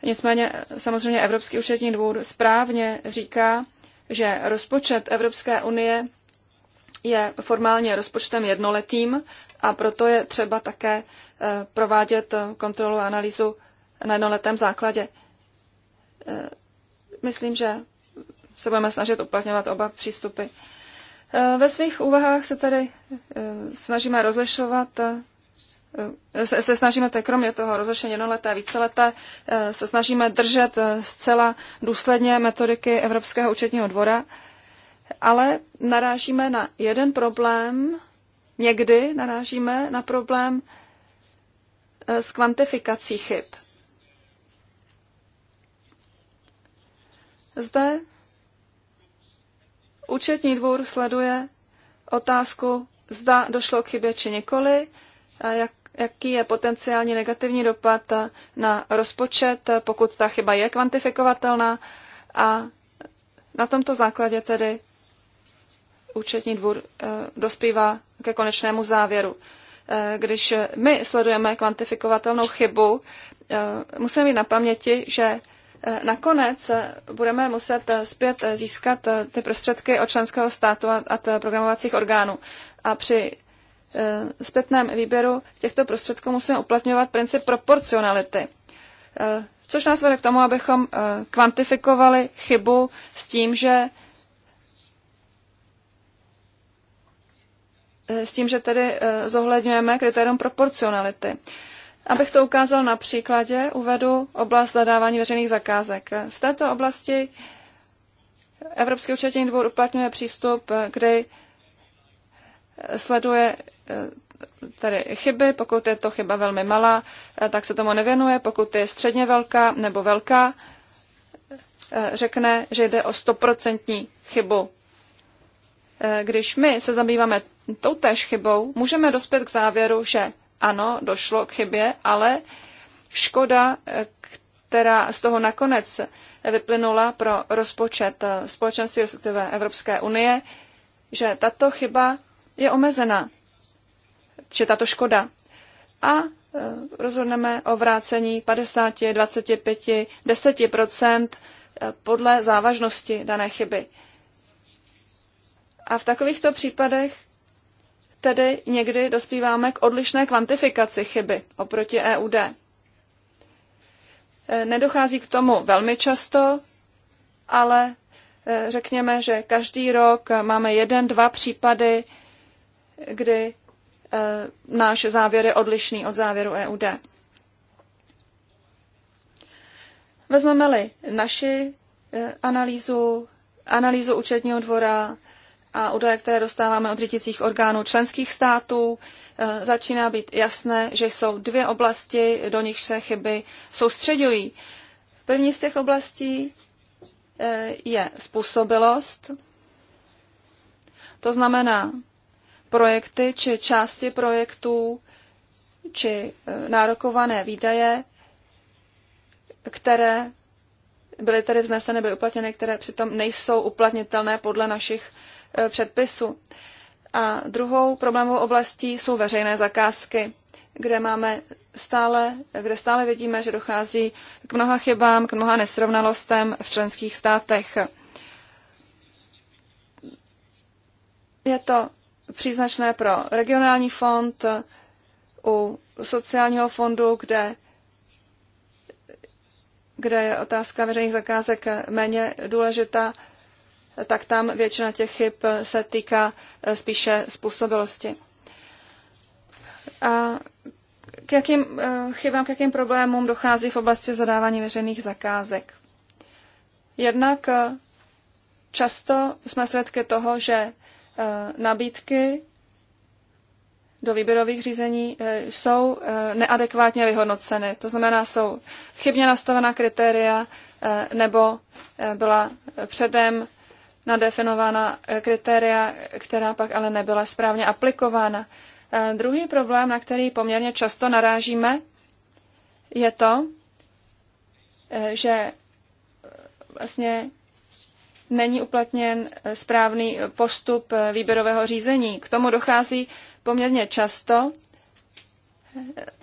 Speaker 2: Nicméně eh, samozřejmě Evropský účetní dvůr správně říká, že rozpočet Evropské unie je formálně rozpočtem jednoletým a proto je třeba také provádět kontrolu a analýzu na jednoletém základě. Myslím, že se budeme snažit uplatňovat oba přístupy. Eh, ve svých úvahách se tady eh, snažíme rozlišovat, eh, se, snažíme, tady, kromě toho rozlišení jednoleté a víceleté, se snažíme držet zcela důsledně metodiky Evropského účetního dvora, ale narážíme na jeden problém, někdy narážíme na problém s kvantifikací chyb. Zde Účetní dvůr sleduje otázku, zda došlo k chybě či nikoli, a jak, jaký je potenciální negativní dopad na rozpočet, pokud ta chyba je kvantifikovatelná. A na tomto základě tedy účetní dvůr eh, dospívá ke konečnému závěru. Eh, když my sledujeme kvantifikovatelnou chybu, eh, musíme mít na paměti, že Eh, nakonec eh, budeme muset eh, zpět získat ty prostředky od členského státu a od programovacích orgánů. A při zpětném výběru těchto prostředků musíme uplatňovat princip proporcionality, což nás vede k tomu, abychom kvantifikovali chybu s tím, že s tím, že tedy zohledňujeme kritérium proporcionality. Abych to ukázal na příkladě, uvedu oblast zadávání veřejných zakázek. V této oblasti Evropský účetní dvůr uplatňuje přístup, kdy sleduje eh, tady chyby. Pokud je to chyba velmi malá, eh, tak se tomu nevěnuje. Pokud je středně velká nebo velká, eh, řekne, že jde o stoprocentní chybu. Když my se zabýváme toutéž chybou, můžeme dospět k závěru, že ano, došlo k chybě, ale škoda, eh, která z toho nakonec vyplynula pro rozpočet eh, společenství, respektive Evropské unie, že tato chyba je omezena, že tato škoda. A eh, rozhodneme o vrácení 50, 25, 10 podle závažnosti dané chyby. A v takovýchto případech tedy někdy dospíváme k odlišné kvantifikaci chyby oproti EUD. E, nedochází k tomu velmi často, ale e, řekněme, že každý rok máme jeden, dva případy, kdy e, náš závěr je odlišný od závěru EUD. Vezmeme-li naši analýzu, analýzu účetního dvora, a údaje, které dostáváme od řídících orgánů členských států, eh, začíná být jasné, že jsou dvě oblasti, do nich se chyby soustředují. První z těch oblastí eh, je způsobilost, to znamená projekty či části projektů či eh, nárokované výdaje, které byly tady vzneseny, byly uplatněny, které přitom nejsou uplatnitelné podle našich Eh, předpisu A druhou problémovou oblastí jsou veřejné zakázky, kde máme stále, kde stále vidíme, že dochází k mnoha chybám, k mnoha nesrovnalostem v členských státech. Je to příznačné pro regionální fond, u sociálního fondu, kde, kde je otázka veřejných zakázek méně důležitá, tak tam většina těch chyb se týká eh, spíše způsobilosti. A k jakým eh, chybám, k jakým problémům dochází v oblasti zadávání veřejných zakázek? Jednak eh, často jsme svědky toho, že nabídky do výběrových řízení jsou neadekvátně vyhodnoceny. To znamená, jsou chybně nastavená kritéria nebo byla předem nadefinována eh, kritéria, která pak ale nebyla správně aplikována. Eh, druhý problém, na který poměrně často narážíme, je to, eh, že vlastně není uplatněn správný postup výběrového řízení. K tomu dochází poměrně často,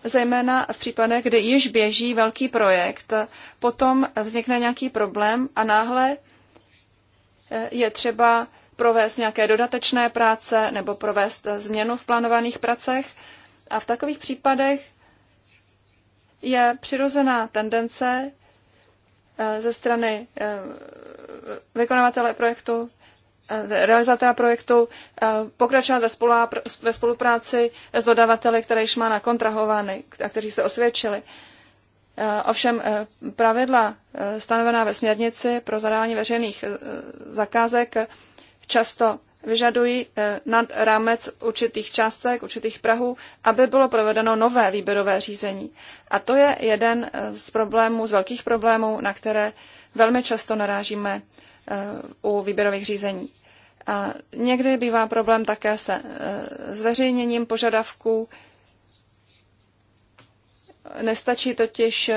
Speaker 2: zejména v případech, kdy již běží velký projekt, potom vznikne nějaký problém a náhle je třeba provést nějaké dodatečné práce nebo provést změnu v plánovaných pracech. A v takových případech je přirozená tendence eh, ze strany eh, vykonavatele projektu, eh, realizatora projektu pokračovat ve spolupráci s dodavateli, které již má nakontrahovány a kteří se osvědčili. Eh, ovšem eh, pravidla eh, stanovená ve směrnici pro zadání veřejných zakázek často vyžadují nad rámec určitých částek, určitých prahů, aby bylo provedeno nové výběrové řízení. A to je jeden z problémů, z velkých problémů, na které velmi často narážíme u výběrových řízení. A někdy bývá problém také se zveřejněním požadavků Nestačí totiž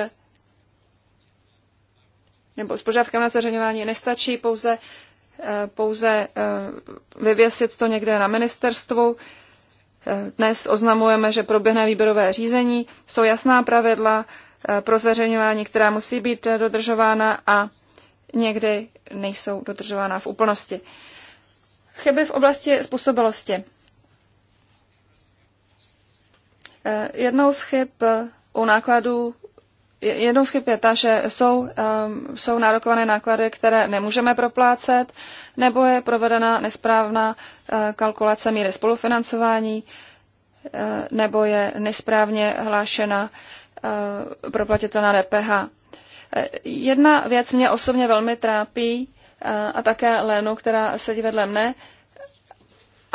Speaker 2: nebo s požadavkem na zveřejňování nestačí pouze, eh, pouze eh, vyvěsit to někde na ministerstvu. Eh, dnes oznamujeme, že proběhne výběrové řízení, jsou jasná pravidla pro zveřejňování, která musí být dodržována a někdy nejsou dodržována v úplnosti. Chyby v oblasti způsobilosti. Jednou z chyb u nákladů jednou z chyb je ta, že jsou, um, jsou nárokované náklady, které nemůžeme proplácet, nebo je provedena nesprávná uh, kalkulace míry spolufinancování, uh, nebo je nesprávně hlášena uh, proplatitelná DPH. Uh, jedna věc mě osobně velmi trápí uh, a také Lénu, která sedí vedle mne,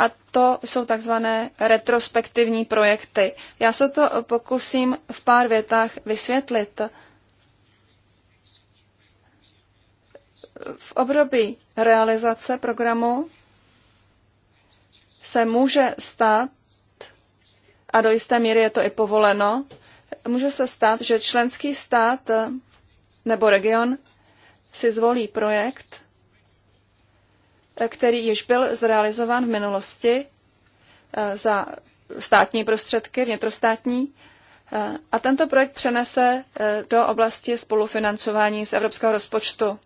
Speaker 2: a to jsou takzvané retrospektivní projekty. Já se to pokusím v pár větách vysvětlit. V období realizace programu se může stát, a do jisté míry je to i povoleno, může se stát, že členský stát nebo region si zvolí projekt, který již byl zrealizován v minulosti eh, za státní prostředky, vnitrostátní, eh, a tento projekt přenese eh, do oblasti spolufinancování z evropského rozpočtu.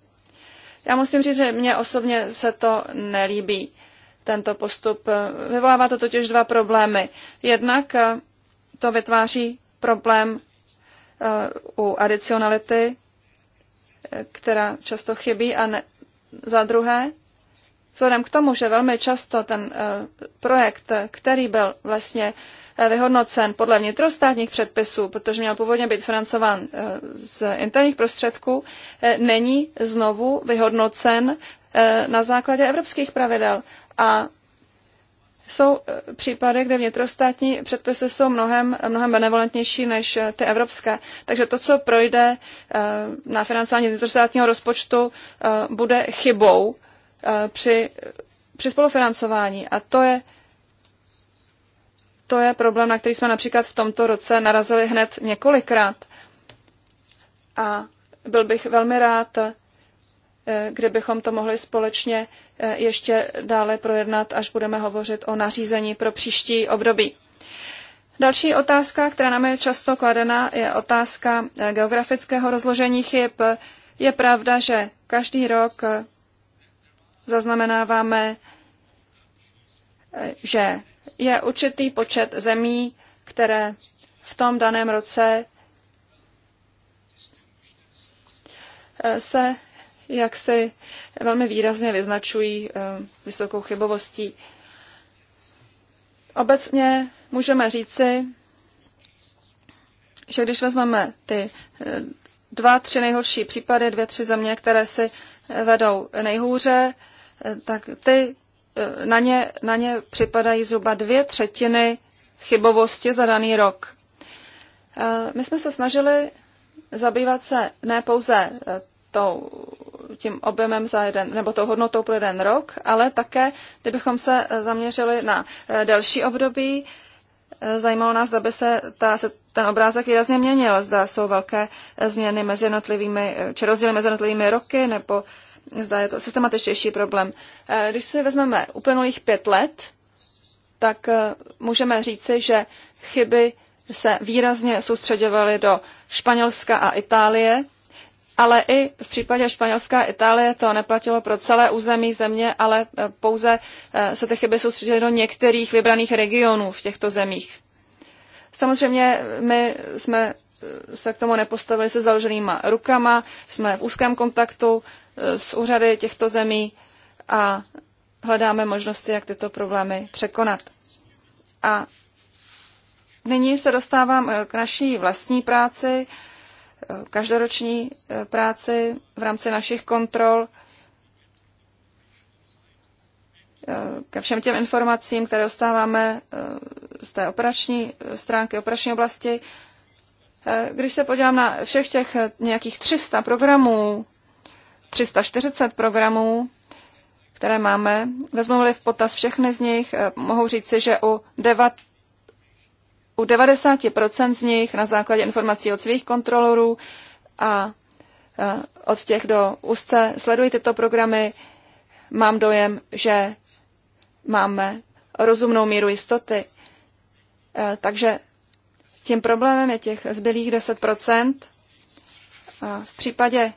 Speaker 2: Já musím říct, že mně osobně se to nelíbí, tento postup. Vyvolává to totiž dva problémy. Jednak to vytváří problém u adicionality, která často chybí, a ne, za druhé Vzhledem k tomu, že velmi často ten eh, projekt, který byl vlastně eh, vyhodnocen podle vnitrostátních předpisů, protože měl původně být financován eh, z interních prostředků, není znovu vyhodnocen na základě evropských pravidel. A jsou případy, kde vnitrostátní předpisy jsou mnohem, mnohem benevolentnější než ty evropské. Takže to, co projde na financování vnitrostátního rozpočtu, bude chybou Eh, při, při spolufinancování. A to je, to je problém, na který jsme například v tomto roce narazili hned několikrát. A byl bych velmi rád, eh, kdybychom to mohli společně eh, ještě dále projednat, až budeme hovořit o nařízení pro příští období. Další otázka, která nám je často kladena, je otázka geografického rozložení chyb. Je pravda, že každý rok zaznamenáváme, že je určitý počet zemí, které v tom daném roce se jaksi velmi výrazně vyznačují eh, vysokou chybovostí. Obecně můžeme říci, že když vezmeme ty eh, dva, tři nejhorší případy, dvě, tři země, které si eh, vedou nejhůře, tak ty, eh, na, ně, na ně připadají zhruba dvě třetiny chybovosti za daný rok. Eh, my jsme se snažili zabývat se ne pouze eh, tou, tím objemem za jeden, nebo tou hodnotou pro jeden rok, ale také, kdybychom se zaměřili na další období, zajímalo nás, zda by se, ta, se ten obrázek výrazně měnil. Zda jsou velké změny mezi jednotlivými, či rozdíly mezi jednotlivými roky, nebo zda je to systematičtější problém. Eh, když si vezmeme uplynulých pět let, tak eh, můžeme říci, že chyby se výrazně soustředovaly do Španělska a Itálie, ale i v případě Španělská a Itálie to neplatilo pro celé území země, ale eh, pouze se ty chyby soustředily do některých vybraných regionů v těchto zemích. Samozřejmě my jsme se k tomu nepostavili se založenýma rukama, jsme v úzkém kontaktu s úřady těchto zemí a hledáme možnosti, jak tyto problémy překonat. A nyní se dostávám eh, k naší vlastní práci, eh, každoroční eh, práci v rámci našich kontrol, ke všem těm informacím, které dostáváme z té operační stránky, operační oblasti. Když se podívám na všech těch nějakých 300 programů, 340 programů, které máme, vezmou-li v potaz všechny z nich, eh, mohu říci, že u, devat, u 90% z nich na základě informací od svých kontrolorů a eh, od těch, kdo úzce sledují tyto programy, mám dojem, že máme rozumnou míru jistoty. Eh, takže tím problémem je těch zbylých 10%. V případě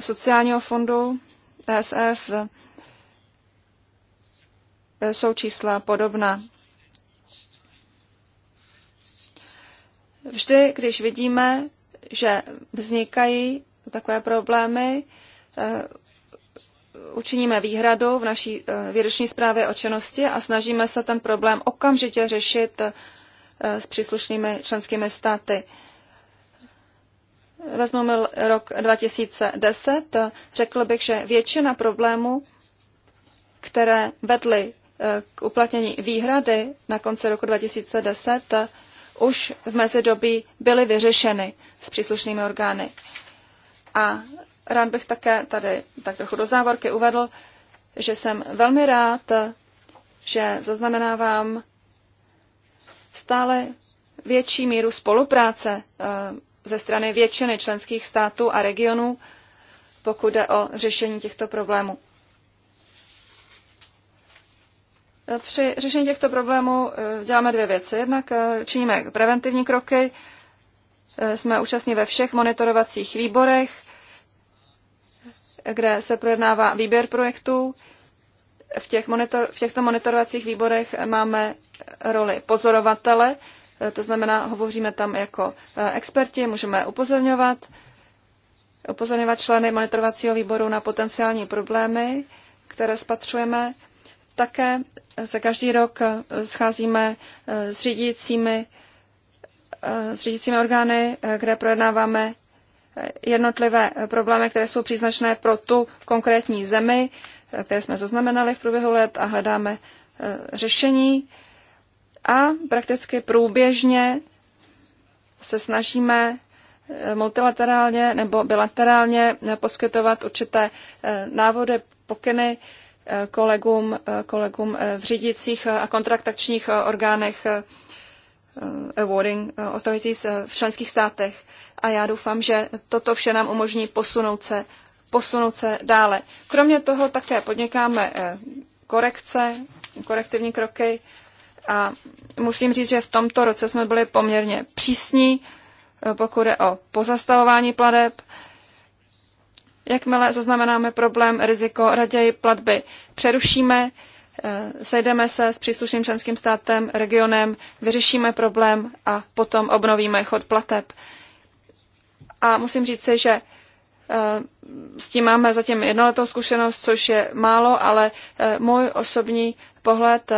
Speaker 2: sociálního fondu ESF e, jsou čísla podobná. Vždy, když vidíme, že vznikají takové problémy, e, učiníme výhradu v naší e, výroční zprávě o činnosti a snažíme se ten problém okamžitě řešit s příslušnými členskými státy vezmeme rok 2010, řekl bych, že většina problémů, které vedly eh, k uplatnění výhrady na konci roku 2010, eh, už v mezidobí byly vyřešeny s příslušnými orgány. A rád bych také tady tak trochu do závorky uvedl, že jsem velmi rád, že zaznamenávám stále větší míru spolupráce eh, ze strany většiny členských států a regionů, pokud jde o řešení těchto problémů. Při řešení těchto problémů eh, děláme dvě věci. Jednak eh, činíme preventivní kroky, eh, jsme účastní ve všech monitorovacích výborech, kde se projednává výběr projektů. V, těch monitor, v těchto monitorovacích výborech máme roli pozorovatele, Eh, to znamená, hovoříme tam jako eh, experti, můžeme upozorňovat, upozorňovat členy monitorovacího výboru na potenciální problémy, které spatřujeme. Také eh, se každý rok scházíme s řídícími, s řídícími orgány, kde projednáváme jednotlivé problémy, které jsou příznačné pro tu konkrétní zemi, které jsme zaznamenali v průběhu let a hledáme řešení a prakticky průběžně se snažíme eh, multilaterálně nebo bilaterálně eh, poskytovat určité eh, návody, pokyny kolegům, kolegům v řídících a kontraktačních orgánech awarding authorities v členských státech. A já doufám, že toto vše nám umožní posunout se, posunout se dále. Kromě toho také podnikáme korekce, korektivní kroky a musím říct, že v tomto roce jsme byli poměrně přísní, eh, pokud je o pozastavování pladeb. Jakmile zaznamenáme problém, riziko, raději platby přerušíme, eh, sejdeme se s příslušným členským státem, regionem, vyřešíme problém a potom obnovíme chod plateb. A musím říct si, že eh, s tím máme zatím jednoletou zkušenost, což je málo, ale můj osobní pohled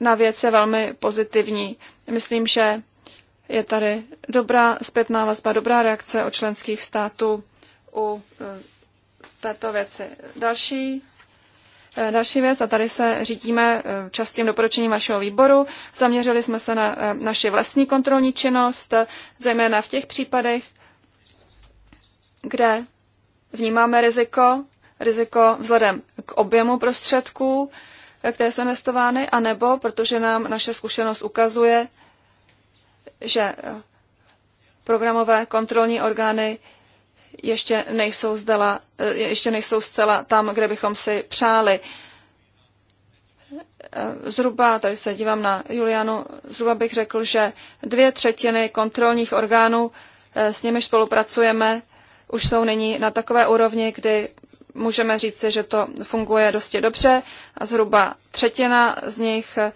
Speaker 2: na věc je velmi pozitivní. Myslím, že je tady dobrá zpětná vazba, dobrá reakce od členských států u e, této věci. Další, e, další věc, a tady se řídíme e, častým doporučením vašeho výboru, zaměřili jsme se na naši vlastní kontrolní činnost, zejména v těch případech, kde vnímáme riziko, riziko vzhledem k objemu prostředků, které jsou investovány, anebo protože nám naše zkušenost ukazuje, že eh, programové kontrolní orgány ještě nejsou, zdala, eh, ještě nejsou zcela tam, kde bychom si přáli. Eh, zhruba, tady se dívám na Julianu, zhruba bych řekl, že dvě třetiny kontrolních orgánů, s nimiž spolupracujeme, už jsou nyní na takové úrovni, kdy můžeme říci, že to funguje dosti dobře a zhruba třetina z nich eh,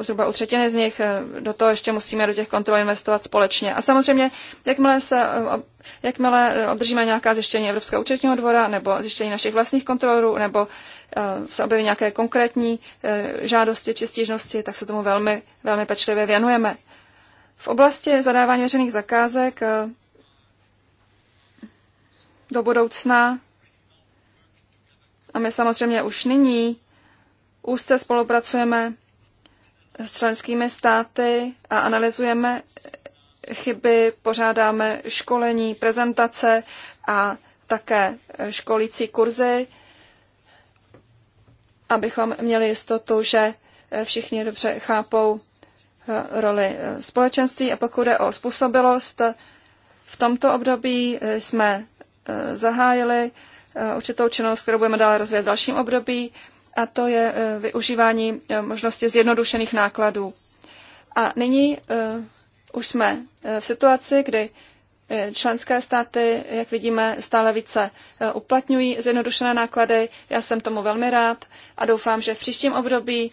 Speaker 2: zhruba u třetiny z nich, eh, do toho ještě musíme do těch kontrol investovat společně. A samozřejmě, jakmile, se, eh, jakmile obdržíme nějaká zjištění Evropského účetního dvora nebo zjištění našich vlastních kontrolorů, nebo se objeví nějaké konkrétní žádosti či stížnosti, tak se tomu velmi, velmi pečlivě věnujeme. V oblasti zadávání veřejných zakázek do budoucna a my samozřejmě už nyní úzce spolupracujeme s členskými státy a analyzujeme chyby, pořádáme školení, prezentace a také školící kurzy, abychom měli jistotu, že všichni dobře chápou eh, roli eh, společenství. A pokud jde o způsobilost, v tomto období eh, jsme zahájili Eh, určitou činnost, kterou budeme dále rozvíjet v dalším období, a to je eh, využívání eh, možnosti zjednodušených nákladů. A nyní už jsme v situaci, kdy členské státy, jak vidíme, stále více uplatňují zjednodušené náklady. Já jsem tomu velmi rád a doufám, že v příštím období,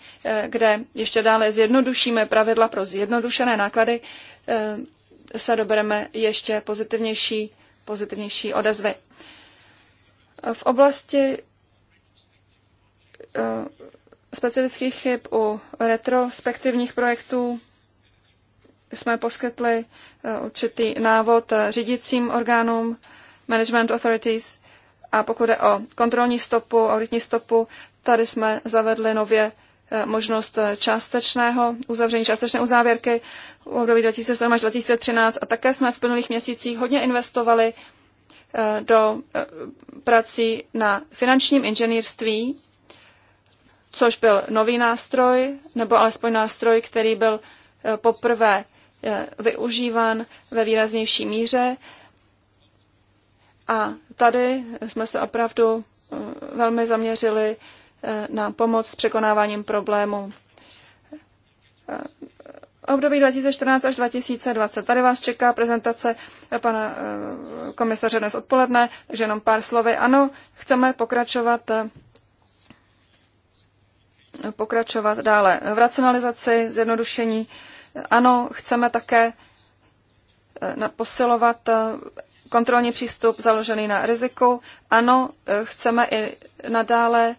Speaker 2: kde ještě dále zjednodušíme pravidla pro zjednodušené náklady, se dobereme ještě pozitivnější, pozitivnější odezvy. V oblasti eh, specifických chyb u retrospektivních projektů jsme poskytli eh, určitý návod eh, řídícím orgánům, management authorities, a pokud je o kontrolní stopu, auditní stopu, tady jsme zavedli nově možnost částečného uzavření, částečné uzávěrky v období 2007 až 2013 a také jsme v plnulých měsících hodně investovali Eh, do eh, prací na finančním inženýrství, což byl nový nástroj, nebo alespoň nástroj, který byl eh, poprvé využívan ve výraznější míře. A tady jsme se opravdu velmi zaměřili na pomoc s překonáváním problémů. Období 2014 až 2020. Tady vás čeká prezentace eh, pana eh, komisaře dnes odpoledne, takže jenom pár slovy. Ano, chceme pokračovat eh, pokračovat dále v racionalizaci, zjednodušení. Ano, chceme také posilovat kontrolní přístup založený na riziku. Ano, chceme i nadále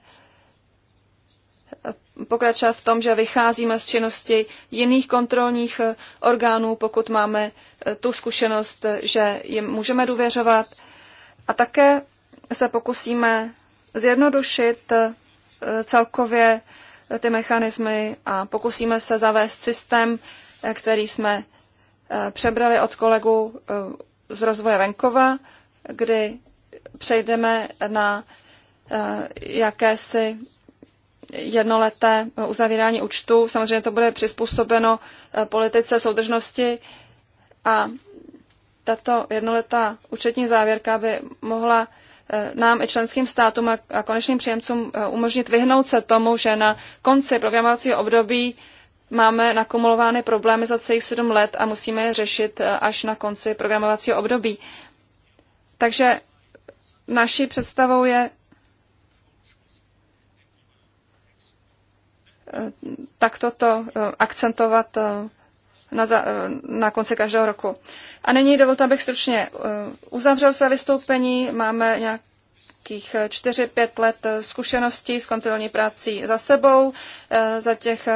Speaker 2: pokračovat v tom, že vycházíme z činnosti jiných kontrolních eh, orgánů, pokud máme eh, tu zkušenost, eh, že jim můžeme důvěřovat. A také se pokusíme zjednodušit celkově ty mechanismy a pokusíme se zavést systém, který jsme přebrali od kolegu z rozvoje venkova, kdy přejdeme na jakési jednoleté uzavírání účtu. Samozřejmě to bude přizpůsobeno eh, politice soudržnosti a tato jednoletá účetní závěrka by mohla eh, nám i členským státům a konečným příjemcům eh, umožnit vyhnout se tomu, že na konci programovacího období máme nakumulovány problémy za celých sedm let a musíme je řešit až na konci programovacího období. Takže naší představou je tak toto eh, akcentovat eh, na, za, eh, na konci každého roku. A nyní dovolte, abych stručně uzavřel své vystoupení. Máme nějakých 4-5 let zkušeností s kontrolní prací za sebou. Za těch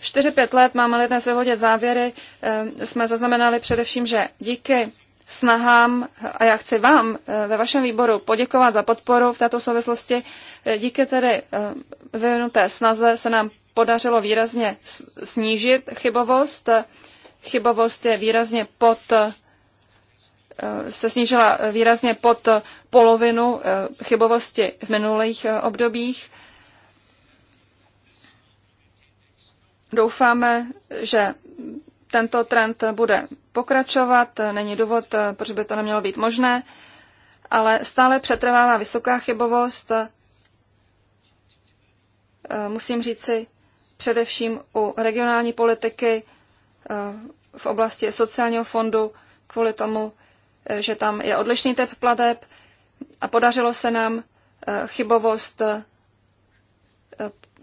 Speaker 2: 4-5 let, máme lidé dnes vyvodit závěry, jsme zaznamenali především, že díky snahám, a já chci vám ve vašem výboru poděkovat za podporu v této souvislosti, díky tedy vyvinuté snaze se nám podařilo výrazně snížit chybovost. Chybovost je výrazně pod eh, se snížila výrazně pod polovinu eh, chybovosti v minulých eh, obdobích. Doufáme, že tento trend bude pokračovat. Není důvod, proč by to nemělo být možné, ale stále přetrvává vysoká chybovost. Musím říci, především u regionální politiky eh, v oblasti sociálního fondu kvůli tomu, eh, že tam je odlišný typ plateb a podařilo se nám eh, chybovost,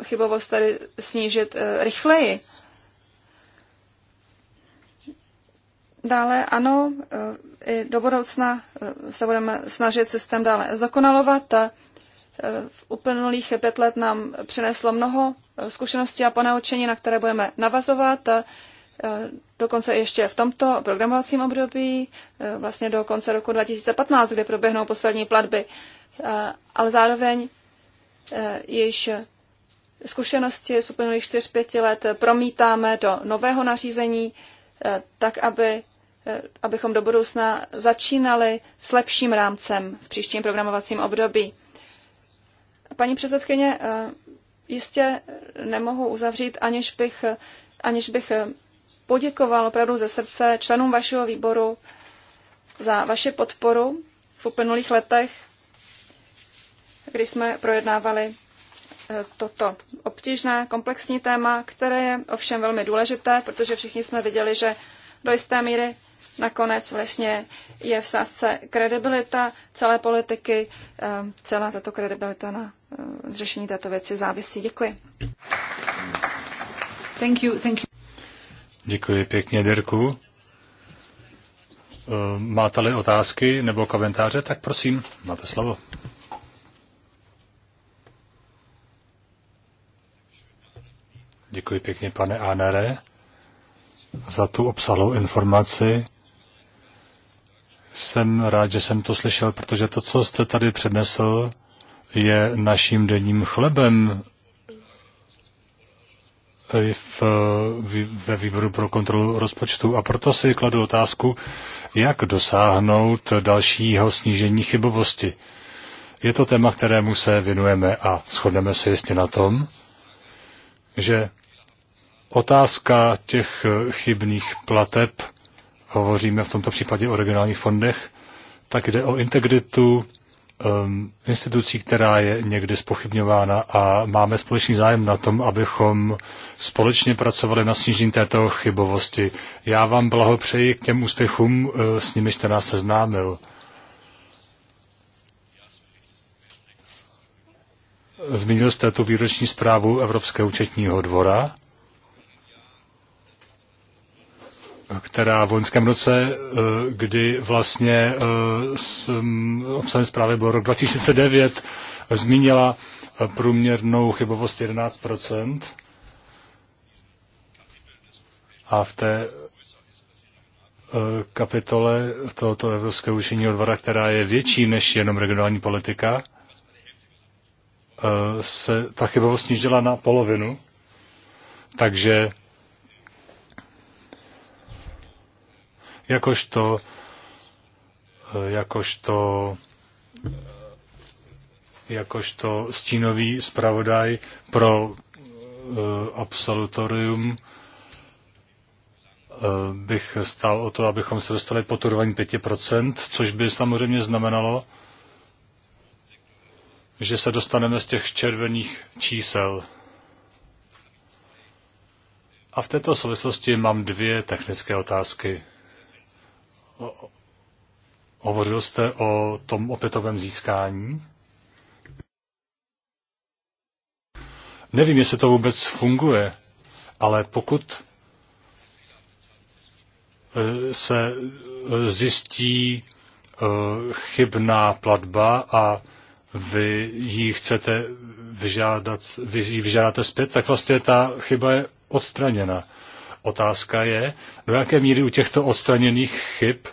Speaker 2: chybovost tady snížit rychleji. Dále ano, i do budoucna se budeme snažit systém dále zdokonalovat. V uplynulých pět let nám přineslo mnoho zkušenosti a ponaučení, na které budeme navazovat. Eh, dokonce ještě v tomto programovacím období, eh, vlastně do konce roku 2015, kdy proběhnou poslední platby, eh, ale zároveň již zkušenosti z uplynulých 4-5 let promítáme do nového nařízení, tak aby, abychom do budoucna začínali s lepším rámcem v příštím programovacím období. Paní předsedkyně, jistě nemohu uzavřít, aniž bych, aniž bych poděkoval opravdu ze srdce členům vašeho výboru za vaši podporu v uplynulých letech, kdy jsme projednávali eh, toto obtížné, komplexní téma, které je ovšem velmi důležité, protože všichni jsme viděli, že do jisté míry nakonec vlastně je v sázce kredibilita celé politiky, eh, celá tato kredibilita na Eh, řešení této věci závisí. Děkuji. Thank you, thank you.
Speaker 1: Děkuji pěkně, Dirku. Eh, máte-li otázky nebo komentáře, tak prosím, máte slovo. Děkuji pěkně, pane Anere, za tu obsahlou informaci. Jsem rád, že jsem to slyšel, protože to, co jste tady přednesl, je naším denním chlebem v, ve výboru pro kontrolu rozpočtu. A proto si kladu otázku, jak dosáhnout dalšího snížení chybovosti. Je to téma, kterému se věnujeme a shodneme se jistě na tom, že otázka těch chybných plateb, hovoříme v tomto případě o regionálních fondech, tak jde o integritu um, institucí, která je někdy spochybňována a máme společný zájem na tom, abychom společně pracovali na snížení této chybovosti. Já vám blahopřeji k těm úspěchům, uh, s nimi jste nás seznámil. Zmínil jste tu výroční zprávu Evropského účetního dvora. která v loňském roce, eh, kdy vlastně eh, mm, obsahem zprávy byl rok 2009, zmínila eh, průměrnou chybovost 11 a v té kapitole tohoto Evropského učení odvora, která je větší než jenom regionální politika, se ta chybovost snížila na polovinu. Takže jakožto, eh, jakožto, eh, jakožto stínový zpravodaj pro eh, absolutorium bych stál o to, abychom se dostali pod úroveň 5%, což by samozřejmě znamenalo, že se dostaneme z těch červených čísel. A v této souvislosti mám dvě technické otázky. Hovořil jste o tom opětovém získání? Nevím, jestli to vůbec funguje, ale pokud eh, se eh, zjistí eh, chybná platba a vy ji chcete vyžádat, vy ji vyžádáte zpět, tak vlastně ta chyba je odstraněna. Otázka je, do jaké míry u těchto odstraněných chyb eh,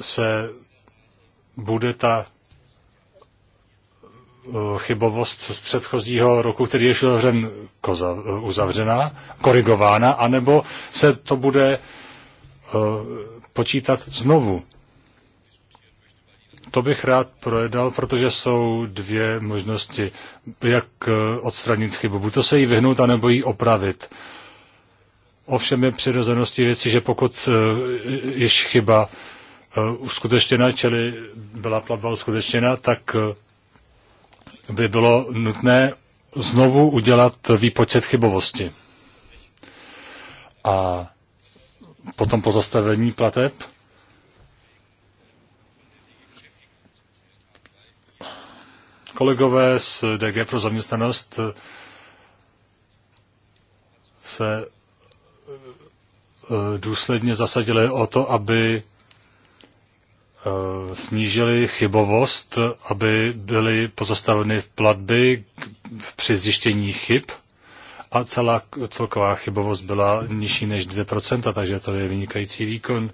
Speaker 1: se bude ta eh, chybovost z předchozího roku, který je šilhřen eh, uzavřená, korigována, anebo se to bude počítat znovu. To bych rád projedal, protože jsou dvě možnosti, jak eh, odstranit chybu. Buď to se jí vyhnout, anebo ji opravit. Ovšem je přirozeností věci, že pokud eh, již chyba eh, uskutečněna, čili byla platba uskutečněna, tak by bylo nutné znovu udělat výpočet chybovosti. A potom pozastavení plateb kolegové z DG pro zaměstnanost se eh, důsledně zasadili o to, aby eh, snížili chybovost, aby byly pozastaveny platby při zjištění chyb a celá celková chybovost byla nižší než 2%, takže to je vynikající výkon.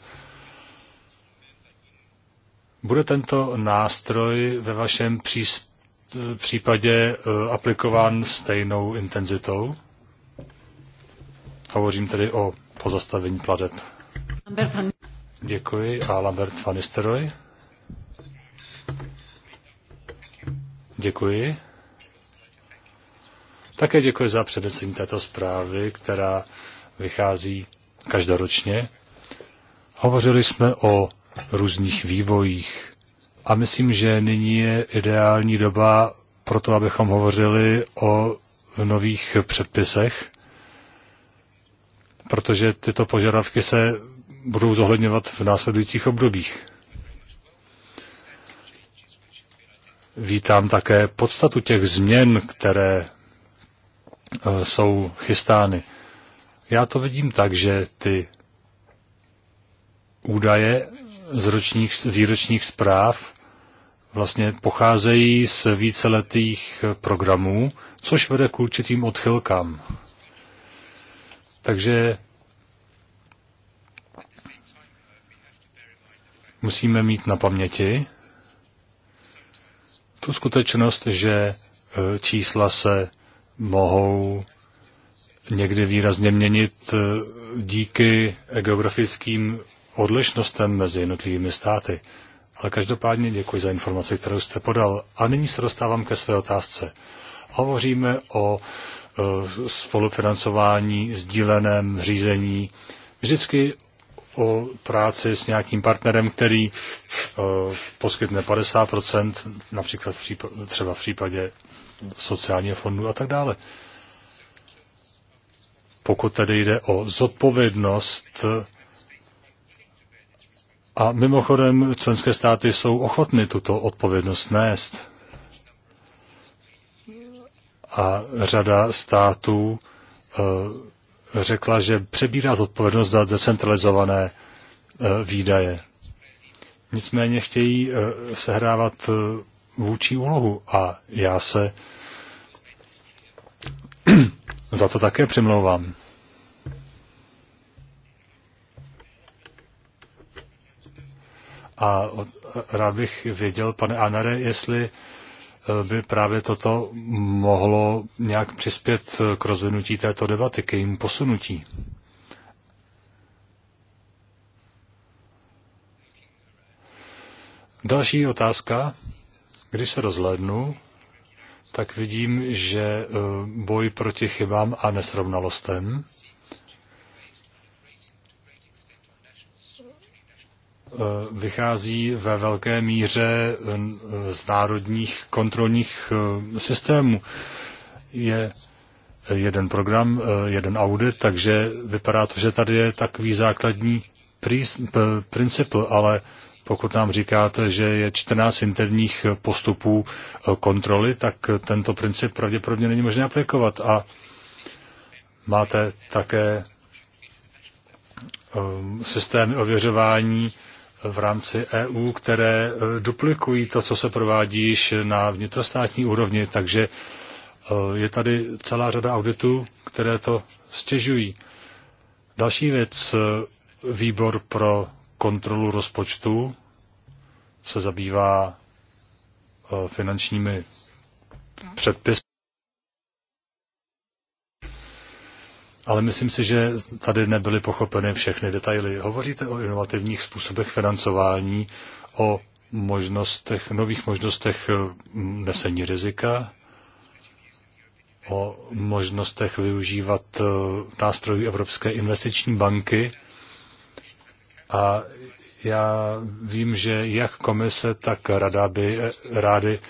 Speaker 1: Bude tento nástroj ve vašem příspěvku případě eh, aplikován stejnou intenzitou? Hovořím tedy o pozastavení pladeb. Děkuji. A Lambert van Nistelrooy? Děkuji. Také děkuji za přednesení této zprávy, která vychází každoročně. Hovořili jsme o různých vývojích a myslím, že nyní je ideální doba pro to, abychom hovořili o nových předpisech, protože tyto požadavky se budou zohledňovat v následujících obdobích. Vítám také podstatu těch změn, které eh, jsou chystány. Já to vidím tak, že ty údaje z ročních, výročních zpráv vlastně pocházejí z víceletých programů, což vede k určitým odchylkám. Takže musíme mít na paměti tu skutečnost, že e, čísla se mohou někdy výrazně měnit e, díky geografickým odlišnostem mezi jednotlivými státy. Ale každopádně děkuji za informaci, kterou jste podal. A nyní se dostávám ke své otázce. Hovoříme o e, spolufinancování, sdíleném řízení, vždycky o práci s nějakým partnerem, který e, poskytne 50%, například třeba v případě sociálního fondu a tak dále. Pokud tedy jde o zodpovědnost a mimochodem, členské státy jsou ochotny tuto odpovědnost nést. A řada států eh, řekla, že přebírá zodpovědnost za decentralizované eh, výdaje. Nicméně chtějí eh, sehrávat vůči úlohu a já se za to také přimlouvám. A rád bych věděl, pane Anare, jestli eh, by právě toto mohlo nějak přispět k rozvinutí této debaty, k jejímu posunutí. Další otázka. Když se rozhlednu, tak vidím, že eh, boj proti chybám a nesrovnalostem Eh, vychází ve velké míře eh, z národních kontrolních eh, systémů. Je jeden program, jeden audit, takže vypadá to, že tady je takový základní princip, ale pokud nám říkáte, že je 14 interních postupů kontroly, tak tento princip pravděpodobně není možné aplikovat. A máte také systémy ověřování v rámci EU, které eh, duplikují to, co se provádí již na vnitrostátní úrovni, takže eh, je tady celá řada auditů, které to stěžují. Další věc, eh, výbor pro kontrolu rozpočtu se zabývá finančními předpisy. ale myslím si, že tady nebyly pochopeny všechny detaily. Hovoříte o inovativních způsobech financování, o možnostech, nových možnostech eh, nesení rizika, o možnostech využívat eh, nástrojů Evropské investiční banky. A já vím, že jak komise, tak rada by eh, rády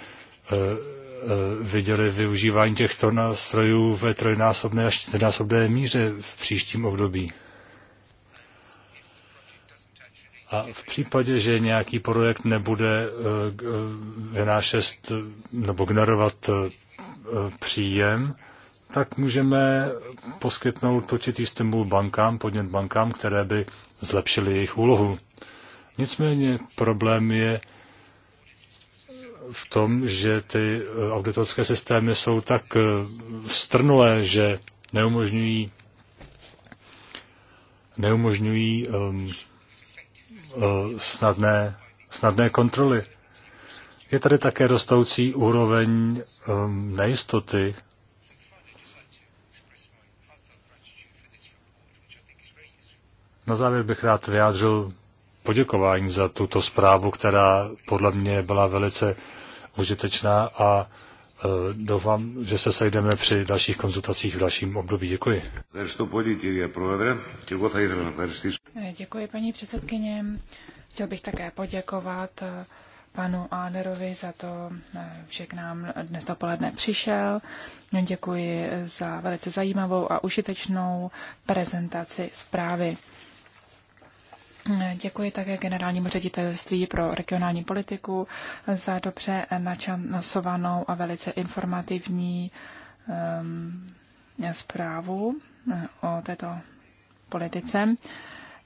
Speaker 1: Eh, viděli využívání těchto nástrojů ve trojnásobné až čtyřnásobné míře v příštím období. A v případě, že nějaký projekt nebude eh, vynášet nebo generovat eh, příjem, tak můžeme poskytnout určitý stimul bankám, podnět bankám, které by zlepšily jejich úlohu. Nicméně problém je, v tom, že ty eh, auditorské systémy jsou tak eh, strnulé, že neumožňují neumožňují um, um, snadné, snadné kontroly. Je tady také rostoucí úroveň um, nejistoty. Na závěr bych rád vyjádřil poděkování za tuto zprávu, která podle mě byla velice užitečná a e, doufám, že se sejdeme při dalších konzultacích v dalším období. Děkuji.
Speaker 3: Děkuji, paní předsedkyně. Chtěl bych také poděkovat e, panu Ánerovi za to, e, že k nám dnes dopoledne přišel. Děkuji za velice zajímavou a užitečnou prezentaci zprávy. Děkuji také generálnímu ředitelství pro regionální politiku za dobře načasovanou a velice informativní um, zprávu eh, o této politice.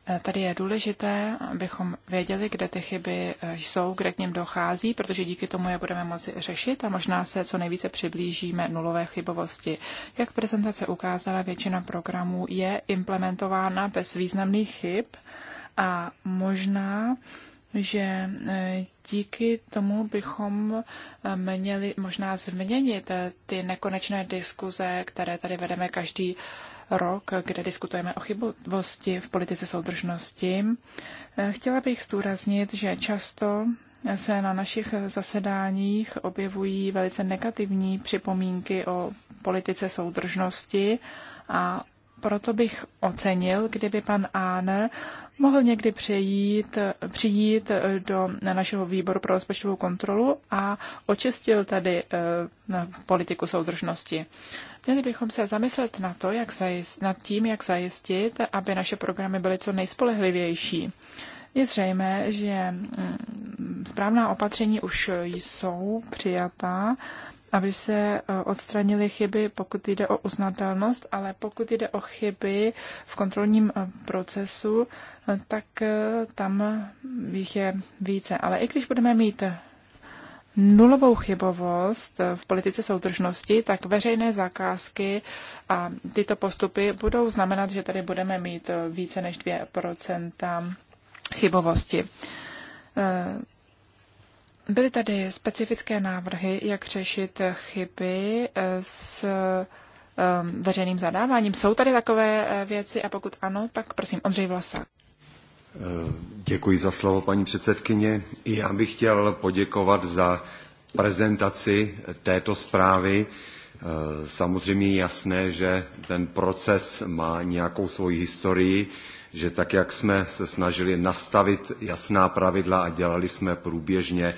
Speaker 3: Eh, tady je důležité, abychom věděli, kde ty chyby eh, jsou, kde k ním dochází, protože díky tomu je budeme moci řešit a možná se co nejvíce přiblížíme nulové chybovosti. Jak prezentace ukázala, většina programů je implementována bez významných chyb a možná, že e, díky tomu bychom e, měli možná změnit e, ty nekonečné diskuze, které tady vedeme každý rok, kde diskutujeme o chybovosti v politice soudržnosti. Chtěla bych zdůraznit, že často se na našich zasedáních objevují velice negativní připomínky o politice soudržnosti a proto bych ocenil, kdyby pan Áner mohl někdy přijít, přijít eh, do našeho výboru pro rozpočtovou kontrolu a očistil tady eh, na politiku soudržnosti. Měli bychom se zamyslet na to, jak zajist, nad tím, jak zajistit, aby naše programy byly co nejspolehlivější. Je zřejmé, že mm, správná opatření už jsou přijatá aby se eh, odstranily chyby, pokud jde o uznatelnost, ale pokud jde o chyby v kontrolním eh, procesu, eh, tak tam jich je více. Ale i když budeme mít nulovou chybovost v politice soudržnosti, tak veřejné zakázky a tyto postupy budou znamenat, že tady budeme mít více než 2 chybovosti. Byly tady specifické návrhy, jak řešit chyby eh, s ehm, veřejným zadáváním. Jsou tady takové eh, věci a pokud ano, tak prosím, Ondřej Vlasák.
Speaker 4: Eh, děkuji za slovo, paní předsedkyně. Já bych chtěl poděkovat za prezentaci této zprávy. Samozřejmě je jasné, že ten proces má nějakou svoji historii že tak, jak jsme se snažili nastavit jasná pravidla a dělali jsme průběžně eh,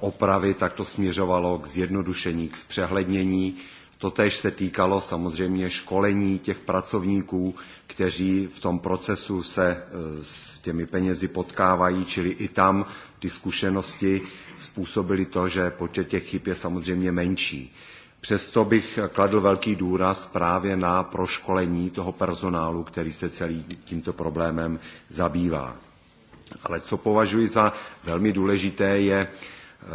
Speaker 4: opravy, tak to směřovalo k zjednodušení, k zpřehlednění. Totež se týkalo samozřejmě školení těch pracovníků, kteří v tom procesu se eh, s těmi penězi potkávají, čili i tam ty zkušenosti způsobily to, že počet těch chyb je samozřejmě menší. Přesto bych kladl velký důraz právě na proškolení toho personálu, který se celý tímto problémem zabývá. Ale co považuji za velmi důležité, je eh,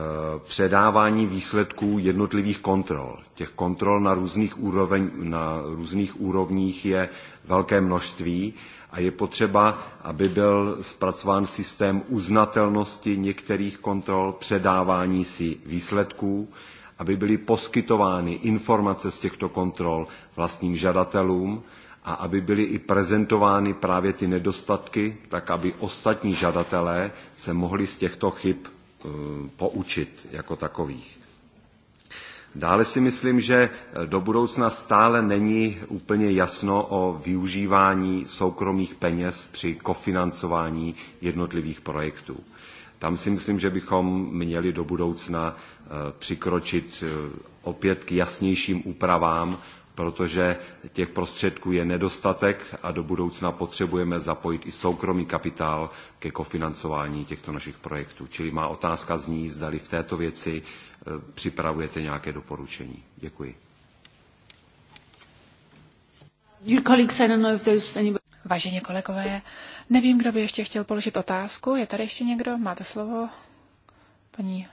Speaker 4: předávání výsledků jednotlivých kontrol. Těch kontrol na různých, úroveň, na různých úrovních je velké množství a je potřeba, aby byl zpracován systém uznatelnosti některých kontrol, předávání si výsledků, aby byly poskytovány informace z těchto kontrol vlastním žadatelům a aby byly i prezentovány právě ty nedostatky, tak aby ostatní žadatelé se mohli z těchto chyb eh, poučit jako takových. Dále si myslím, že eh, do budoucna stále není úplně jasno o využívání soukromých peněz při kofinancování jednotlivých projektů. Tam si myslím, že bychom měli do budoucna Eh, přikročit eh, opět k jasnějším úpravám, protože těch prostředků je nedostatek a do budoucna potřebujeme zapojit i soukromý kapitál ke kofinancování těchto našich projektů. Čili má otázka zní, zdali v této věci eh, připravujete nějaké doporučení. Děkuji.
Speaker 3: Vážení kolegové, nevím, kdo by ještě chtěl položit otázku. Je tady ještě někdo? Máte slovo? Paní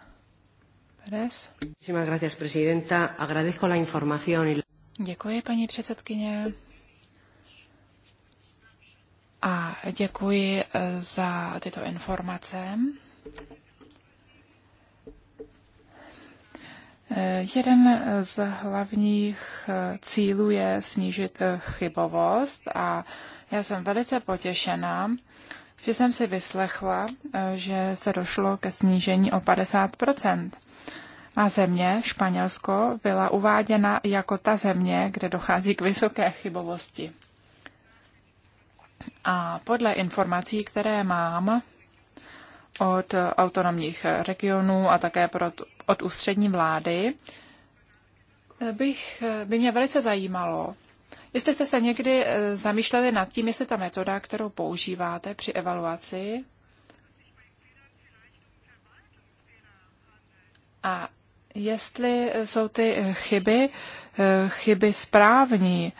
Speaker 3: Děkuji, paní předsedkyně. A děkuji eh, za tyto informace. Eh, jeden eh, z hlavních cílů je snížit chybovost a já jsem velice potěšená, že jsem si vyslechla, že se došlo ke snížení o 50 má země, Španělsko, byla uváděna jako ta země, kde dochází k vysoké chybovosti. A podle informací, které mám od autonomních regionů a také od ústřední vlády, bych, by mě velice zajímalo, jestli jste se někdy eh, zamýšleli nad tím, jestli ta metoda, kterou používáte při evaluaci, a jestli jsou ty chyby eh, chyby správní,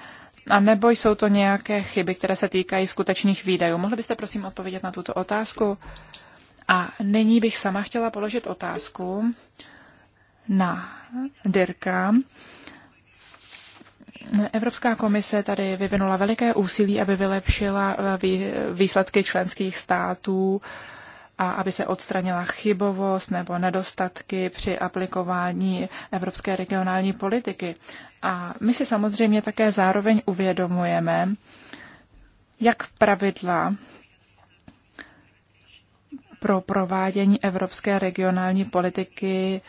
Speaker 3: a nebo jsou to nějaké chyby, které se týkají skutečných výdajů. Mohli byste prosím odpovědět na tuto otázku? A nyní bych sama chtěla položit otázku na Dirka. Evropská komise tady vyvinula veliké úsilí, aby vylepšila eh, výsledky členských států a aby se odstranila chybovost nebo nedostatky při aplikování evropské regionální politiky. A my si samozřejmě také zároveň uvědomujeme, jak pravidla pro provádění evropské regionální politiky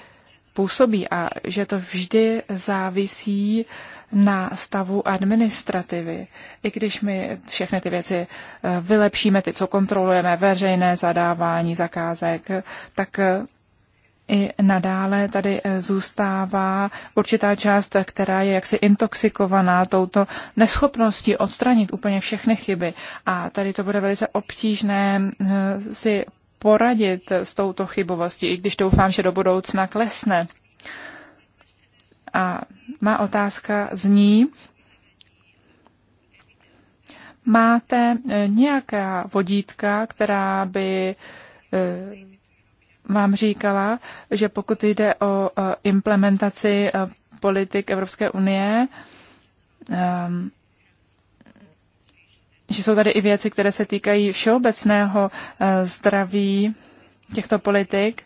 Speaker 3: působí a že to vždy závisí na stavu administrativy. I když my všechny ty věci eh, vylepšíme, ty, co kontrolujeme, veřejné zadávání zakázek, tak eh, i nadále tady eh, zůstává určitá část, která je jaksi intoxikovaná touto neschopností odstranit úplně všechny chyby. A tady to bude velice obtížné si poradit s touto chybovostí, i když doufám, že do budoucna klesne. A má otázka zní, máte eh, nějaká vodítka, která by eh, vám říkala, že pokud jde o eh, implementaci politik Evropské unie, ehm, že jsou tady i věci, které se týkají všeobecného eh, zdraví těchto politik.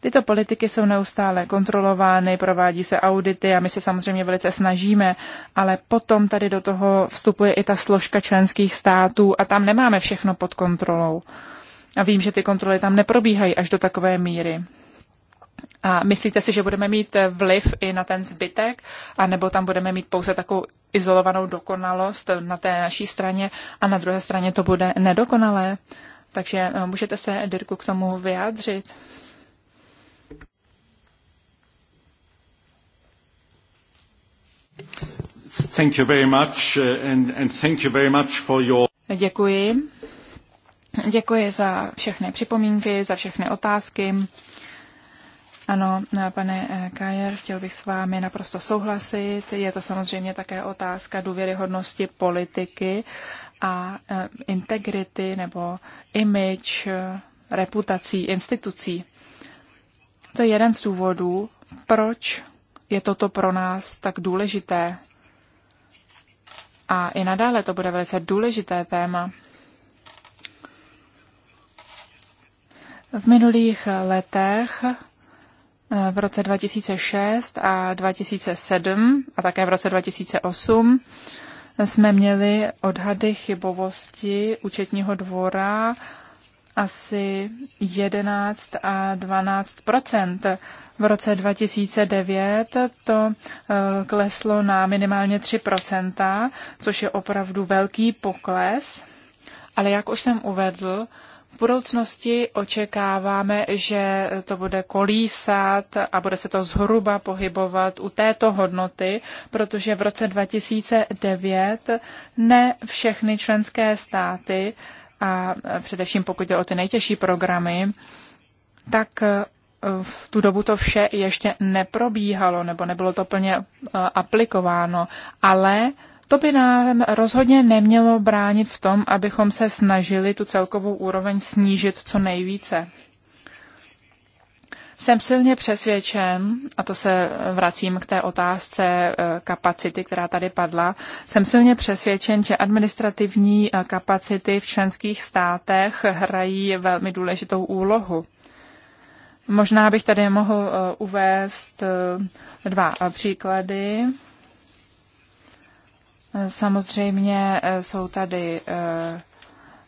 Speaker 3: Tyto politiky jsou neustále kontrolovány, provádí se audity a my se samozřejmě velice snažíme, ale potom tady do toho vstupuje i ta složka členských států a tam nemáme všechno pod kontrolou. A vím, že ty kontroly tam neprobíhají až do takové míry. A myslíte si, že budeme mít vliv i na ten zbytek, anebo tam budeme mít pouze takovou izolovanou dokonalost na té naší straně a na druhé straně to bude nedokonalé? Takže eh, můžete se, Dirku, k tomu vyjádřit?
Speaker 4: Thank you very much eh, and, and thank you very much for your...
Speaker 3: Děkuji. Děkuji za všechny připomínky, za všechny otázky. Ano, eh, pane eh, Kajer, chtěl bych s vámi naprosto souhlasit. Je to samozřejmě také otázka důvěryhodnosti politiky a eh, integrity nebo image, reputací institucí. To je jeden z důvodů, proč je toto pro nás tak důležité. A i nadále to bude velice důležité téma. V minulých letech v roce 2006 a 2007 a také v roce 2008 jsme měli odhady chybovosti účetního dvora asi 11 a 12 V roce 2009 to eh, kleslo na minimálně 3 což je opravdu velký pokles. Ale jak už jsem uvedl, v budoucnosti očekáváme, že to bude kolísat a bude se to zhruba pohybovat u této hodnoty, protože v roce 2009 ne všechny členské státy a především pokud jde o ty nejtěžší programy, tak eh, v tu dobu to vše ještě neprobíhalo nebo nebylo to plně eh, aplikováno, ale to by nám rozhodně nemělo bránit v tom, abychom se snažili tu celkovou úroveň snížit co nejvíce. Jsem silně přesvědčen, a to se vracím k té otázce e, kapacity, která tady padla, jsem silně přesvědčen, že administrativní e, kapacity v členských státech hrají velmi důležitou úlohu. Možná bych tady mohl e, uvést dva příklady. Samozřejmě eh, jsou tady eh,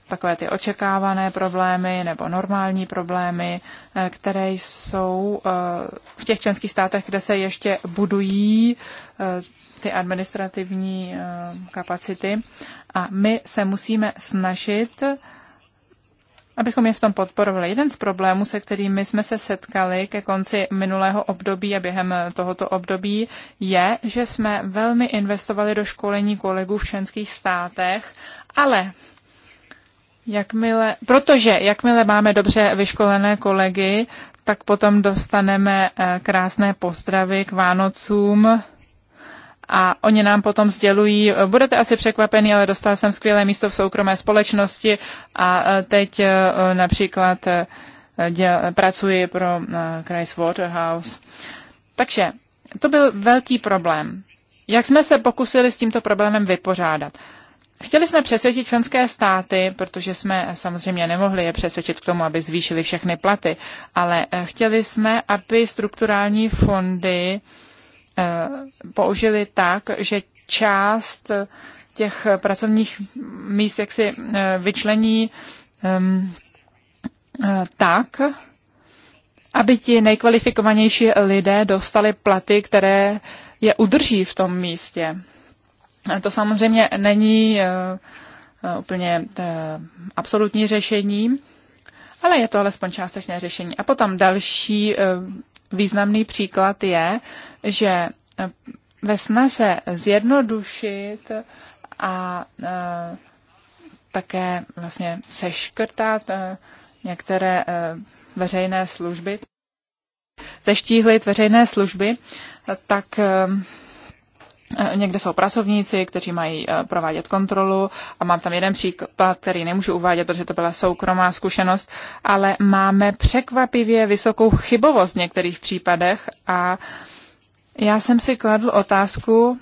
Speaker 3: takové ty očekávané problémy nebo normální problémy, eh, které jsou v těch členských státech, kde se ještě budují ty administrativní kapacity. A my se musíme snažit abychom je v tom podporovali. Jeden z problémů, se kterými jsme se setkali ke konci minulého období a během tohoto období, je, že jsme velmi investovali do školení kolegů v členských státech, ale jakmile, protože jakmile máme dobře vyškolené kolegy, tak potom dostaneme eh, krásné postravy k Vánocům a oni nám potom sdělují, budete asi překvapený, ale dostal jsem skvělé místo v soukromé společnosti a e, teď e, například e, děl, pracuji pro Christ Waterhouse. Takže to byl velký problém. Jak jsme se pokusili s tímto problémem vypořádat? Chtěli jsme přesvědčit členské státy, protože jsme samozřejmě nemohli je přesvědčit k tomu, aby zvýšili všechny platy, ale chtěli jsme, aby strukturální fondy uh, Eh, použili tak, že část těch pracovních míst jak si eh, vyčlení ehm, eh, tak, aby ti nejkvalifikovanější lidé dostali platy, které je udrží v tom místě. To samozřejmě není úplně absolutní řešení, ale je to alespoň částečné řešení. A potom další významný příklad je, že eh, ve snaze zjednodušit a eh, také vlastně seškrtat eh, některé veřejné služby, zeštíhlit veřejné služby, tak Eh, někde jsou pracovníci, kteří mají eh, provádět kontrolu a mám tam jeden příklad, který nemůžu uvádět, protože to byla soukromá zkušenost, ale máme překvapivě vysokou chybovost v některých případech a já jsem si kladl otázku,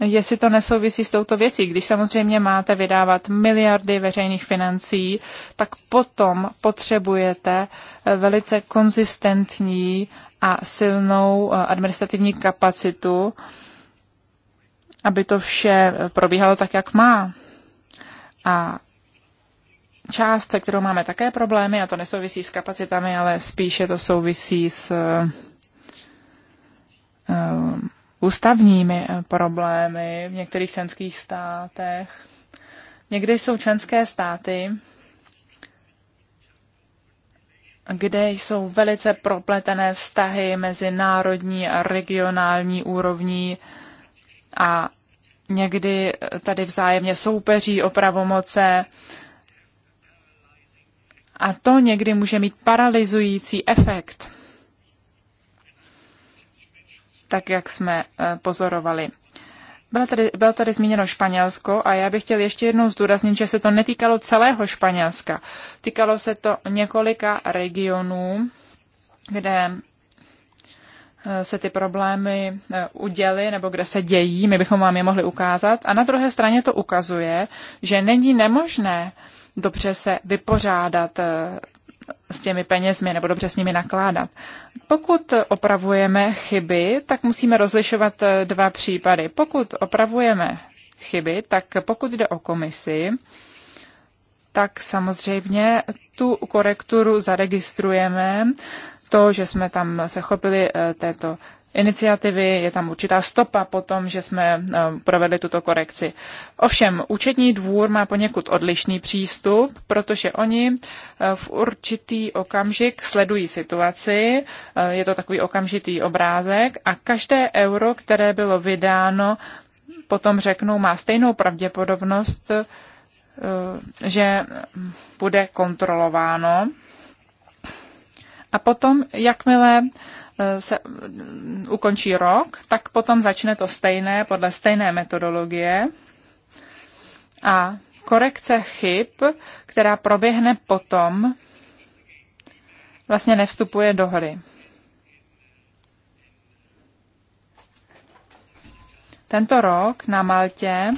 Speaker 3: jestli to nesouvisí s touto věcí. Když samozřejmě máte vydávat miliardy veřejných financí, tak potom potřebujete eh, velice konzistentní a silnou administrativní kapacitu, aby to vše probíhalo tak, jak má. A část, se kterou máme také problémy, a to nesouvisí s kapacitami, ale spíše to souvisí s uh, ústavními eh, problémy v některých členských státech. Někdy jsou členské státy, kde jsou velice propletené vztahy mezi národní a regionální úrovní uh, a někdy tady vzájemně soupeří o pravomoce a to někdy může mít paralyzující efekt, tak jak jsme eh, pozorovali. Bylo tady, bylo tady zmíněno Španělsko a já bych chtěl ještě jednou zdůraznit, že se to netýkalo celého Španělska. Týkalo se to několika regionů, kde se ty problémy eh, uděly nebo kde se dějí, my bychom vám je mohli ukázat. A na druhé straně to ukazuje, že není nemožné dobře se vypořádat eh, s těmi penězmi nebo dobře s nimi nakládat. Pokud opravujeme chyby, tak musíme rozlišovat eh, dva případy. Pokud opravujeme chyby, tak pokud jde o komisi, tak samozřejmě tu korekturu zaregistrujeme to, že jsme tam se chopili eh, této iniciativy, je tam určitá stopa po tom, že jsme eh, provedli tuto korekci. Ovšem, účetní dvůr má poněkud odlišný přístup, protože oni eh, v určitý okamžik sledují situaci, je to takový okamžitý obrázek a každé euro, které bylo vydáno, potom řeknou, má stejnou pravděpodobnost, že bude kontrolováno a potom, jakmile e, se e, ukončí rok, tak potom začne to stejné podle stejné metodologie. A korekce chyb, která proběhne potom, vlastně nevstupuje do hry. Tento rok na Maltě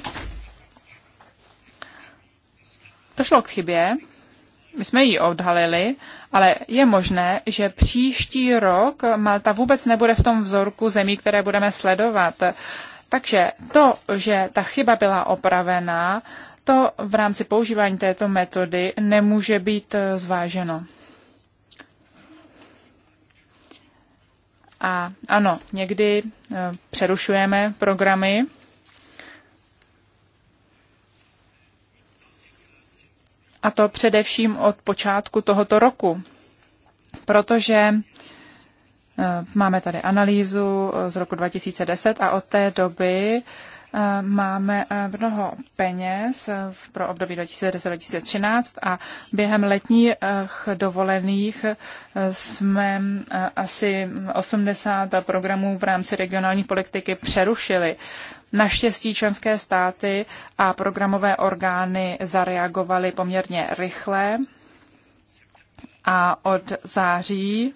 Speaker 3: došlo k chybě, my jsme ji odhalili, ale je možné, že příští rok Malta vůbec nebude v tom vzorku zemí, které budeme sledovat. Takže to, že ta chyba byla opravená, to v rámci používání této metody nemůže být zváženo. A ano, někdy eh, přerušujeme programy a to především od počátku tohoto roku, protože eh, máme tady analýzu eh, z roku 2010 a od té doby eh, máme mnoho peněz pro období 2010-2013 a během letních dovolených jsme asi 80 programů v rámci regionální politiky přerušili. Naštěstí členské státy a programové orgány zareagovaly poměrně rychle a od září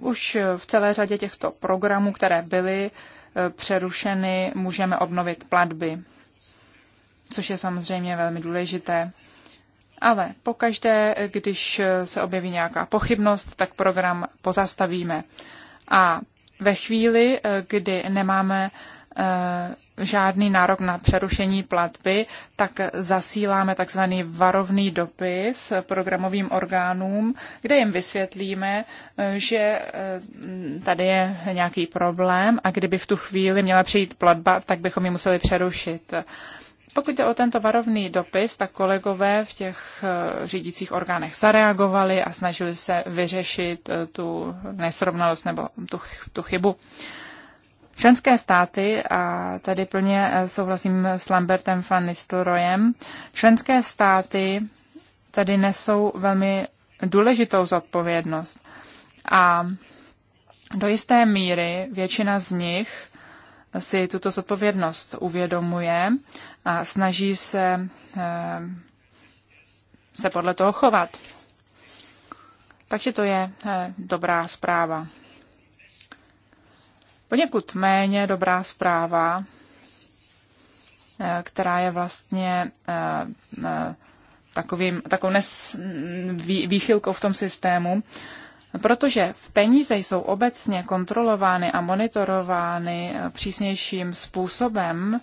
Speaker 3: už v celé řadě těchto programů, které byly eh, přerušeny, můžeme obnovit platby, což je samozřejmě velmi důležité. Ale pokaždé, když se objeví nějaká pochybnost, tak program pozastavíme. A ve chvíli, eh, kdy nemáme eh, žádný nárok na přerušení platby, tak zasíláme takzvaný varovný dopis programovým orgánům, kde jim vysvětlíme, eh, že tady je nějaký problém a kdyby v tu chvíli měla přijít platba, tak bychom ji museli přerušit. Pokud jde o tento varovný dopis, tak kolegové v těch eh, řídících orgánech zareagovali a snažili se vyřešit eh, tu nesrovnalost nebo tu, tu chybu. Členské státy, a tady plně eh, souhlasím s Lambertem van Nistelrojem, členské státy tady nesou velmi důležitou zodpovědnost. A do jisté míry většina z nich si tuto zodpovědnost uvědomuje a snaží se eh, se podle toho chovat. Takže to je eh, dobrá zpráva. Poněkud méně dobrá zpráva, eh, která je vlastně takovým, takovou nes, výchylkou v tom systému, Protože v peníze jsou obecně kontrolovány a monitorovány eh, přísnějším způsobem,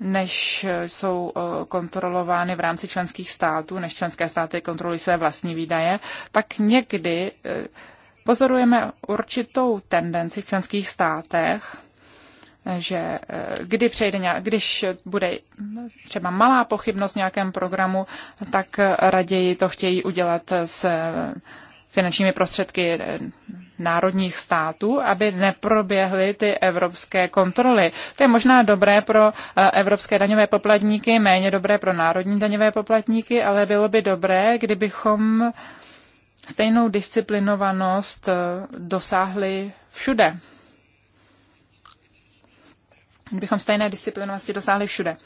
Speaker 3: než eh, jsou eh, kontrolovány v rámci členských států, než členské státy kontrolují své vlastní výdaje, tak někdy pozorujeme určitou tendenci v členských státech, že kdy přejde nějak, když bude no, třeba malá pochybnost v nějakém programu, tak raději to chtějí udělat s finančními prostředky eh, národních států, aby neproběhly ty evropské kontroly. To je možná dobré pro eh, evropské daňové poplatníky, méně dobré pro národní daňové poplatníky, ale bylo by dobré, kdybychom stejnou disciplinovanost eh, dosáhli všude. Kdybychom stejné disciplinovanosti dosáhli všude.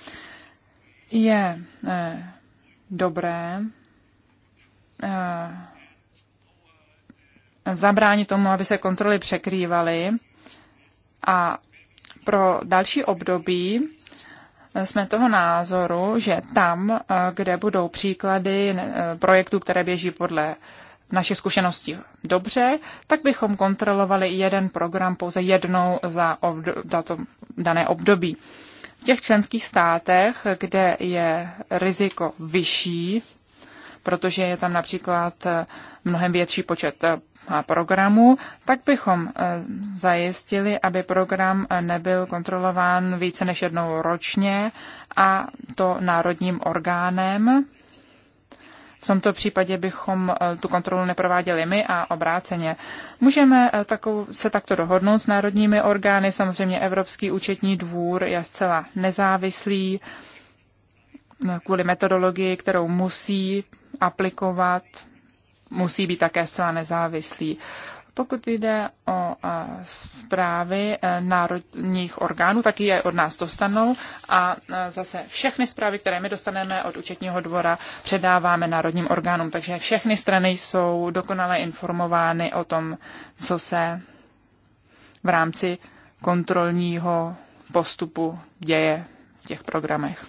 Speaker 3: Je eh, dobré eh, zabránit tomu, aby se kontroly překrývaly. A pro další období jsme toho názoru, že tam, eh, kde budou příklady eh, projektů, které běží podle našich zkušeností dobře, tak bychom kontrolovali jeden program pouze jednou za, obdo- za to dané období. V těch členských státech, kde je riziko vyšší, protože je tam například eh, mnohem větší počet programu, tak bychom eh, zajistili, aby program eh, nebyl kontrolován více než jednou ročně a to národním orgánem. V tomto případě bychom eh, tu kontrolu neprováděli my a obráceně. Můžeme se takto dohodnout s národními orgány. Samozřejmě Evropský účetní dvůr je zcela nezávislý kvůli metodologii, kterou musí aplikovat musí být také zcela nezávislý. Pokud jde o eh, zprávy eh, národních orgánů, taky je od nás dostanou a eh, zase všechny zprávy, které my dostaneme od účetního dvora, předáváme národním orgánům. Takže všechny strany jsou dokonale informovány o tom, co se v rámci kontrolního postupu děje v těch programech.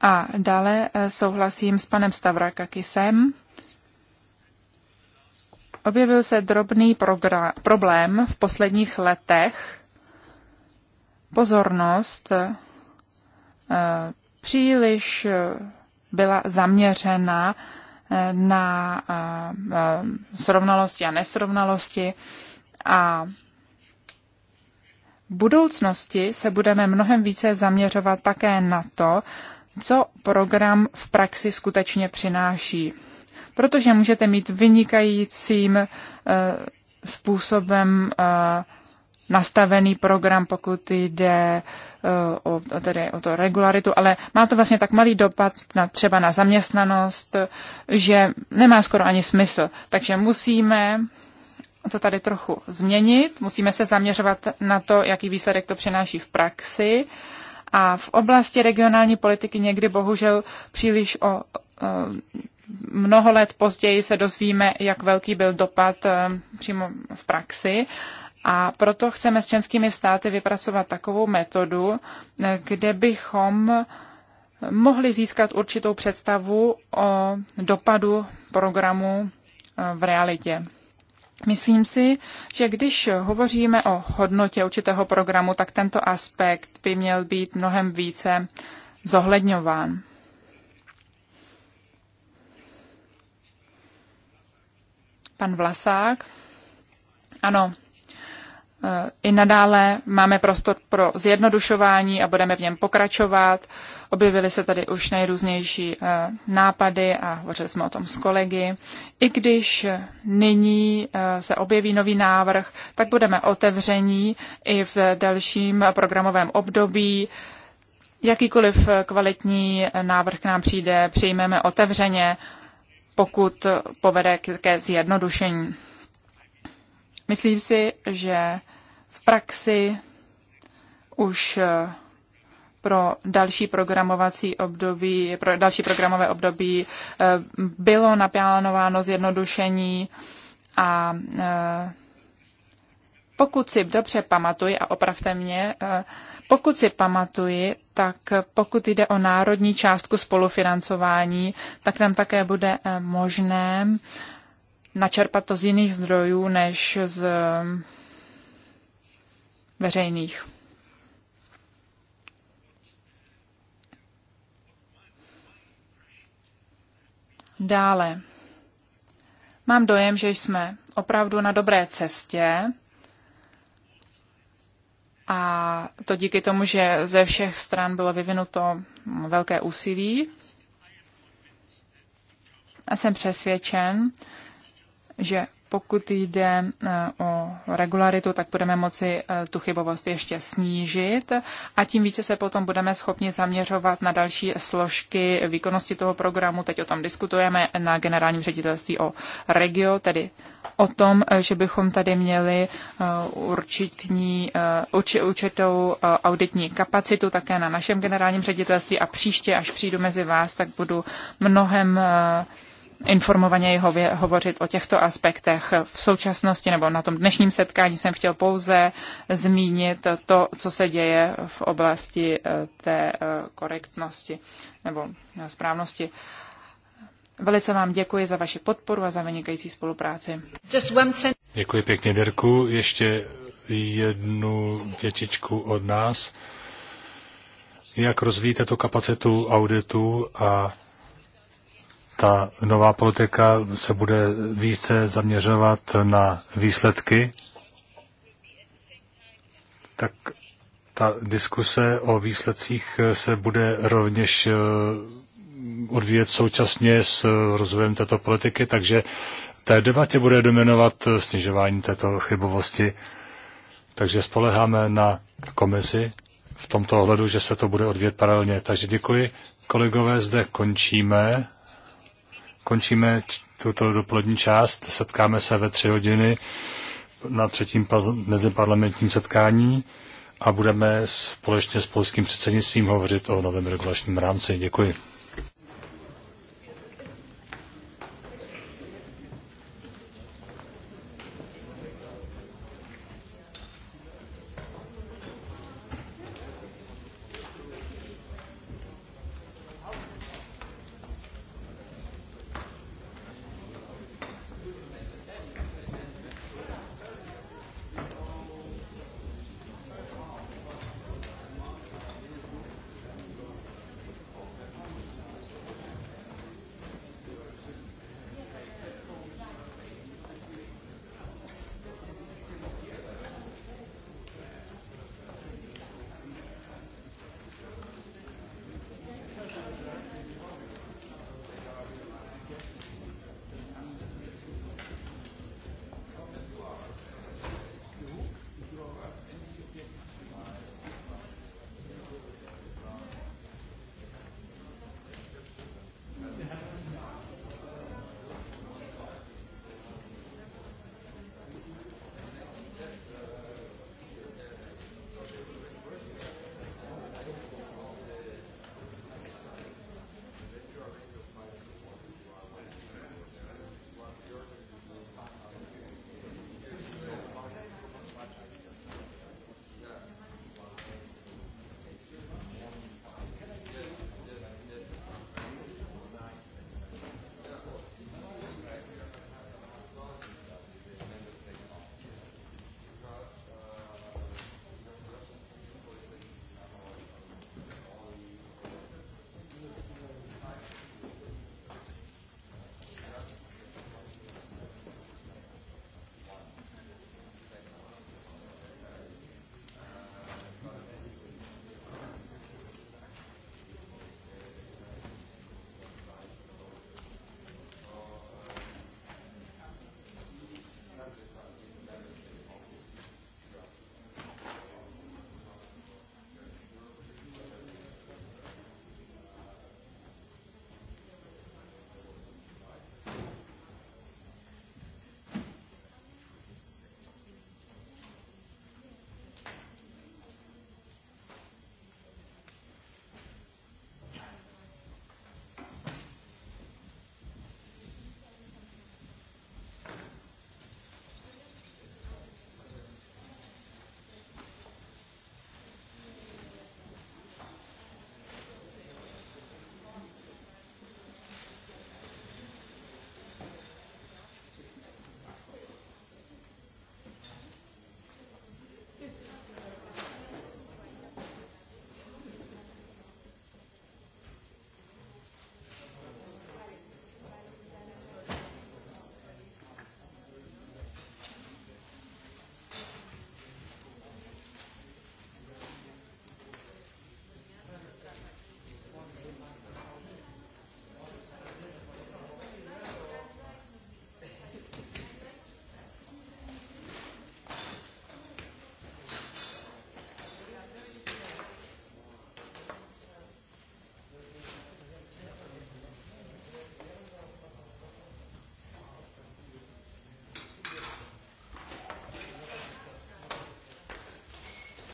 Speaker 3: A dále eh, souhlasím s panem Stavrakakisem. Objevil se drobný problém v posledních letech. Pozornost eh, příliš eh, byla zaměřena na srovnalosti a nesrovnalosti a v budoucnosti se budeme mnohem více zaměřovat také na to, co program v praxi skutečně přináší. Protože můžete mít vynikajícím eh, způsobem eh, nastavený program, pokud jde eh, o, tedy o to regularitu, ale má to vlastně tak malý dopad na, třeba na zaměstnanost, že nemá skoro ani smysl. Takže musíme to tady trochu změnit, musíme se zaměřovat na to, jaký výsledek to přináší v praxi a v oblasti regionální politiky někdy bohužel příliš o mnoho let později se dozvíme, jak velký byl dopad e, přímo v praxi. A proto chceme s členskými státy vypracovat takovou metodu, e, kde bychom mohli získat určitou představu o dopadu programu e, v realitě. Myslím si, že když hovoříme o hodnotě určitého programu, tak tento aspekt by měl být mnohem více zohledňován. Pan Vlasák. Ano, i nadále máme prostor pro zjednodušování a budeme v něm pokračovat. Objevily se tady už nejrůznější eh, nápady a hovořili jsme o tom s kolegy. I když eh, nyní eh, se objeví nový návrh, tak budeme otevření i v dalším programovém období. Jakýkoliv kvalitní návrh k nám přijde, přijmeme otevřeně, pokud povede ke zjednodušení. Myslím si, že v praxi už eh, pro další programovací období, pro další programové období eh, bylo naplánováno zjednodušení a eh, pokud si dobře pamatuji, a opravte mě, pokud si pamatuji, tak pokud jde o národní částku spolufinancování, tak tam také bude možné načerpat to z jiných zdrojů než z um, veřejných. Dále. Mám dojem, že jsme opravdu na dobré cestě a to díky tomu, že ze všech stran bylo vyvinuto velké úsilí. A jsem přesvědčen, že pokud jde e, o regularitu, tak budeme moci e, tu chybovost ještě snížit a tím více se potom budeme schopni zaměřovat na další složky výkonnosti toho programu. Teď o tom diskutujeme na generálním ředitelství o regio, tedy o tom, e, že bychom tady měli určitní, určitou auditní kapacitu také na našem generálním ředitelství a příště, až přijdu mezi vás, tak budu mnohem informovaněji hovořit o těchto aspektech v současnosti nebo na tom dnešním setkání jsem chtěl pouze zmínit to, co se děje v oblasti eh, té eh, korektnosti nebo eh, správnosti. Velice vám děkuji za vaši podporu a za vynikající spolupráci.
Speaker 1: Děkuji pěkně, Derku. Ještě jednu větičku od nás. Jak rozvíjíte tu kapacitu auditu a ta nová politika se bude více zaměřovat na výsledky, tak ta diskuse o výsledcích se bude rovněž eh, odvíjet současně s rozvojem této politiky, takže té debatě bude dominovat snižování této chybovosti. Takže spoleháme na komisi v tomto ohledu, že se to bude odvíjet paralelně. Takže děkuji. Kolegové, zde končíme končíme tuto dopolední část, setkáme se ve tři hodiny na třetím meziparlamentním setkání a budeme společně s polským předsednictvím hovořit o novém regulačním rámci. Děkuji.